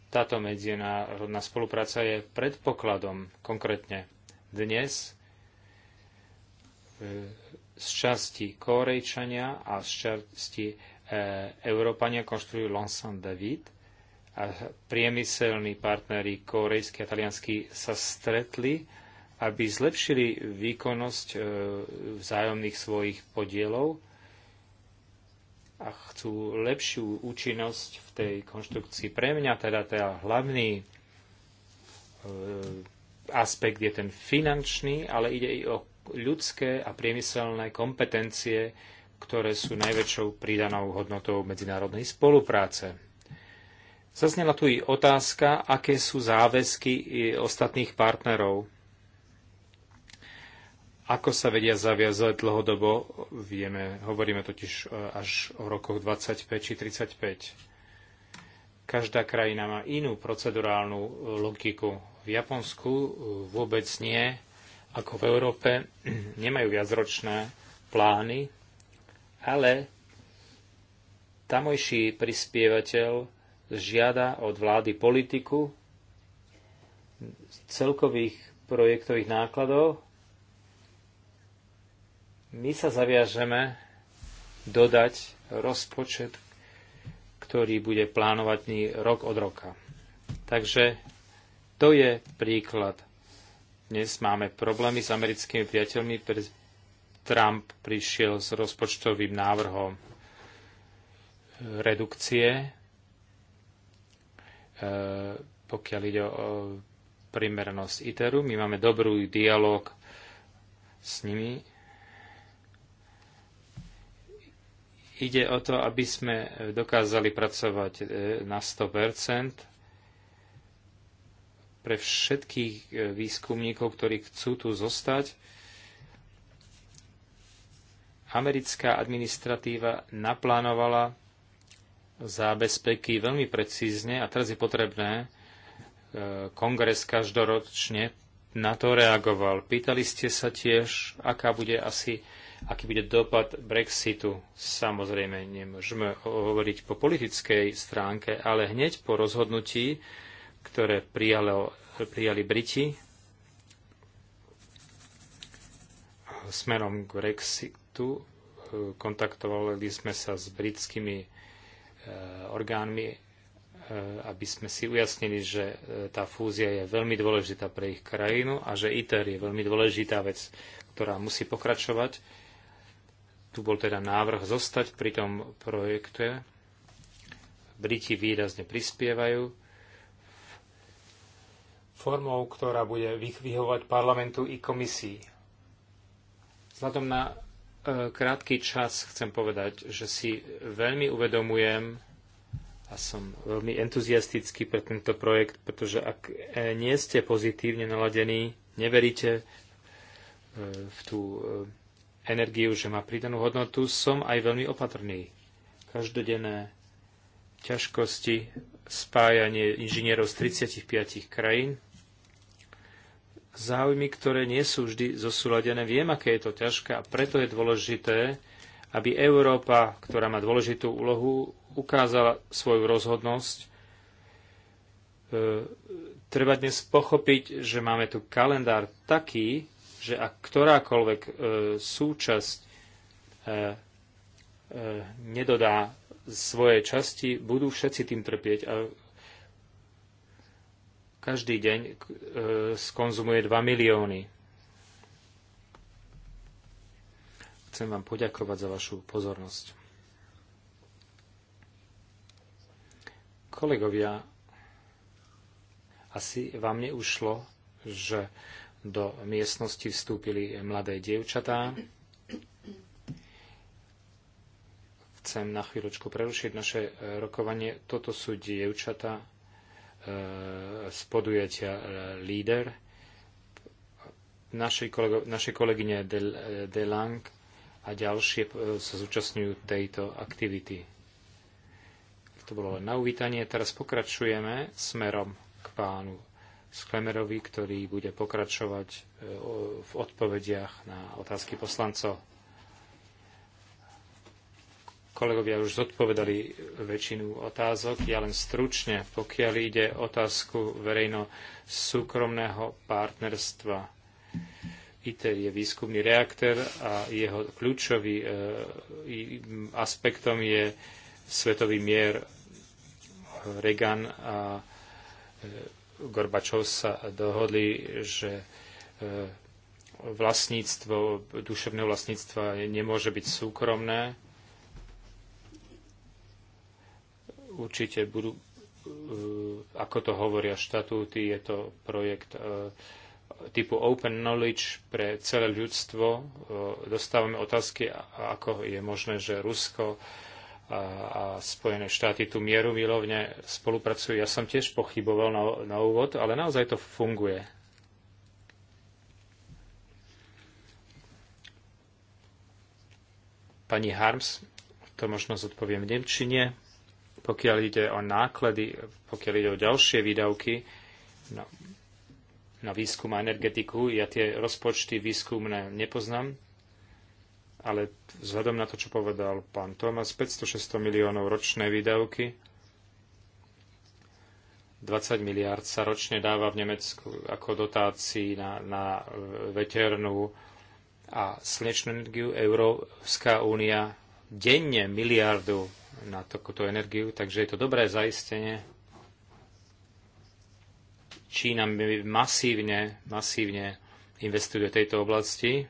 táto medzinárodná spolupráca je predpokladom konkrétne dnes e, z časti Korejčania a z časti e, Európania konštruujú Lansan David a priemyselní partnery korejskí a talianskí sa stretli, aby zlepšili výkonnosť e, vzájomných svojich podielov a chcú lepšiu účinnosť v tej konštrukcii. Pre mňa teda, teda hlavný e, aspekt je ten finančný, ale ide i o ľudské a priemyselné kompetencie, ktoré sú najväčšou pridanou hodnotou medzinárodnej spolupráce. Zaznela tu i otázka, aké sú záväzky ostatných partnerov ako sa vedia zaviazať dlhodobo, vieme, hovoríme totiž e, až o rokoch 25 či 35. Každá krajina má inú procedurálnu e, logiku. V Japonsku e, vôbec nie, ako v Európe, nemajú viacročné plány, ale tamojší prispievateľ žiada od vlády politiku celkových projektových nákladov my sa zaviažeme dodať rozpočet, ktorý bude plánovaný rok od roka. Takže to je príklad. Dnes máme problémy s americkými priateľmi. Trump prišiel s rozpočtovým návrhom redukcie, e, pokiaľ ide o primernosť ITERu. My máme dobrý dialog s nimi Ide o to, aby sme e, dokázali pracovať e, na 100% pre všetkých e, výskumníkov, ktorí chcú tu zostať. Americká administratíva naplánovala zábezpeky veľmi precízne a teraz je potrebné, kongres každoročne na to reagoval. Pýtali ste sa tiež, aká bude asi Aký bude dopad Brexitu? Samozrejme, nemôžeme hovoriť po politickej stránke, ale hneď po rozhodnutí, ktoré prijalo, prijali Briti smerom k Brexitu, eh, kontaktovali sme sa s britskými eh, orgánmi, eh, aby sme si ujasnili, že tá fúzia je veľmi dôležitá pre ich krajinu a že ITER je veľmi dôležitá vec, ktorá musí pokračovať. Tu bol teda návrh zostať pri tom projekte. Briti výrazne prispievajú formou, ktorá bude vyhovovať parlamentu i komisii. Vzhľadom na e, krátky čas chcem povedať, že si veľmi uvedomujem a som veľmi entuziastický pre tento projekt, pretože ak e, nie ste pozitívne naladení, neveríte e, v tú energiu, že má pridanú hodnotu, som aj veľmi opatrný. Každodenné ťažkosti spájanie inžinierov z 35 krajín, záujmy, ktoré nie sú vždy zosúladené. Viem, aké je to ťažké a preto je dôležité, aby Európa, ktorá má dôležitú úlohu, ukázala svoju rozhodnosť. E, treba dnes pochopiť, že máme tu kalendár taký, že ak ktorákoľvek e, súčasť e, e, nedodá svoje časti, budú všetci tým trpieť a každý deň skonzumuje 2 milióny. Chcem vám poďakovať za vašu pozornosť. Kolegovia, asi vám neušlo, že do miestnosti vstúpili mladé dievčatá. Chcem na chvíľočku prerušiť naše e, rokovanie. Toto sú dievčatá e, z podujatia e, Líder. kolego, naše kolegyne Delang De a ďalšie sa zúčastňujú tejto aktivity. To bolo len na uvítanie. Teraz pokračujeme smerom k pánu Sklemerovi, ktorý bude pokračovať e, v odpovediach na otázky poslancov. Kolegovia už zodpovedali väčšinu otázok, ja len stručne, pokiaľ ide otázku verejno-súkromného partnerstva. ITER je výskumný reaktor a jeho kľúčový e, aspektom je svetový mier Reagan a e, Gorbačov sa dohodli, že e, vlastníctvo, duševného vlastníctva nemôže byť súkromné. Určite budú, e, ako to hovoria štatúty, je to projekt e, typu open knowledge pre celé ľudstvo. Dostávame otázky, ako je možné, že Rusko a, a Spojené štáty tu mieru milovne spolupracujú. Ja som tiež pochyboval na, na úvod, ale naozaj to funguje. Pani Harms, to možno zodpoviem v Nemčine. Pokiaľ ide o náklady, pokiaľ ide o ďalšie výdavky na, na výskum a energetiku, ja tie rozpočty výskumné nepoznám ale vzhľadom na to, čo povedal pán Tomas, 500-600 miliónov ročné výdavky, 20 miliard sa ročne dáva v Nemecku ako dotácii na, na veternú a slnečnú energiu. Európska únia denne miliardu na takúto energiu, takže je to dobré zaistenie. Čína masívne, masívne investuje do tejto oblasti.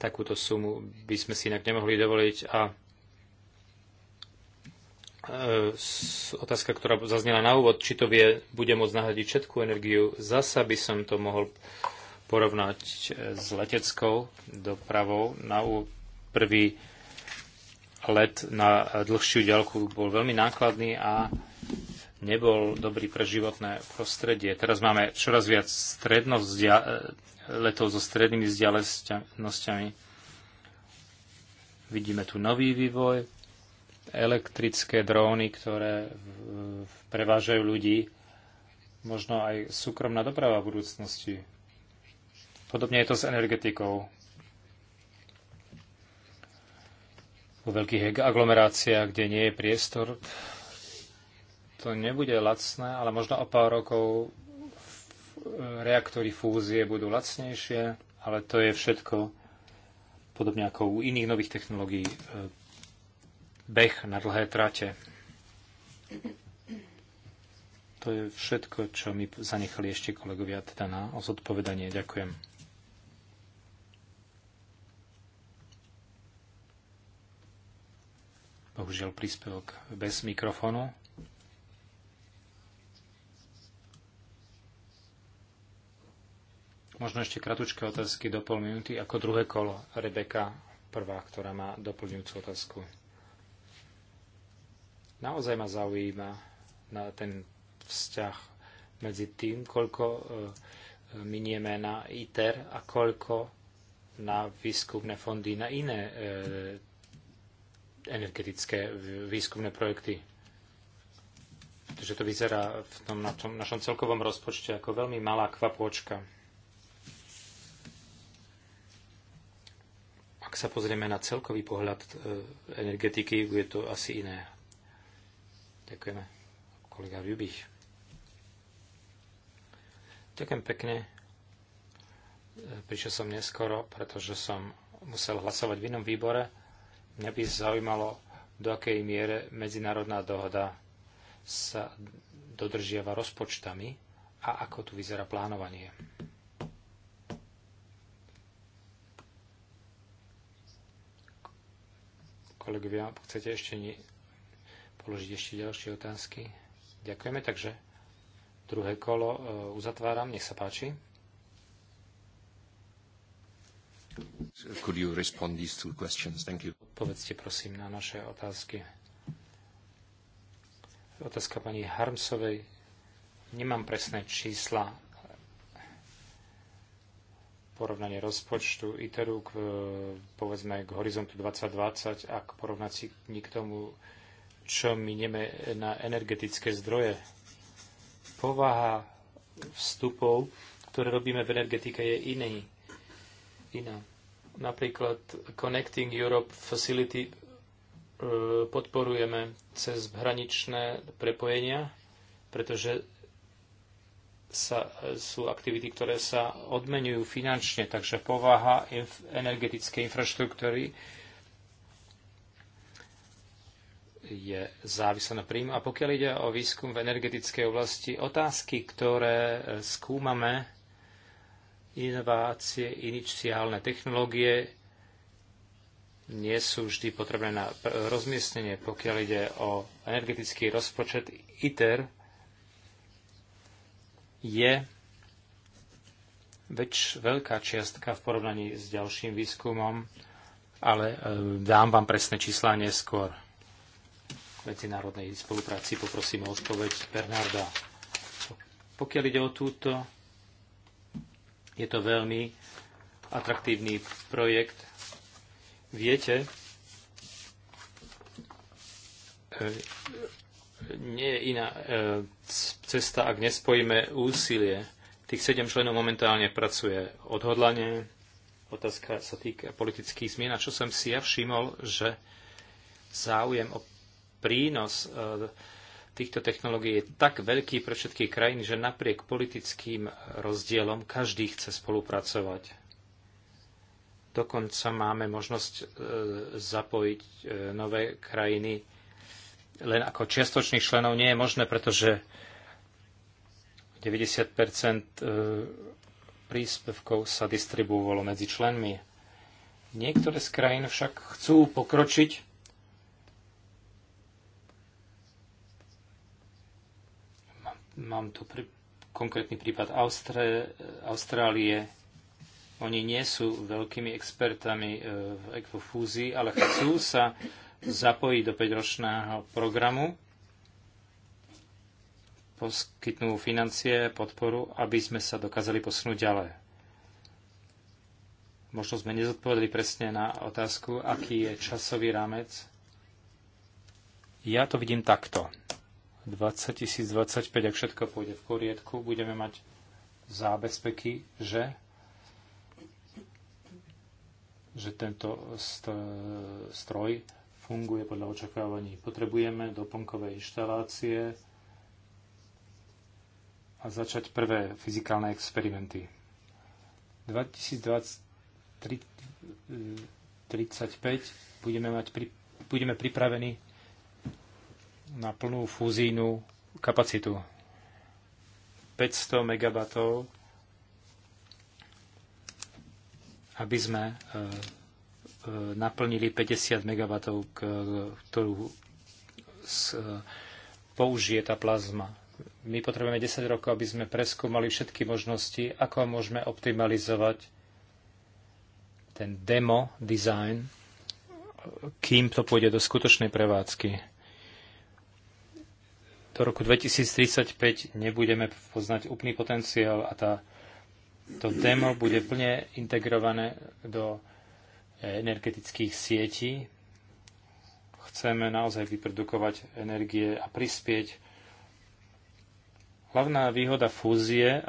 Takúto sumu by sme si inak nemohli dovoliť a e, otázka, ktorá zaznela na úvod, či to vie, bude môcť nahradiť všetkú energiu. Zasa by som to mohol porovnať e, s leteckou dopravou. Na prvý let na dlhšiu ďalku bol veľmi nákladný a nebol dobrý pre životné prostredie. Teraz máme čoraz viac vzdia- letov so strednými vzdialenosťami. Vidíme tu nový vývoj, elektrické dróny, ktoré prevážajú ľudí, možno aj súkromná doprava v budúcnosti. Podobne je to s energetikou. Vo veľkých aglomeráciách, kde nie je priestor to nebude lacné, ale možno o pár rokov reaktory fúzie budú lacnejšie, ale to je všetko podobne ako u iných nových technológií e, beh na dlhé trate. To je všetko, čo mi zanechali ešte kolegovia teda na zodpovedanie. Ďakujem. Bohužiaľ príspevok bez mikrofónu. Možno ešte kratučké otázky do pol minúty. Ako druhé kolo, Rebeka prvá, ktorá má doplňujúcu otázku. Naozaj ma zaujíma na ten vzťah medzi tým, koľko e, e, minieme na ITER a koľko na výskumné fondy, na iné e, energetické výskumné projekty. Takže to vyzerá v tom, na tom našom celkovom rozpočte ako veľmi malá kvapôčka. Ak sa pozrieme na celkový pohľad e, energetiky, je to asi iné. Ďakujeme. Kolega Ľubich. Ďakujem pekne. E, prišiel som neskoro, pretože som musel hlasovať v inom výbore. Mňa by zaujímalo, do akej miere medzinárodná dohoda sa dodržiava rozpočtami a ako tu vyzerá plánovanie. kolegovia, chcete ešte nie, položiť ešte ďalšie otázky? Ďakujeme, takže druhé kolo e, uzatváram, nech sa páči. Could you respond these two questions? Thank you. Odpovedzte prosím na naše otázky. Otázka pani Harmsovej. Nemám presné čísla porovnanie rozpočtu ITERu k, e, povedzme, k horizontu 2020 a k porovnaní k tomu, čo minieme na energetické zdroje. Povaha vstupov, ktoré robíme v energetike, je iný. iná. Napríklad Connecting Europe Facility e, podporujeme cez hraničné prepojenia, pretože sa, sú aktivity, ktoré sa odmenujú finančne, takže povaha inf- energetickej infraštruktúry je závislá na príjmu. A pokiaľ ide o výskum v energetickej oblasti, otázky, ktoré e, skúmame, inovácie, iniciálne technológie, nie sú vždy potrebné na rozmiestnenie. Pokiaľ ide o energetický rozpočet ITER, je väč, veľká čiastka v porovnaní s ďalším výskumom, ale e, dám vám presné čísla neskôr. V medzinárodnej spolupráci poprosím o odpoveď Bernarda. Pokiaľ ide o túto, je to veľmi atraktívny projekt. Viete, e, nie je iná e, cesta, ak nespojíme úsilie. Tých sedem členov momentálne pracuje odhodlanie. Otázka sa týka politických zmien. A čo som si ja všimol, že záujem o prínos e, týchto technológií je tak veľký pre všetky krajiny, že napriek politickým rozdielom každý chce spolupracovať. Dokonca máme možnosť e, zapojiť nové krajiny len ako čiastočných členov nie je možné, pretože 90 e, príspevkov sa distribuovalo medzi členmi. Niektoré z krajín však chcú pokročiť Mám tu pri, konkrétny prípad Austré, Austrálie. Oni nie sú veľkými expertami e, v ekvofúzii, ale chcú sa zapojí do 5-ročného programu, poskytnú financie, podporu, aby sme sa dokázali posunúť ďalej. Možno sme nezodpovedali presne na otázku, aký je časový rámec. Ja to vidím takto. 20 025, ak všetko pôjde v poriadku, budeme mať zábezpeky, že že tento stroj funguje podľa očakávaní. Potrebujeme doplnkové inštalácie a začať prvé fyzikálne experimenty. 2035 eh, budeme, mať, budeme pripravení na plnú fúzijnú kapacitu 500 MW, aby sme eh, E, naplnili 50 MW, ktorú e, použije tá plazma. My potrebujeme 10 rokov, aby sme preskúmali všetky možnosti, ako môžeme optimalizovať ten demo design, kým to pôjde do skutočnej prevádzky. Do roku 2035 nebudeme poznať úplný potenciál a tá, to demo bude plne integrované do energetických sietí. Chceme naozaj vyprodukovať energie a prispieť. Hlavná výhoda fúzie,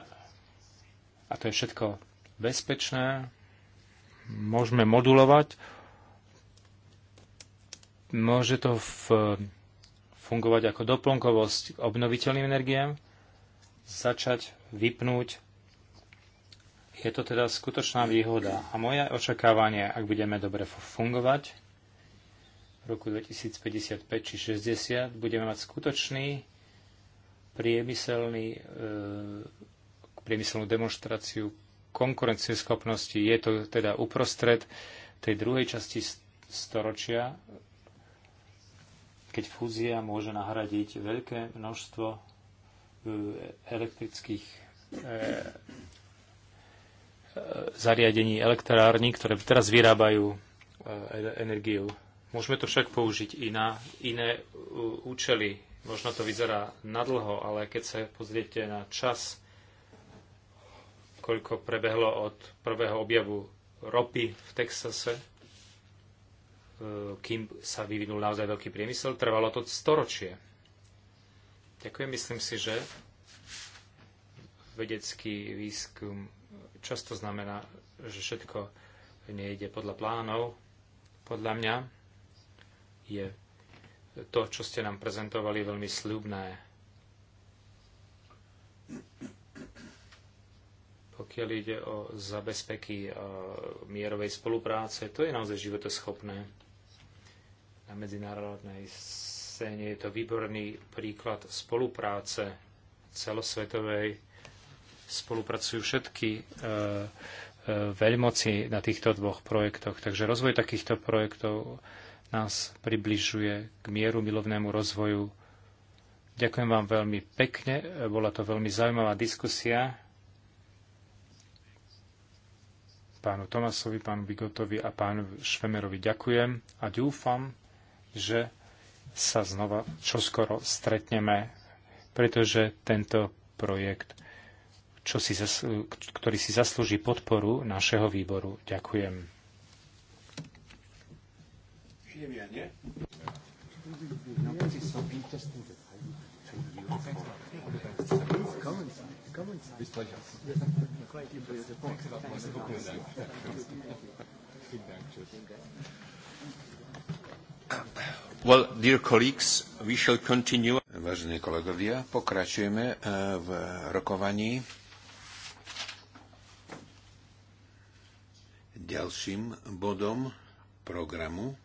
a to je všetko bezpečné, môžeme modulovať, môže to v, fungovať ako doplnkovosť k obnoviteľným energiám, začať, vypnúť je to teda skutočná výhoda. A moje očakávanie, ak budeme dobre fungovať, v roku 2055 či 60 budeme mať skutočný priemyselný, e, priemyselnú demonstráciu konkurencieschopnosti. Je to teda uprostred tej druhej časti storočia, keď fúzia môže nahradiť veľké množstvo e, elektrických e, zariadení elektrární, ktoré teraz vyrábajú e, energiu. Môžeme to však použiť i na iné e, účely. Možno to vyzerá nadlho, ale keď sa pozriete na čas, koľko prebehlo od prvého objavu ropy v Texase, e, kým sa vyvinul naozaj veľký priemysel, trvalo to storočie. Ďakujem, myslím si, že vedecký výskum často znamená, že všetko nejde podľa plánov. Podľa mňa je to, čo ste nám prezentovali, veľmi sľubné. Pokiaľ ide o zabezpeky e, mierovej spolupráce, to je naozaj životoschopné. Na medzinárodnej scéne je to výborný príklad spolupráce celosvetovej Spolupracujú všetky e, e, veľmoci na týchto dvoch projektoch. Takže rozvoj takýchto projektov nás približuje k mieru milovnému rozvoju. Ďakujem vám veľmi pekne. Bola to veľmi zaujímavá diskusia. Pánu Tomasovi, pánu Bigotovi a pánu Švemerovi ďakujem a dúfam, že sa znova čoskoro stretneme, pretože tento projekt čo si, ktorý si zaslúži podporu našeho výboru. Ďakujem. Well, dear colleagues, we shall continue. Vážení kolegovia, pokračujeme eh, v rokovaní. ďalším bodom programu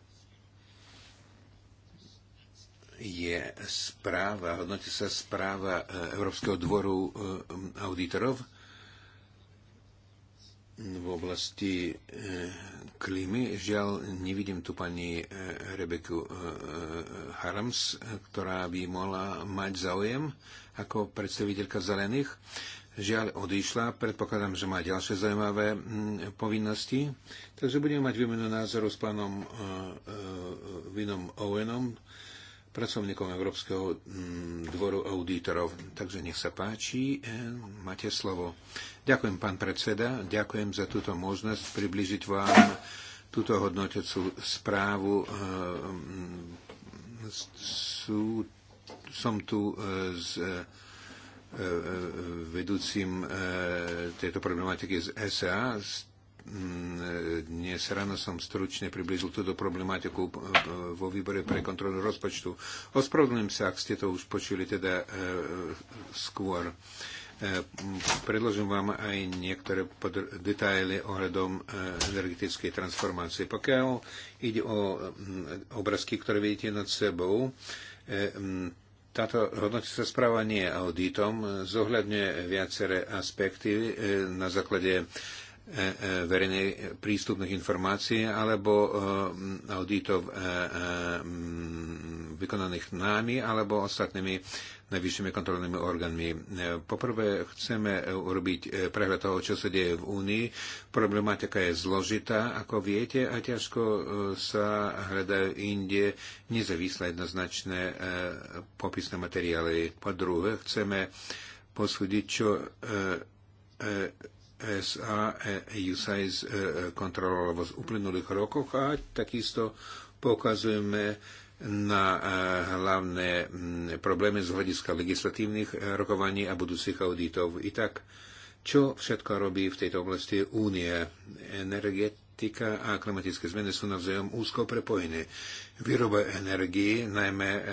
je správa, hodnotí sa správa e, Európskeho dvoru e, auditorov v oblasti e, klímy. Žiaľ, nevidím tu pani Rebeku Harams, ktorá by mohla mať záujem ako predstaviteľka zelených žiaľ odišla. Predpokladám, že má ďalšie zaujímavé mm, povinnosti. Takže budeme mať výmenu názoru s pánom e, e, Vinom Owenom, pracovníkom Európskeho mm, dvoru auditorov. Takže nech sa páči, e, máte slovo. Ďakujem, pán predseda, ďakujem za túto možnosť približiť vám túto hodnotecú správu. Mm, sú, som tu z E, e, vedúcim e, tejto problematiky z SA. Dnes ráno som stručne priblížil túto problematiku vo výbore pre kontrolu rozpočtu. Ospravedlňujem sa, ak ste to už počuli teda skôr. Predložím vám aj niektoré detaily ohľadom energetickej transformácie. Pokiaľ ide o obrázky, ktoré vidíte nad sebou, táto hodnotica správa nie je auditom, zohľadňuje viaceré aspekty e, na základe E, e, verejnej e, prístupných informácií alebo auditov vykonaných námi alebo ostatnými najvyššími kontrolnými orgánmi. Poprvé chceme urobiť prehľad toho, čo sa deje v Únii. Problematika je zložitá, ako viete, a ťažko sa hľadajú inde nezávislé jednoznačné popisné materiály. Po druhé, chceme posúdiť, čo USA e, e USAID e, kontrolovalo v uplynulých rokoch a takisto pokazujeme na hlavné problémy z hľadiska legislatívnych rokovaní a budúcich auditov. I tak, čo všetko robí v tejto oblasti Únie? Energetika a klimatické zmeny sú navzájom úzko prepojené výroba energii, najmä eh,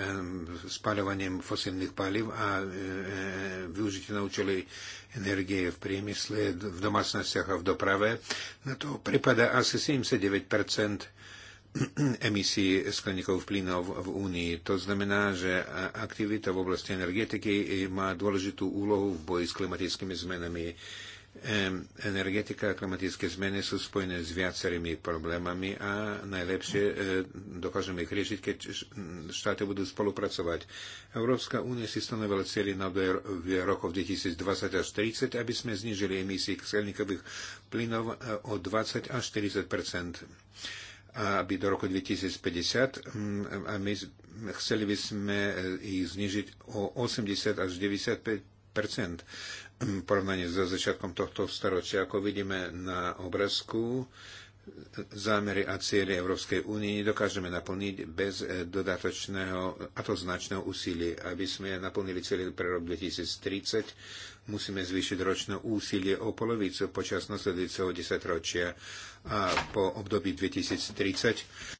spalovaním fosilných palív a eh, eh, využitie na účely energie v priemysle, v domácnostiach a v doprave. Na to pripada asi 79 emisí skleníkov plynov v Únii. To znamená, že aktivita v oblasti energetiky má dôležitú úlohu v boji s klimatickými zmenami energetika a klimatické zmeny sú spojené s viacerými problémami a najlepšie e, dokážeme ich riešiť, keď štáty budú spolupracovať. Európska únia si stanovila cieľy na obdobie rokov 2020 až 2030, aby sme znižili emisie skleníkových plynov e, o 20 až 40 aby do roku 2050 a my chceli by sme e, ich znižiť o 80 až 95 porovnaní so začiatkom tohto storočia. Ako vidíme na obrazku, zámery a cieľe Európskej únie nedokážeme naplniť bez eh, dodatočného a to značného úsilia. Aby sme naplnili cieľe pre rok 2030, musíme zvýšiť ročné úsilie o polovicu počas nasledujúceho desaťročia a po období 2030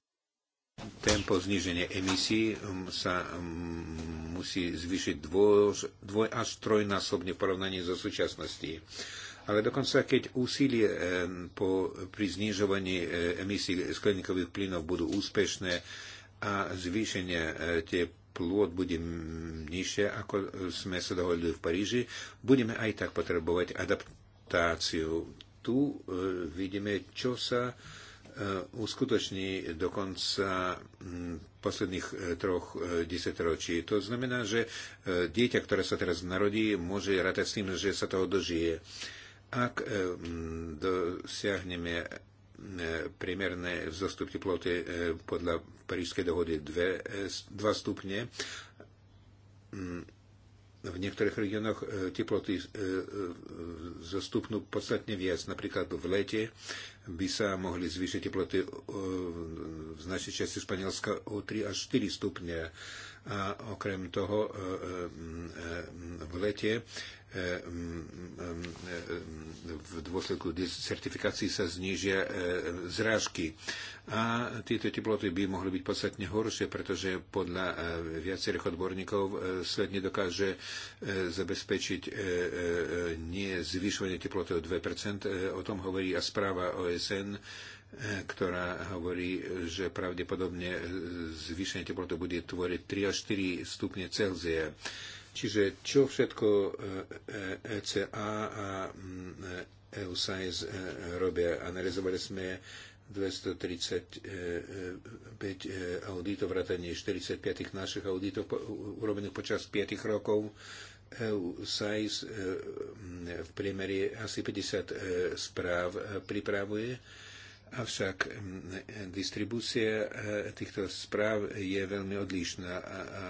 Tempo zniženia emisí um, sa um, musí zvýšiť dvoj, dvoj až trojnásobne v porovnaní so súčasnosti. Ale dokonca keď úsilie um, po, pri znižovaní uh, emisí skleníkových plynov budú úspešné a zvýšenie uh, tie plôd bude nižšie, ako sme sa dohodli v Paríži, budeme aj tak potrebovať adaptáciu. Tu uh, vidíme, čo sa E, uskutoční do konca posledných e, troch e, desetročí. To znamená, že dieťa, ktoré sa teraz narodí, môže rátať s tým, že sa toho dožije. Ak dosiahneme priemerné vzostup teploty podľa Parížskej dohody 2 stupne, v niektorých regiónoch e, teploty e, e, zostupnú podstatne viac. Napríklad v lete by sa mohli zvýšiť teploty v značnej časti Španielska o 3 až 4 stupne a okrem toho e, e, e, v lete v dôsledku certifikácií sa znižia zrážky. A tieto teploty by mohli byť podstatne horšie, pretože podľa viacerých odborníkov svet nedokáže zabezpečiť nie zvyšovanie teploty o 2%. O tom hovorí a správa OSN ktorá hovorí, že pravdepodobne zvýšenie teploty bude tvoriť 3 až 4 stupne Celzia. Čiže čo všetko ECA eh, e a mm, EU Science eh, robia? Analizovali sme 235 eh, auditov, vrátanie 45 našich auditov urobených počas 5 rokov. EU Science mm, v priemere asi 50 správ pripravuje Avšak distribúcia e, týchto správ je veľmi odlišná.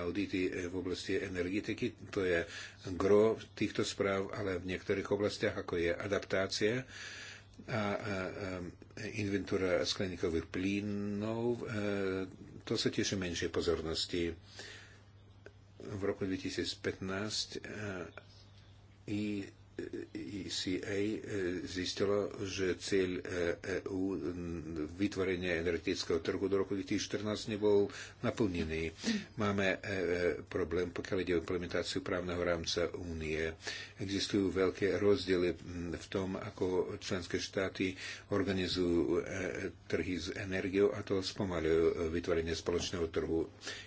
Audity e, v oblasti energetiky, to je gro týchto správ, ale v niektorých oblastiach, ako je adaptácia a inventúra skleníkových plynov, e, to sa tiež menšie pozornosti. V roku 2015 i ECA zistilo, že cieľ EU vytvorenia energetického trhu do roku 2014 nebol naplnený. Máme problém, pokiaľ ide o implementáciu právneho rámca únie. Existujú veľké rozdiely v tom, ako členské štáty organizujú trhy s energiou a to spomalujú vytvorenie spoločného trhu.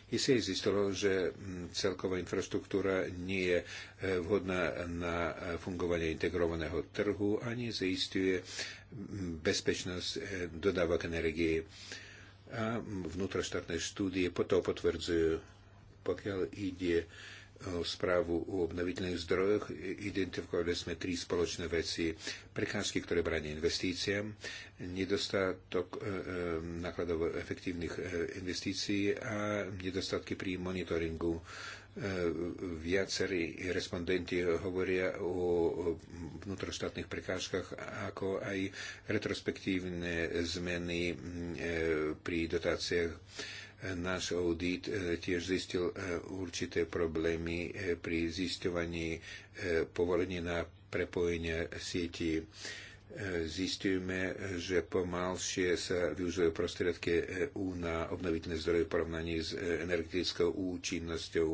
Isté zistilo, že mm, celková infraštruktúra nie je e, vhodná na e, fungovanie integrovaného trhu ani zaistuje mm, bezpečnosť e, dodávok energie. A mm, vnútroštátne štúdie potom potvrdzujú, pokiaľ ide Eh, správu o obnoviteľných zdrojoch, identifikovali sme tri spoločné veci. Prekážky, ktoré bránia investíciám, nedostatok eh, eh, nákladov efektívnych investícií a nedostatky pri monitoringu. Viacerí respondenti hovoria o vnútroštátnych prekážkach, ako aj retrospektívne zmeny mm, pri dotáciách Náš audit e, tiež zistil e, určité problémy e, pri zisťovaní povolení na prepojenie sieti. Zistujeme, že pomalšie sa využívajú prostriedky EU na obnoviteľné zdroje v porovnaní s energetickou účinnosťou.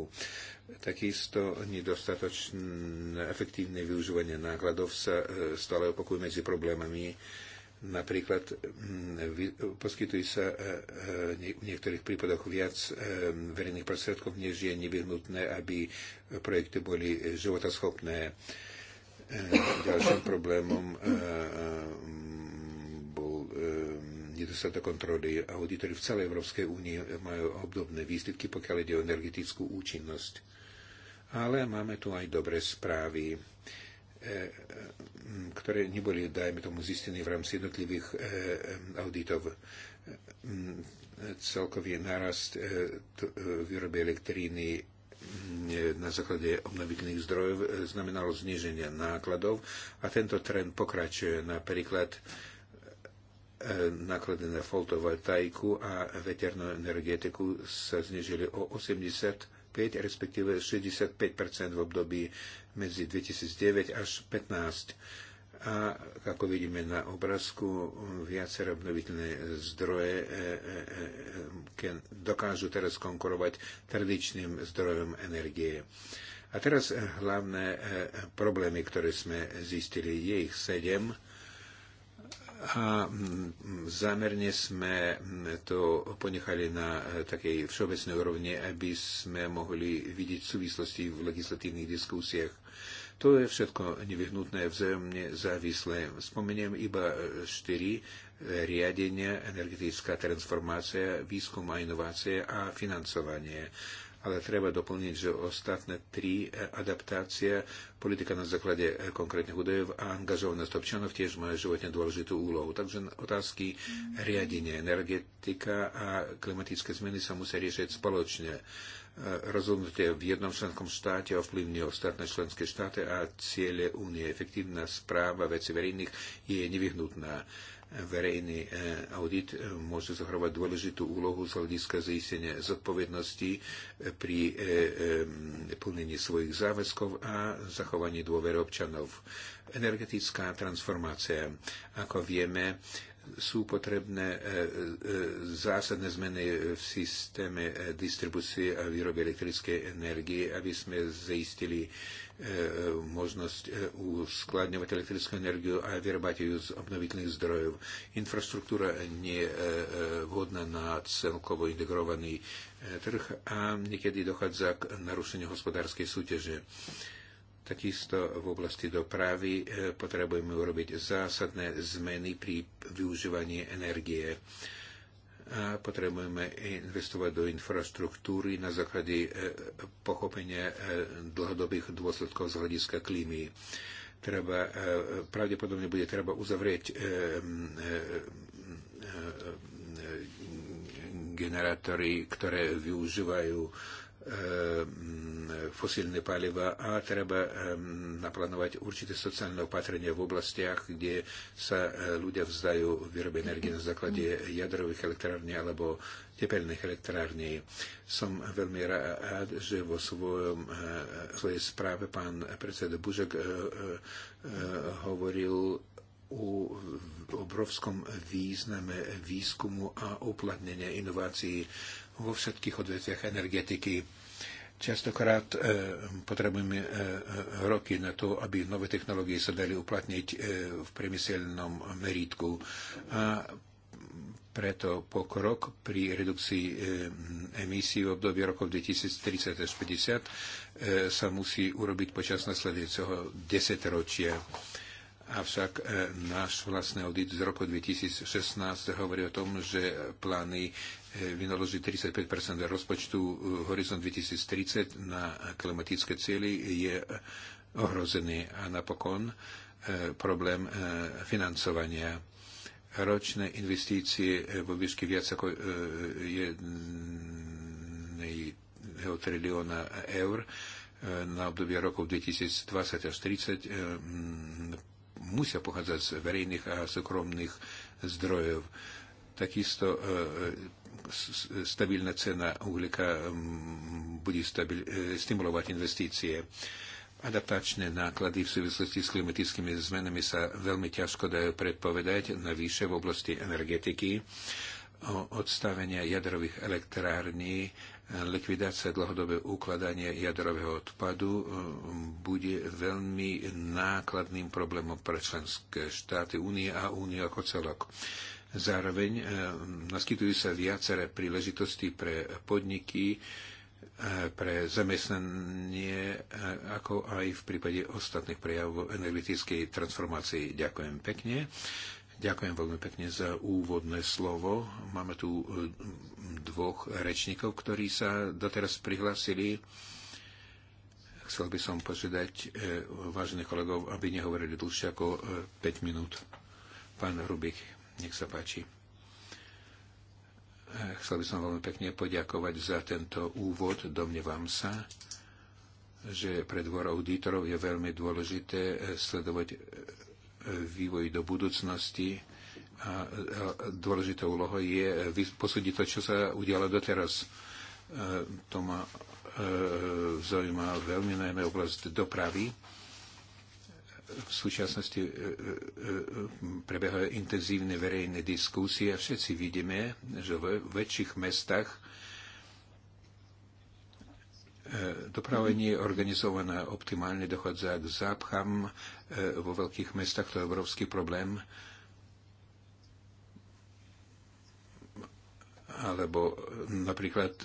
Takisto nedostatočné efektívne využívanie nákladov sa stále opakuje medzi problémami Napríklad mm, poskytuje sa e, e, v niektorých prípadoch viac e, verejných prostriedkov, než je nevyhnutné, aby projekty boli životaschopné. Ďalším problémom bol nedostatok kontroly. Auditory v celej Európskej únii majú obdobné výsledky, pokiaľ ide o energetickú účinnosť. Ale máme tu aj dobré správy E, ktoré neboli, dajme tomu, zistené v rámci jednotlivých e, e, auditov. Celkový nárast výroby elektríny na základe obnoviteľných zdrojov znamenalo zniženie nákladov a tento trend pokračuje napríklad náklady na fotovoltaiku a veternú energetiku sa znižili o 80 respektíve 65 v období medzi 2009 až 2015. A ako vidíme na obrázku, viaceré obnoviteľné zdroje e, e, e, dokážu teraz konkurovať tradičným zdrojom energie. A teraz hlavné problémy, ktoré sme zistili, je ich sedem a mm, zámerne sme to ponechali na eh, takej všeobecnej úrovni, aby sme mohli vidieť súvislosti v legislatívnych diskusiách. To je všetko nevyhnutné, vzájomne závislé. Spomeniem iba eh, štyri eh, riadenia, energetická transformácia, výskum a inovácie a financovanie ale treba doplniť, že ostatné tri e, adaptácie, politika na základe e, konkrétnych údajov a angažovanosť občanov tiež majú životne dôležitú úlohu. Takže otázky riadenie, energetika a klimatické zmeny sa musia riešiť spoločne. E, rozhodnutie v jednom členskom štáte ovplyvní ostatné členské štáty a ciele únie. Efektívna správa veci verejných je nevyhnutná verejný eh, audit eh, môže zohrávať dôležitú úlohu z hľadiska zistenia zodpovednosti eh, pri plnení svojich záväzkov a zachovaní dôvery občanov. Energetická transformácia. Ako vieme, sú potrebné e, e, zásadné zmeny v systéme e, distribúcie a výroby elektrickej energie, aby sme zaistili možnosť uskladňovať elektrickú energiu a vyrábať ju z obnoviteľných zdrojov. Infraštruktúra nie je vhodná na celkovo integrovaný trh a niekedy dochádza k narušeniu hospodárskej súťaže Takisto v oblasti dopravy e, potrebujeme urobiť zásadné zmeny pri využívaní energie. A potrebujeme investovať do infraštruktúry na základe e, pochopenia e, dlhodobých dôsledkov z hľadiska klímy. Treba, pravdepodobne bude treba uzavrieť generátory, ktoré využívajú Ehm, fosílne paliva a treba ehm, naplánovať určité sociálne opatrenia v oblastiach, kde sa e, ľudia vzdajú výroby energie na základe jadrových elektrární alebo tepelných elektrární. Som veľmi rád, že vo svojom, e, svojej správe pán predseda Bužek e, hovoril o obrovskom význame výskumu a uplatnenia inovácií vo všetkých odvetviach energetiky. Častokrát e, potrebujeme e, e, roky na to, aby nové technológie sa dali uplatniť e, v priemyselnom meritku. A preto pokrok pri redukcii e, emisí v období rokov 2030 až 50 e, sa musí urobiť počas nasledujúceho desetročia. Avšak náš vlastný audit z roku 2016 hovorí o tom, že plány Eh, vynaložiť 35 rozpočtu eh, Horizont 2030 na klimatické cieľy je ohrozený a napokon eh, problém financovania. Ročné investície vo výške viac ako 1 trilióna eur na obdobie rokov 2020 až 30 mm, musia pochádzať z verejných a súkromných zdrojov. Takisto stabilná cena uhlíka mm, bude e, stimulovať investície. Adaptačné náklady v súvislosti s klimatickými zmenami sa veľmi ťažko dajú predpovedať, na navyše v oblasti energetiky, odstavenia jadrových elektrární, e, likvidácia dlhodobého ukladania jadrového odpadu e, bude veľmi nákladným problémom pre členské štáty únie a únie ako celok. Zároveň eh, naskytujú sa viaceré príležitosti pre podniky, eh, pre zamestnanie, eh, ako aj v prípade ostatných prejavov energetickej transformácii. Ďakujem pekne. Ďakujem veľmi pekne za úvodné slovo. Máme tu dvoch rečníkov, ktorí sa doteraz prihlásili. Chcel by som požiadať vážených kolegov, aby nehovorili dlhšie ako 5 minút. Pán Rubik. Nech sa páči. Chcel by som veľmi pekne poďakovať za tento úvod. Domnievam sa, že pre dvor auditorov je veľmi dôležité eh, sledovať eh, vývoj do budúcnosti a eh, dôležitou úlohou je posúdiť to, čo sa udialo doteraz. To ma zaujíma veľmi najmä oblasť dopravy v súčasnosti e, e, e, prebiehajú intenzívne verejné diskusie a všetci vidíme, že v väčších mestách doprava nie je organizovaná optimálne, dochádza k zápcham vo veľkých mestách, to je obrovský problém. Alebo napríklad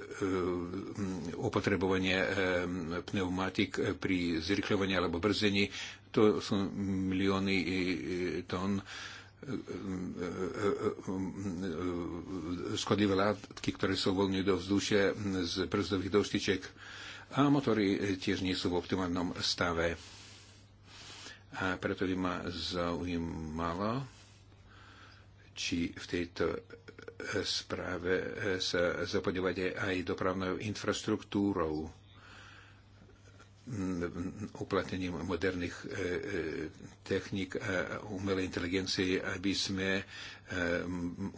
E, opotrebovanie e, pneumatik pri zrychľovaní alebo brzdení. To sú milióny e, tón škodlivé látky, ktoré sú voľne do vzdušia z brzdových doštiček a motory tiež nie sú v optimálnom stave. A preto by ma zaujímalo, či v tejto správe eh, sa zapodívať aj dopravnou infraštruktúrou uplatnením moderných eh, eh, technik a umelej inteligencie, aby sme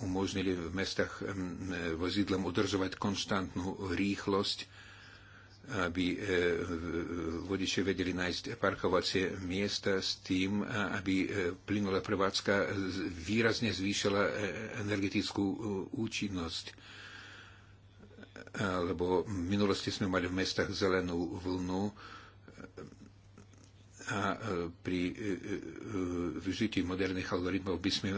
umožnili v mestách vozidlom udržovať konstantnú rýchlosť aby e, vodiči vedeli nájsť parkovacie miesta s tým, aby e, plynulá prevádzka výrazne zvýšila e, energetickú účinnosť. Lebo v minulosti sme mali v mestách zelenú vlnu, a e, pri e, e, využití moderných algoritmov by sme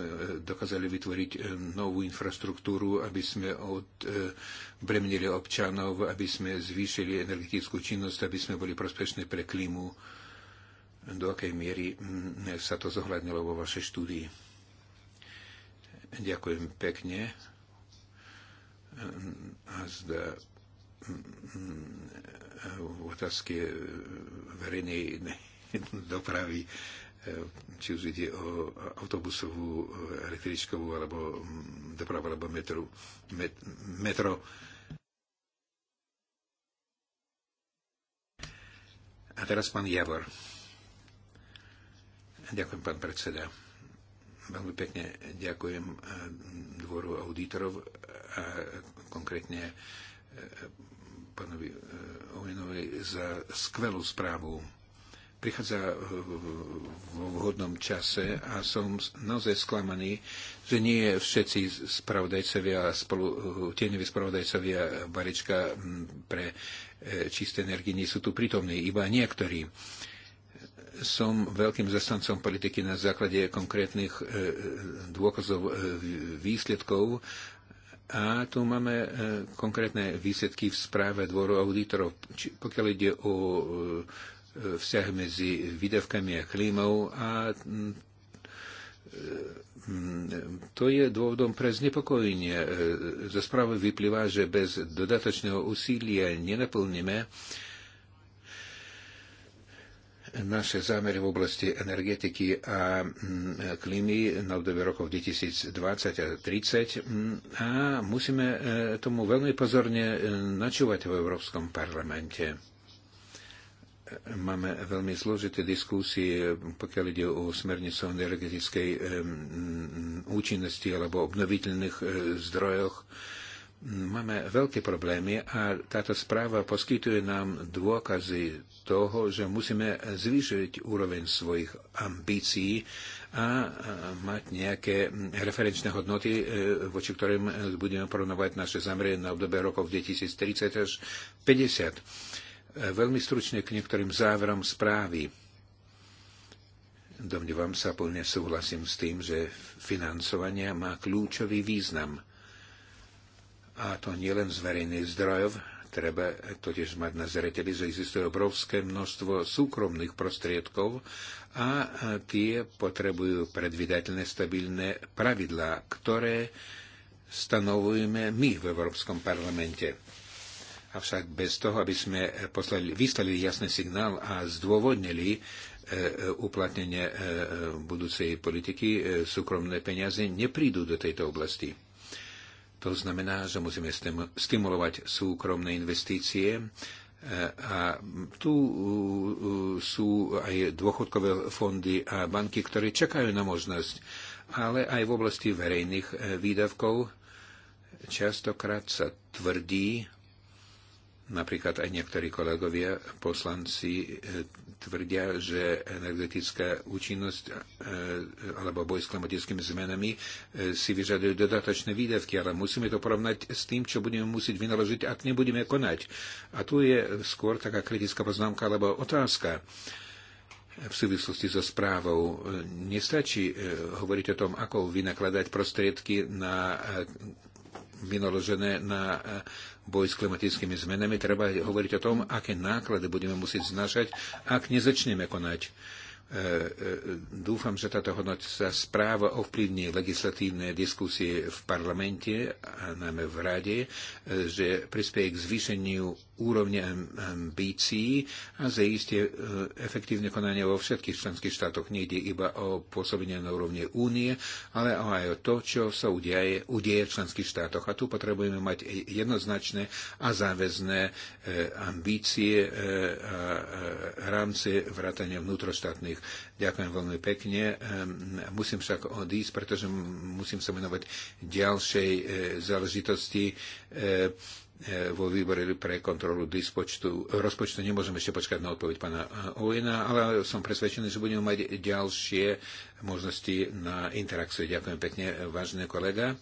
dokázali vytvoriť novú infraštruktúru, aby sme odbremnili občanov, aby sme zvýšili energetickú činnosť, aby sme boli prospešní pre klímu. Do akej miery sa to zohľadnilo vo vašej štúdii? Ďakujem pekne. A zda v otázke verejnej dopravy, eh, či už ide o autobusovú, eh, električkovú, alebo mm, dopravu, alebo metru, met, metro. A teraz pán Javor. Ďakujem, pán predseda. Veľmi pekne ďakujem eh, dvoru auditorov a konkrétne pánovi Ovenovi za skvelú správu prichádza v vhodnom čase a som naozaj sklamaný, že nie všetci spravodajcovia, spolu, tieňoví spravodajcovia barička pre e, čisté energie nie sú tu prítomní, iba niektorí. Som veľkým zastancom politiky na základe konkrétnych e, dôkazov e, výsledkov a tu máme konkrétne výsledky v správe dvoru auditorov. Či, pokiaľ ide o vzťah medzi výdavkami a klímou a mm, mm, to je dôvodom pre znepokojenie. E, zo správy vyplýva, že bez dodatočného úsilia nenaplníme naše zámery v oblasti energetiky a mm, klímy na obdobie rokov 2020 a 2030 a musíme e, tomu veľmi pozorne e, načúvať v Európskom parlamente máme veľmi zložité diskusie, pokiaľ ide o smernicu energetickej účinnosti alebo obnoviteľných e, zdrojoch. Máme veľké problémy a táto správa poskytuje nám dôkazy toho, že musíme zvýšiť úroveň svojich ambícií a mať nejaké referenčné hodnoty, e, voči ktorým budeme porovnávať naše zamrie na obdobie rokov 2030 až 50 E, veľmi stručne k niektorým záverom správy. Domnievam sa, plne súhlasím s tým, že financovanie má kľúčový význam. A to nielen z verejných zdrojov, treba totiž mať na zreteli, že existuje obrovské množstvo súkromných prostriedkov a tie potrebujú predvydateľné stabilné pravidlá, ktoré stanovujeme my v Európskom parlamente. Avšak bez toho, aby sme poslali, vyslali jasný signál a zdôvodnili e, e, uplatnenie e, budúcej politiky, súkromné peniaze neprídu do tejto oblasti. To znamená, že musíme stimulovať súkromné investície a tu sú aj dôchodkové fondy a banky, ktoré čakajú na možnosť, ale aj v oblasti verejných výdavkov častokrát sa tvrdí, Napríklad aj niektorí kolegovia, poslanci e, tvrdia, že energetická účinnosť e, alebo boj s klimatickými zmenami e, si vyžadujú dodatočné výdavky, ale musíme to porovnať s tým, čo budeme musieť vynaložiť, ak nebudeme konať. A tu je skôr taká kritická poznámka alebo otázka v súvislosti so správou. Nestačí hovoriť o tom, ako vynakladať prostriedky na vynaložené na boj s klimatickými zmenami, treba hovoriť o tom, aké náklady budeme musieť znašať, ak nezačneme konať. E, e, dúfam, že táto hodnotica správa ovplyvní legislatívne diskusie v parlamente a najmä v rade, e, že prispieje k zvýšeniu úrovne ambícií a zaistie efektívne konanie vo všetkých členských štátoch. Nejde iba o pôsobenie na úrovni únie, ale aj o to, čo sa udieje, udieje v členských štátoch. A tu potrebujeme mať e, jednoznačné a záväzné e, ambície e, a rámce vrátania vnútroštátnych. Ďakujem veľmi pekne. Musím však odísť, pretože musím sa menovať ďalšej záležitosti E, vo výbore pre kontrolu dispočtu, rozpočtu. Nemôžeme ešte počkať na odpoveď pána e, Ojena, ale som presvedčený, že budeme mať ďalšie možnosti na interakciu. Ďakujem pekne, vážne kolega.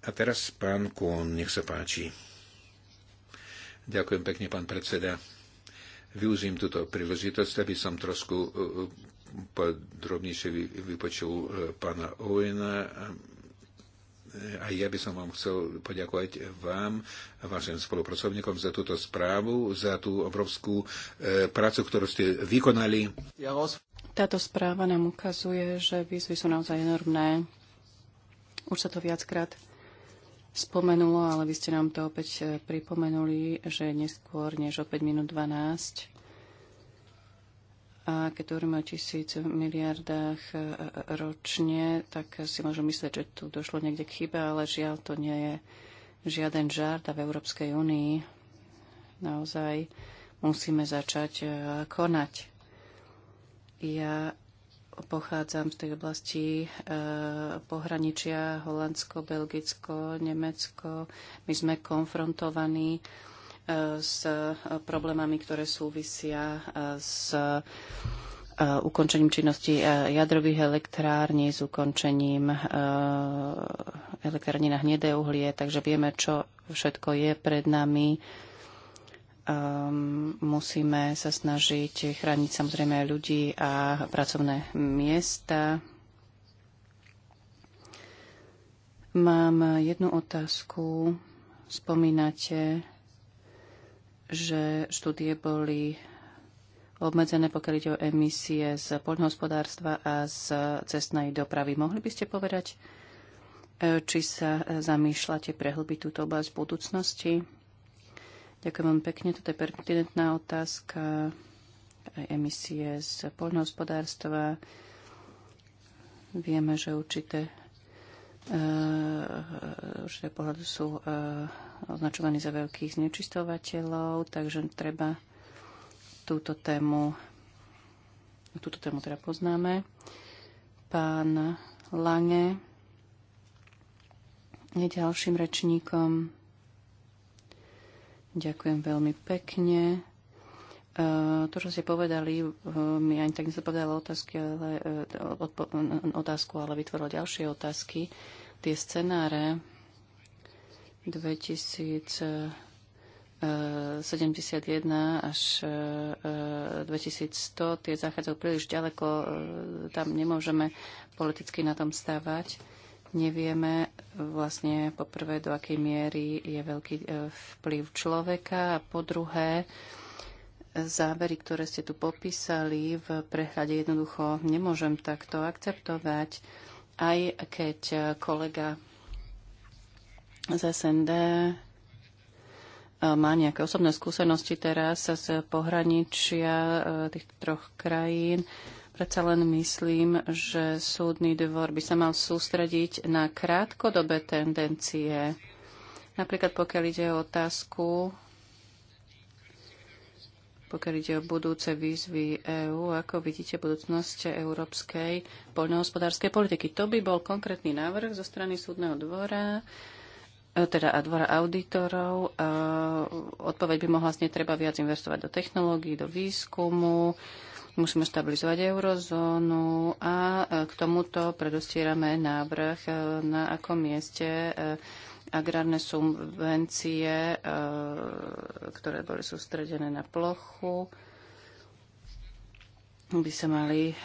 A teraz pán Kuhn, nech sa páči. Ďakujem pekne, pán predseda. Využijem túto príležitosť, aby som trošku e, podrobnejšie vypočul pána Owena aj ja by som vám chcel poďakovať vám a vašim spolupracovníkom za túto správu, za tú obrovskú e, prácu, ktorú ste vykonali. Táto správa nám ukazuje, že výzvy sú naozaj enormné. Už sa to viackrát spomenulo, ale vy ste nám to opäť e, pripomenuli, že neskôr než o 5 minút 12 a keď hovoríme o tisíc miliardách e, e, ročne, tak si môžu myslieť, že tu došlo niekde k chybe, ale žiaľ to nie je žiaden žart a v Európskej únii naozaj musíme začať e, konať. Ja pochádzam z tej oblasti e, pohraničia Holandsko, Belgicko, Nemecko. My sme konfrontovaní s eh, problémami, ktoré súvisia eh, s eh, ukončením činnosti jadrových elektrární, s ukončením elektrární na hnedé uhlie, takže vieme, čo všetko je pred nami. Ehm, musíme sa snažiť chrániť samozrejme aj ľudí a pracovné miesta. Mám jednu otázku. Spomínate že štúdie boli obmedzené, pokiaľ ide o emisie z poľnohospodárstva a z cestnej dopravy. Mohli by ste povedať, e, či sa zamýšľate prehlbiť túto oblasť v budúcnosti? Ďakujem vám pekne, toto je pertinentná otázka. Aj emisie z poľnohospodárstva. Vieme, že určité Eh, určité teda pohľadu sú eh, označovaní za veľkých znečistovateľov, takže treba túto tému, túto tému teda poznáme. Pán Lange je ďalším rečníkom. Ďakujem veľmi pekne. Eh, to, čo ste povedali, eh, mi ani tak nezodpovedala otázky, ale, eh, odpo- otázku, ale vytvorilo ďalšie otázky. Tie scenáre 2071 až 2100, tie zachádzajú príliš ďaleko, tam nemôžeme politicky na tom stávať. Nevieme vlastne poprvé, do akej miery je veľký vplyv človeka a po druhé, závery, ktoré ste tu popísali v prehľade, jednoducho nemôžem takto akceptovať, aj keď kolega z SND e, má nejaké osobné skúsenosti teraz z pohraničia e, tých troch krajín. Predsa len myslím, že súdny dvor by sa mal sústrediť na krátkodobé tendencie. Napríklad pokiaľ ide o otázku pokiaľ ide o budúce výzvy EÚ, ako vidíte budúcnosť európskej poľnohospodárskej politiky. To by bol konkrétny návrh zo strany súdneho dvora, e, teda a dvora auditorov. E, odpoveď by mohla znieť, treba viac investovať do technológií, do výskumu, musíme stabilizovať eurozónu a e, k tomuto predostierame návrh na akom mieste agrárne subvencie, e, ktoré boli sústredené na plochu, by sa mali e,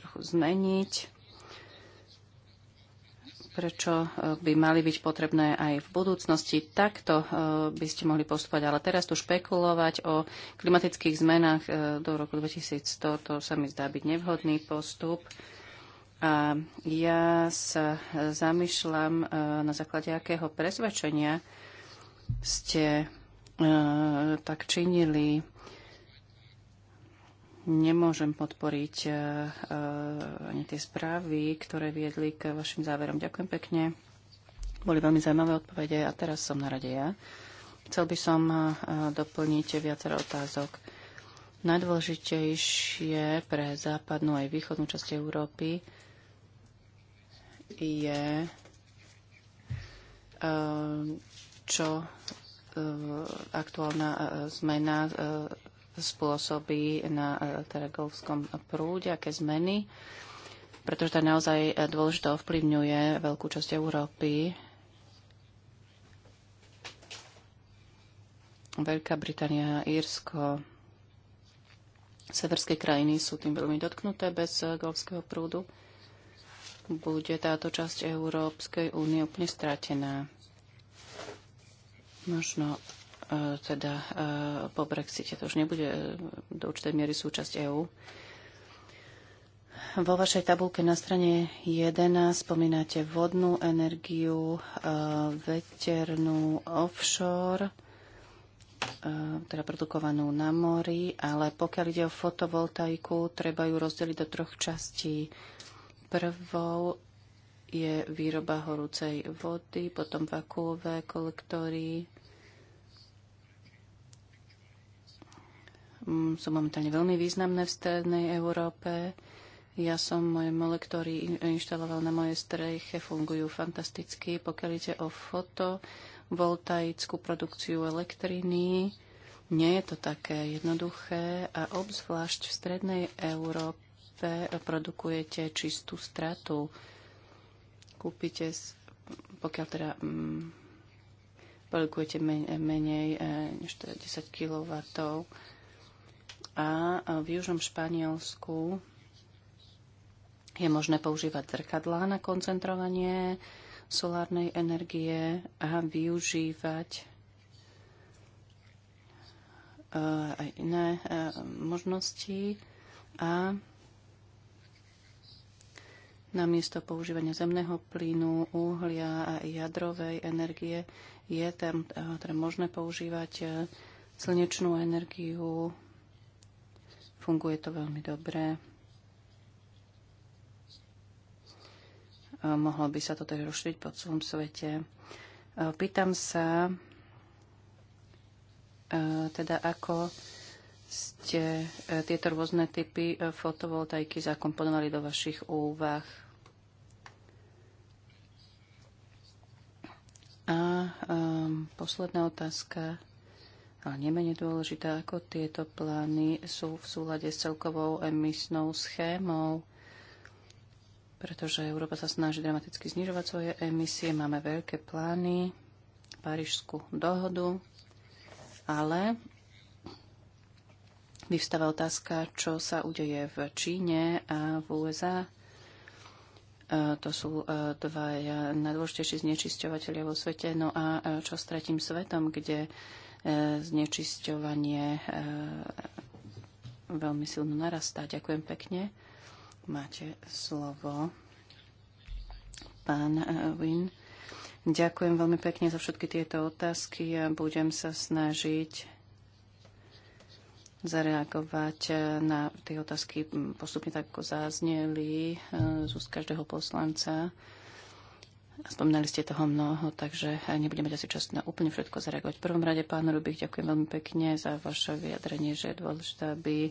trochu zmeniť prečo e, by mali byť potrebné aj v budúcnosti. Takto by ste mohli postupovať, ale teraz tu špekulovať o klimatických zmenách do roku 2100, to sa mi zdá byť nevhodný postup. A ja sa zamýšľam, e, na základe akého presvedčenia ste e, tak činili. Nemôžem podporiť e, ani tie správy, ktoré viedli k vašim záverom. Ďakujem pekne. Boli veľmi zaujímavé odpovede a teraz som na rade ja. Chcel by som doplniť viacero otázok. Najdôležitejšie pre západnú aj východnú časť Európy je, eh, čo eh, aktuálna eh, zmena spôsobí na Teregovskom teda prúde, aké zmeny, pretože to naozaj dôležito ovplyvňuje veľkú časť Európy. Veľká Británia, Írsko, severské krajiny sú tým veľmi dotknuté bez golfského prúdu bude táto časť Európskej únie úplne stratená. Možno e, teda e, po Brexite to už nebude e, do určitej miery súčasť EÚ. Vo vašej tabulke na strane 11 spomínate vodnú energiu, e, veternú offshore, e, teda produkovanú na mori, ale pokiaľ ide o fotovoltaiku, treba ju rozdeliť do troch častí Prvou je výroba horúcej vody, potom vakuové kolektory. Mm, sú momentálne veľmi významné v strednej Európe. Ja som moje mole, ktorý inštaloval na mojej streche, fungujú fantasticky. Pokiaľ ide o fotovoltaickú produkciu elektriny, nie je to také jednoduché a obzvlášť v strednej Európe DPP produkujete čistú stratu. Kúpite, pokiaľ teda mm, produkujete menej, menej než 10 teda kW a e, v južnom Španielsku je možné používať zrkadlá na koncentrovanie solárnej energie a využívať e, aj iné e, možnosti a namiesto používania zemného plynu, uhlia a jadrovej energie je tam eh, teda možné používať eh, slnečnú energiu. Funguje to veľmi dobre. Eh, mohlo by sa to teda rozšíriť po celom svete. Pýtam sa, teda ako ste e, tieto rôzne typy e, fotovoltaiky zakomponovali do vašich úvah. A um, posledná otázka, ale nemenej dôležitá, ako tieto plány sú v súlade s celkovou emisnou schémou, pretože Európa sa snaží dramaticky znižovať svoje emisie, máme veľké plány, Parížskú dohodu, ale vyvstáva otázka, čo sa udeje v Číne a v USA. To sú e, dva najdôležitejší znečisťovateľia vo svete. No a e, čo s tretím svetom, kde e, znečisťovanie veľmi silno narastá. Ďakujem pekne. Máte slovo. Pán Win. Ďakujem veľmi pekne za všetky tieto otázky a budem sa snažiť zareagovať eh, na tie otázky hm, postupne tak, ako zazneli eh, z úst každého poslanca. Spomínali ste toho mnoho, takže eh, nebudeme mať asi čas na úplne všetko zareagovať. V prvom rade, pán Rubik, ďakujem veľmi pekne za vaše vyjadrenie, že je dôležité, aby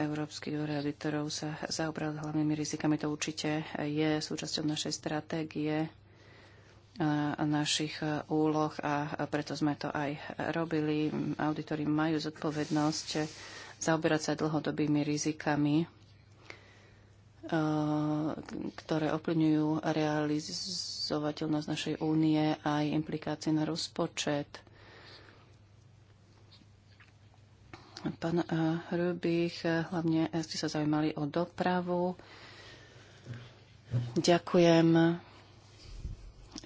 Európsky dvor auditorov sa zaobral hlavnými rizikami. To určite je súčasťou našej stratégie našich e, úloh a preto sme to aj robili. Auditori majú zodpovednosť zaoberať sa dlhodobými rizikami, e, ktoré ovplyvňujú realizovateľnosť našej únie a aj implikácie na rozpočet. Pán e, Rubich, hlavne ste sa zaujímali o dopravu. Ďakujem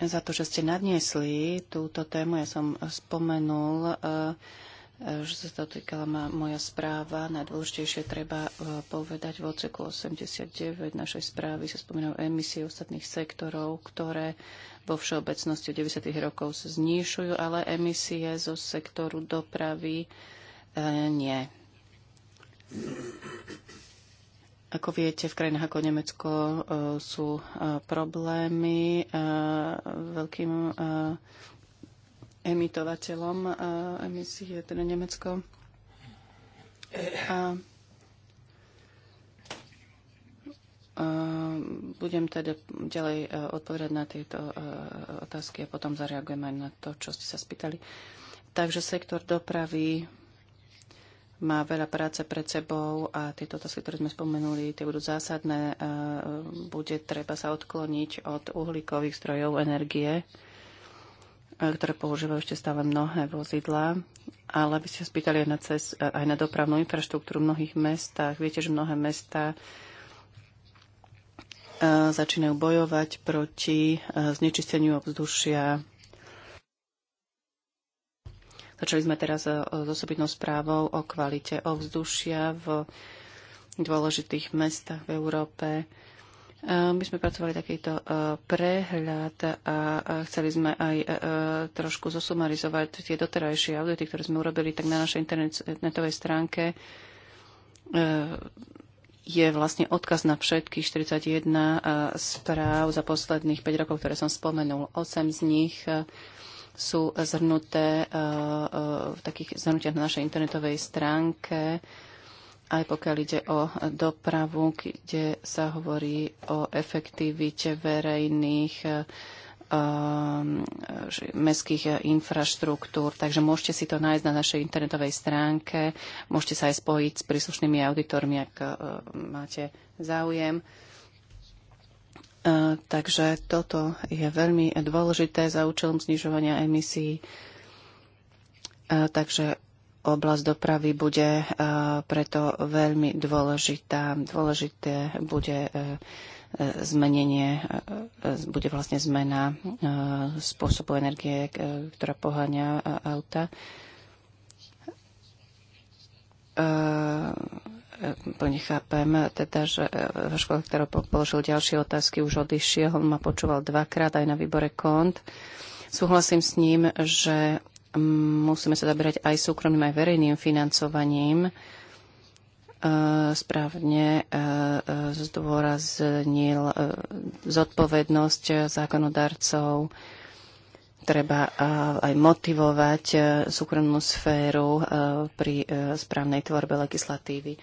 za to, že ste nadniesli túto tému. Ja som spomenul, e, e, že sa to týkala moja správa. Najdôležitejšie treba e, povedať v odseku 89 našej správy sa spomínajú emisie ostatných sektorov, ktoré vo všeobecnosti 90. rokov sa znišujú, ale emisie zo sektoru dopravy nie. Ako viete, v krajinách ako Nemecko e, sú e, problémy e, veľkým emitovateľom emisí je teda Nemecko. A budem teda ďalej odpovedať na tieto otázky a potom zareagujem aj na to, čo ste sa spýtali. Takže sektor dopravy má veľa práce pred sebou a tieto otázky, ktoré sme spomenuli, tie budú zásadné. E, bude treba sa odkloniť od uhlíkových zdrojov energie, e, ktoré používajú ešte stále mnohé vozidlá. Ale by ste sa spýtali aj na, cez, e, aj na dopravnú infraštruktúru v mnohých mestách. Viete, že mnohé mesta začínajú bojovať proti znečisteniu ovzdušia Začali sme teraz e, s osobitnou správou o kvalite ovzdušia v dôležitých mestách v Európe. E, my sme pracovali takýto e, prehľad a chceli sme aj trošku zosumarizovať tie doterajšie audity, ktoré sme urobili, tak na našej internetovej stránke je vlastne odkaz na všetkých 41 správ za posledných 5 rokov, ktoré som spomenul. 8 z nich sú zhrnuté e, e, v takých zhrnutiach na našej internetovej stránke, aj pokiaľ ide o dopravu, kde sa hovorí o efektivite verejných e, mestských infraštruktúr. Takže môžete si to nájsť na našej internetovej stránke. Môžete sa aj spojiť s príslušnými auditormi, ak máte záujem. E, takže toto je veľmi dôležité za účelom znižovania emisí. E, takže oblasť dopravy bude e, preto veľmi dôležitá. Dôležité bude zmenenie, bude vlastne zmena spôsobu energie, ktorá poháňa auta plne chápem, teda, že váš e, kolega, ktorý položil ďalšie otázky, už odišiel, on ma počúval dvakrát aj na výbore kont. Súhlasím s ním, že musíme sa zaberať aj súkromným, aj verejným financovaním. E, správne e, zdôraznil zodpovednosť zákonodarcov, treba aj motivovať súkromnú sféru pri správnej tvorbe legislatívy.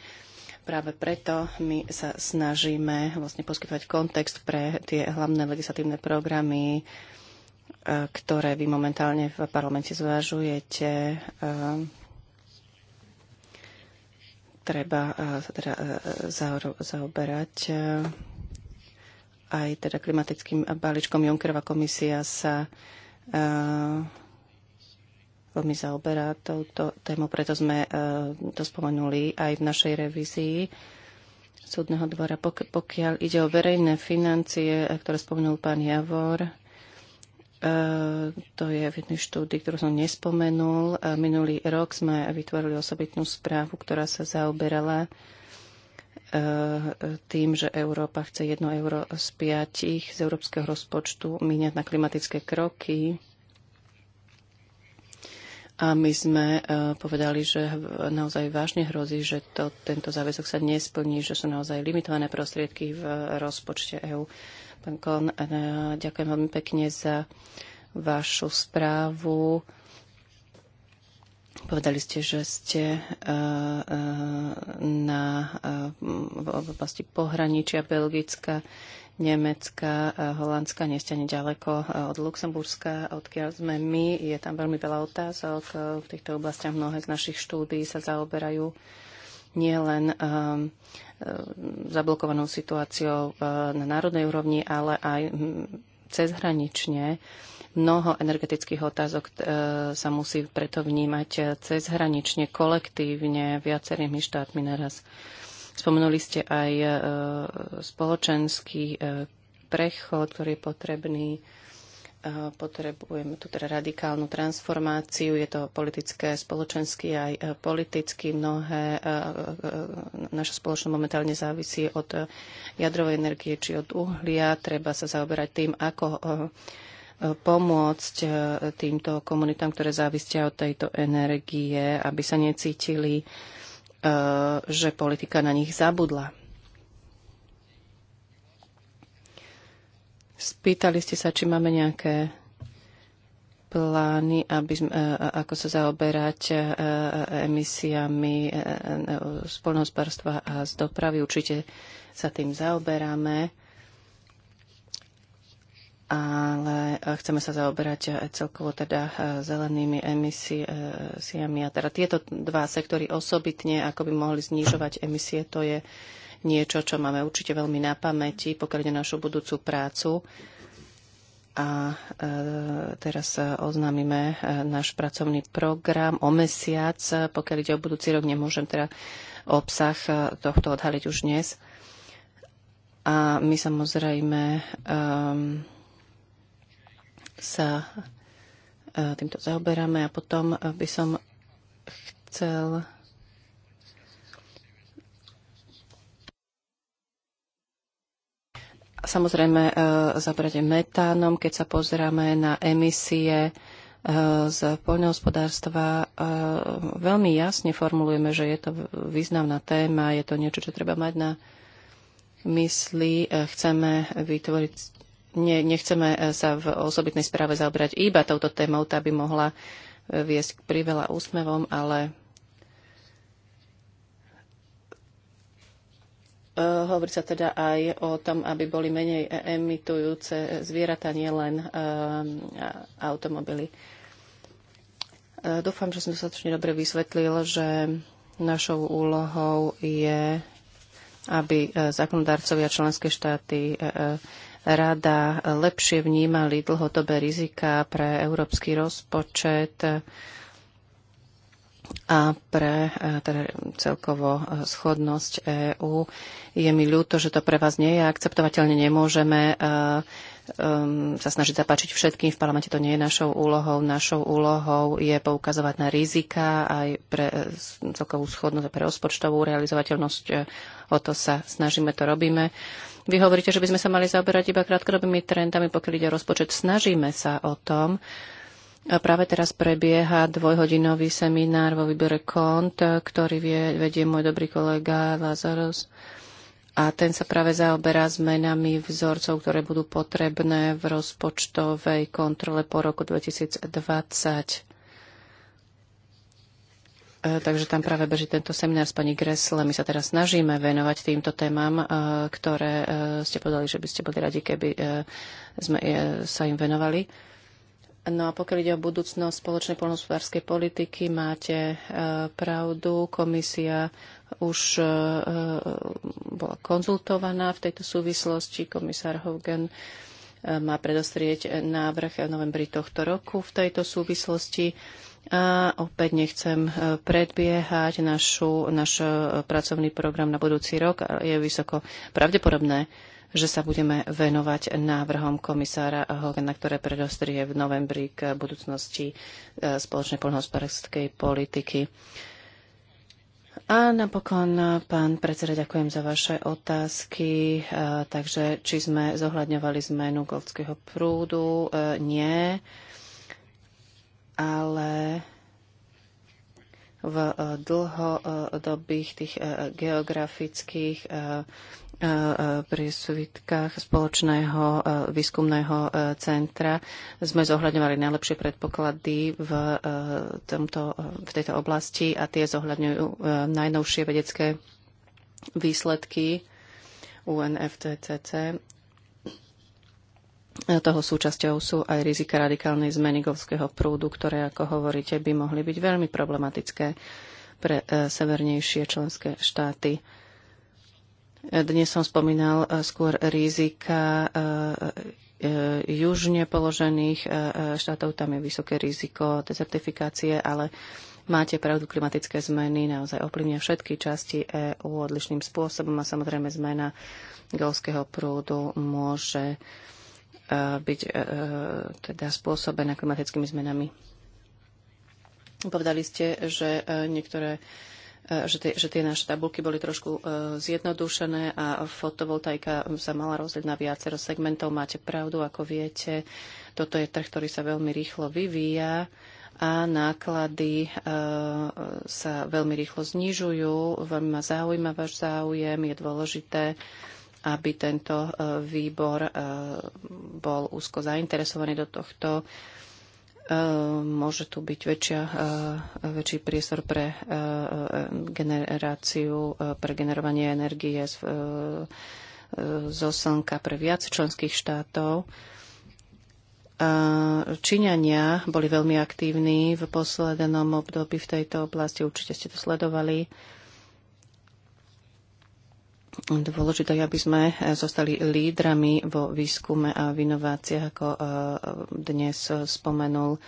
Práve preto my sa snažíme vlastne poskytovať kontext pre tie hlavné legislatívne programy, e, ktoré vy momentálne v parlamente zvážujete. E, treba e, sa teda zaoberať aj teda klimatickým balíčkom. Junckerova komisia sa veľmi zaoberá touto tému, preto sme e, to spomenuli aj v našej revízii súdneho dvora. Pokiaľ ide o verejné financie, e, ktoré spomenul pán Javor, e, to je v jednej štúdii, ktorú som nespomenul. Minulý rok sme vytvorili osobitnú správu, ktorá sa zaoberala tým, že Európa chce 1 euro z 5 z európskeho rozpočtu míňať na klimatické kroky a my sme e, povedali, že naozaj vážne hrozí, že to, tento záväzok sa nesplní, že sú naozaj limitované prostriedky v rozpočte EÚ. Pán Kon, e, ďakujem veľmi pekne za vašu správu. Povedali ste, že ste e, na v oblasti pohraničia Belgická. Nemecka, eh, Holandska, nie ste ani ďaleko eh, od Luxemburska, odkiaľ sme my. Je tam veľmi veľa otázok. Eh, v týchto oblastiach mnohé z našich štúdí sa zaoberajú nielen um, zablokovanou situáciou na národnej úrovni, ale aj hm, cezhranične. Mnoho energetických otázok sa musí preto vnímať cezhranične, kolektívne, viacerými štátmi naraz. Spomenuli ste aj e, spoločenský e, prechod, ktorý je potrebný. E, potrebujeme tu teda radikálnu transformáciu. Je to politické, spoločenský aj politicky. Mnohé naša spoločnosť momentálne závisí od jadrovej energie či od uhlia. Treba sa zaoberať tým, ako pomôcť týmto komunitám, ktoré závisia od tejto energie, aby sa necítili E, že politika na nich zabudla. Spýtali ste sa, či máme nejaké plány, aby, e, ako sa zaoberať e, emisiami z a z dopravy. Určite sa tým zaoberáme ale e, chceme sa zaoberať aj e, celkovo teda e, zelenými emisiami. A teda tieto dva sektory osobitne, ako by mohli znižovať emisie, to je niečo, čo máme určite veľmi na pamäti, pokiaľ ide našu budúcu prácu. A teraz oznámime náš pracovný program o mesiac. Pokiaľ ide o budúci rok, nemôžem teda obsah tohto odhaliť už dnes. A my samozrejme um, sa e, týmto zaoberáme a potom e, by som chcel Samozrejme, e, zabrať metánom, keď sa pozeráme na emisie z poľnohospodárstva. Veľmi jasne formulujeme, že je to významná téma, je to niečo, čo treba mať na mysli. Chceme vytvoriť ne, nechceme e, sa v osobitnej správe zaobrať iba touto témou, tá by mohla e, viesť k priveľa úsmevom, ale e, Hovorí sa teda aj o tom, aby boli menej emitujúce zvieratá, nielen um, automobily. Dúfam, že som dostatočne dobre vysvetlil, že našou úlohou je, aby zákonodárcovia členské štáty uh, rada lepšie vnímali dlhodobé rizika pre európsky rozpočet a pre e, teda celkovo e, schodnosť EÚ. Je mi ľúto, že to pre vás nie je akceptovateľne. Nemôžeme e, sa snažiť zapáčiť všetkým. V parlamente to nie je našou úlohou. Našou úlohou je poukazovať na rizika aj pre celkovú schodnosť a pre rozpočtovú realizovateľnosť. O to sa snažíme, to robíme. Vy hovoríte, že by sme sa mali zaoberať iba krátkodobými trendami, pokiaľ ide o rozpočet. Snažíme sa o tom. A práve teraz prebieha dvojhodinový seminár vo výbore KONT, ktorý vie, vedie môj dobrý kolega Lazarus. A ten sa práve zaoberá zmenami vzorcov, ktoré budú potrebné v rozpočtovej kontrole po roku 2020. E, takže tam práve beží tento seminár s pani a My sa teraz snažíme venovať týmto témam, e, ktoré e, ste povedali, že by ste boli radi, keby sme sa im venovali. No a pokiaľ ide o budúcnosť spoločnej polnospodárskej politiky, máte pravdu, komisia už bola konzultovaná v tejto súvislosti, komisár Hogan má predostrieť návrh v novembri tohto roku v tejto súvislosti. A opäť nechcem e, predbiehať našu, náš e, pracovný program na budúci rok. Je vysoko pravdepodobné, že sa budeme venovať návrhom komisára Hogana, ktoré predostrie v novembri k budúcnosti e, spoločnej poľnohospodárskej politiky. A napokon, pán predseda, ďakujem za vaše otázky. Takže či sme zohľadňovali zmenu golfského prúdu? Nie ale v eh, dlhodobých tých eh, geografických eh, prísvitkách spoločného výskumného centra sme zohľadňovali najlepšie predpoklady v, tomto, v tejto oblasti a tie zohľadňujú najnovšie vedecké výsledky UNFTCC E, toho súčasťou sú aj rizika radikálnej zmeny golfského prúdu, ktoré, ako hovoríte, by mohli byť veľmi problematické pre e, severnejšie členské štáty. E, dnes som spomínal skôr rizika južne položených štátov, tam je vysoké riziko desertifikácie, ale máte pravdu, klimatické zmeny naozaj ovplyvňujú všetky časti EÚ odlišným spôsobom a samozrejme zmena golského prúdu môže uh, byť teda spôsobená klimatickými zmenami. Povedali ste, že niektoré že tie, že tie naše tabulky boli trošku zjednodušené a fotovoltaika sa mala rozdeliť na viacero segmentov. Máte pravdu, ako viete, toto je trh, ktorý sa veľmi rýchlo vyvíja a náklady e, sa veľmi rýchlo znižujú. Veľmi ma zaujíma váš záujem. Je dôležité aby tento e, výbor e, bol úzko zainteresovaný do tohto. E, môže tu byť väčšia, väčší priestor pre generáciu, pre generovanie energie zo slnka pre viac členských štátov. Číňania boli veľmi aktívni v poslednom období v tejto oblasti, určite ste to sledovali. Dôležité aby sme eh, zostali lídrami vo výskume a v inováciách, ako eh, dnes spomenul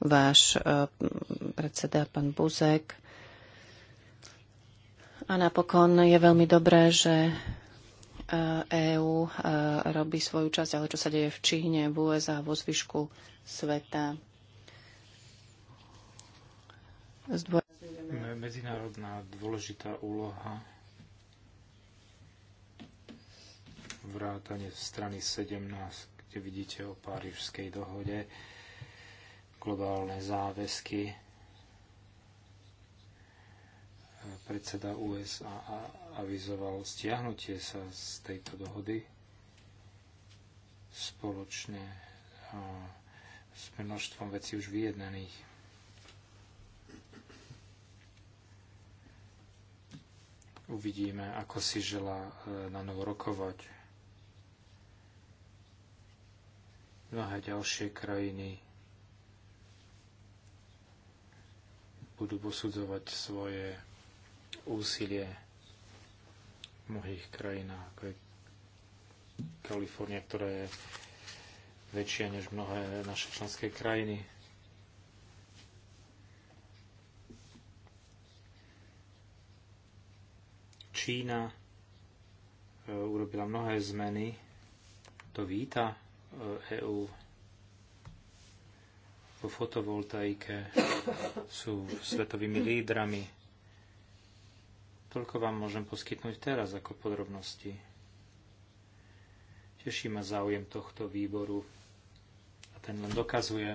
váš eh, predseda, pán Buzek. A napokon je veľmi dobré, že EÚ e robí svoju časť, ale čo sa deje v Číne, v USA, vo zvyšku sveta. Zdôrazňujeme... Medzinárodná dôležitá úloha vrátane strany 17, kde vidíte o Párižskej dohode globálne záväzky predseda USA avizoval stiahnutie sa z tejto dohody spoločne s množstvom vecí už vyjednaných. Uvidíme, ako si žela e, na novo rokovať Mnohé ďalšie krajiny budú posudzovať svoje úsilie v mnohých krajinách, ako je Kalifornia, ktorá je väčšia než mnohé naše členské krajiny. Čína e, urobila mnohé zmeny, to víta. EÚ e vo fotovoltaike sú svetovými lídrami. Toľko vám môžem poskytnúť teraz ako podrobnosti. Teší ma záujem tohto výboru a ten len dokazuje,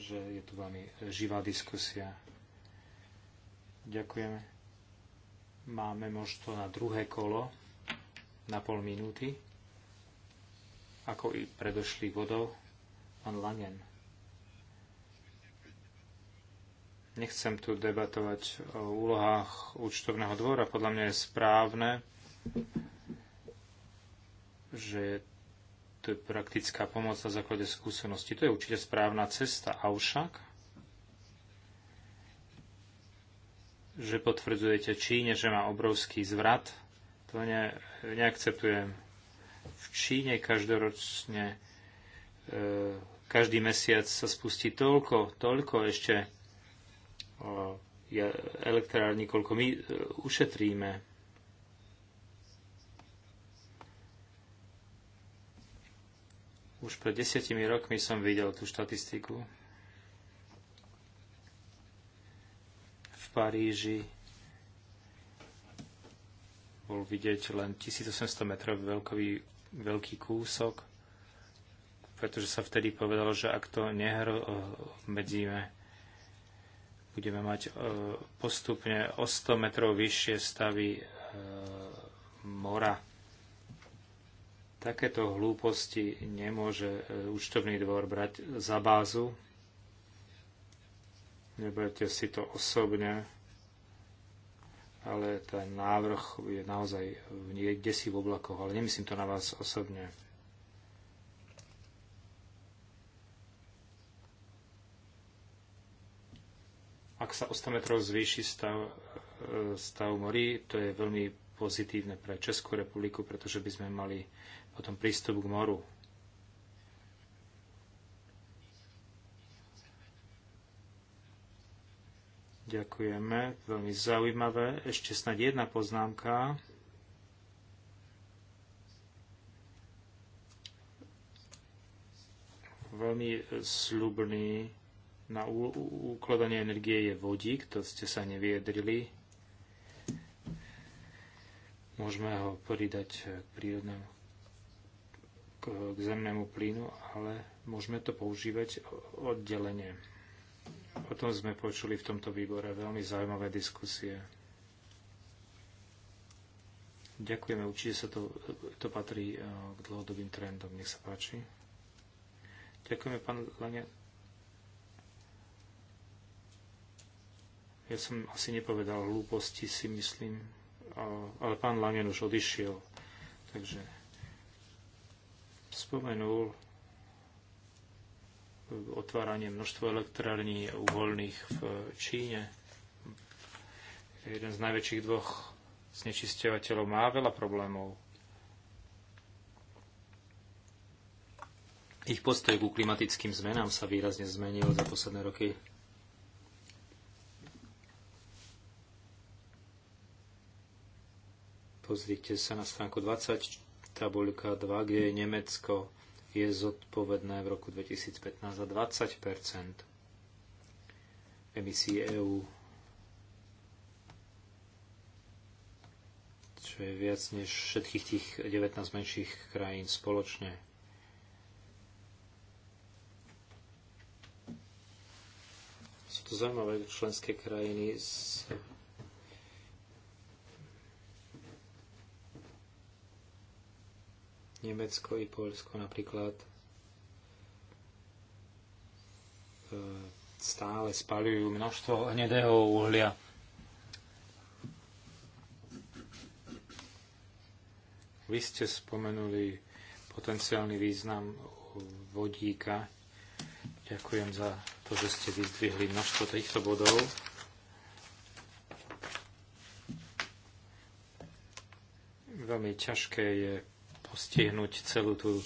že je tu veľmi živá diskusia. Ďakujeme. Máme možno na druhé kolo na pol minúty ako i predošlých bodov, pán Lanen. Nechcem tu debatovať o úlohách účtovného dvora. Podľa mňa je správne, že to je praktická pomoc na základe skúsenosti. To je určite správna cesta. Avšak, že potvrdzujete Číne, že má obrovský zvrat, to ne, neakceptujem v Číne každoročne e, každý mesiac sa spustí toľko, toľko ešte elektrárni, koľko my e, ušetríme. Už pred desiatimi rokmi som videl tú štatistiku. V Paríži bol vidieť len 1800 metrov veľkový veľký kúsok, pretože sa vtedy povedalo, že ak to nehromedzíme, budeme mať e, postupne o 100 metrov vyššie stavy e, mora. Takéto hlúposti nemôže e, účtovný dvor brať za bázu. Neberte si to osobne ale ten návrh je naozaj niekde si v oblakoch, ale nemyslím to na vás osobne. Ak sa o 100 metrov zvýši stav, e, stav morí, to je veľmi pozitívne pre Českú republiku, pretože by sme mali potom prístup k moru. Ďakujeme, veľmi zaujímavé. Ešte snad jedna poznámka. Veľmi e, slubný na ukladanie energie je vodík, to ste sa neviedrili. Môžeme ho pridať e, k prírodnému k zemnému plynu, ale môžeme to používať oddelenie. O tom sme počuli v tomto výbore veľmi zaujímavé diskusie. Ďakujeme, určite sa to, to patrí e, k dlhodobým trendom. Nech sa páči. Ďakujeme, pán Lania. Ja som asi nepovedal hlúposti, si myslím, ale pán Langen už odišiel. Takže spomenul otváranie množstvo elektrární uholných v Číne. Jeden z najväčších dvoch znečisťovateľov má veľa problémov. Ich postoj ku klimatickým zmenám sa výrazne zmenil za posledné roky. Pozrite sa na stránku 20, tabuľka 2, kde je Nemecko je zodpovedné v roku 2015 za 20 emisí EÚ, čo je viac než všetkých tých 19 menších krajín spoločne. Sú to zaujímavé členské krajiny s Nemecko i Polsko napríklad e, stále spaľujú množstvo hnedého uhlia. Vy ste spomenuli potenciálny význam vodíka. Ďakujem za to, že ste vyzdvihli množstvo týchto bodov. Veľmi ťažké je stihnúť celú tú e,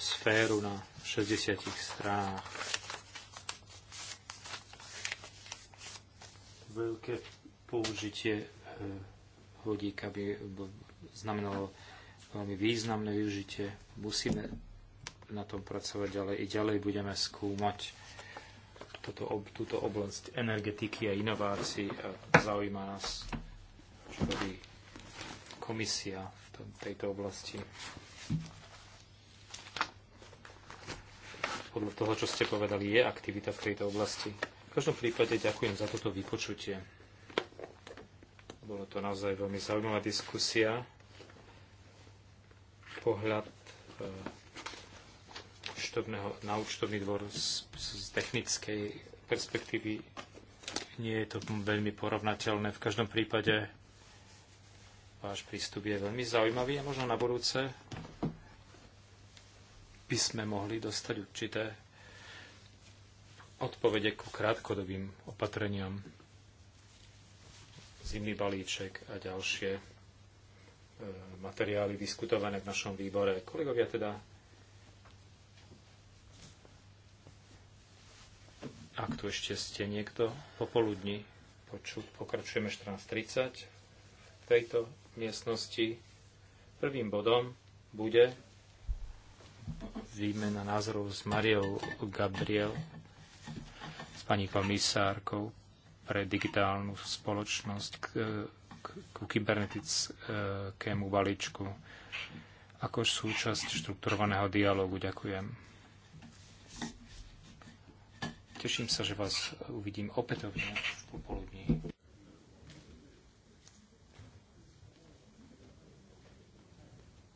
sféru na 60 stranách. Veľké použitie e, vodíka by znamenalo veľmi významné využitie. Musíme na tom pracovať ďalej. I ďalej budeme skúmať toto, túto oblasť energetiky a inovácií a zaujíma nás, čo robí komisia tejto oblasti. Podľa toho, čo ste povedali, je aktivita v tejto oblasti. V každom prípade ďakujem za toto vypočutie. Bolo to naozaj veľmi zaujímavá diskusia. Pohľad eh, účtovného, na účtovný dvor z, z technickej perspektívy nie je to veľmi porovnateľné. V každom prípade Váš prístup je veľmi zaujímavý a možno na budúce by sme mohli dostať určité odpovede ku krátkodobým opatreniam. Zimný balíček a ďalšie e, materiály diskutované v našom výbore. Kolegovia teda, ak tu ešte ste niekto, popoludní počuť, pokračujeme 14.30 v tejto miestnosti. Prvým bodom bude výmena názorov s Mariou Gabriel, s pani komisárkou pre digitálnu spoločnosť k, k, ku kybernetickému balíčku ako súčasť štrukturovaného dialógu. Ďakujem. Teším sa, že vás uvidím opätovne v popoludní.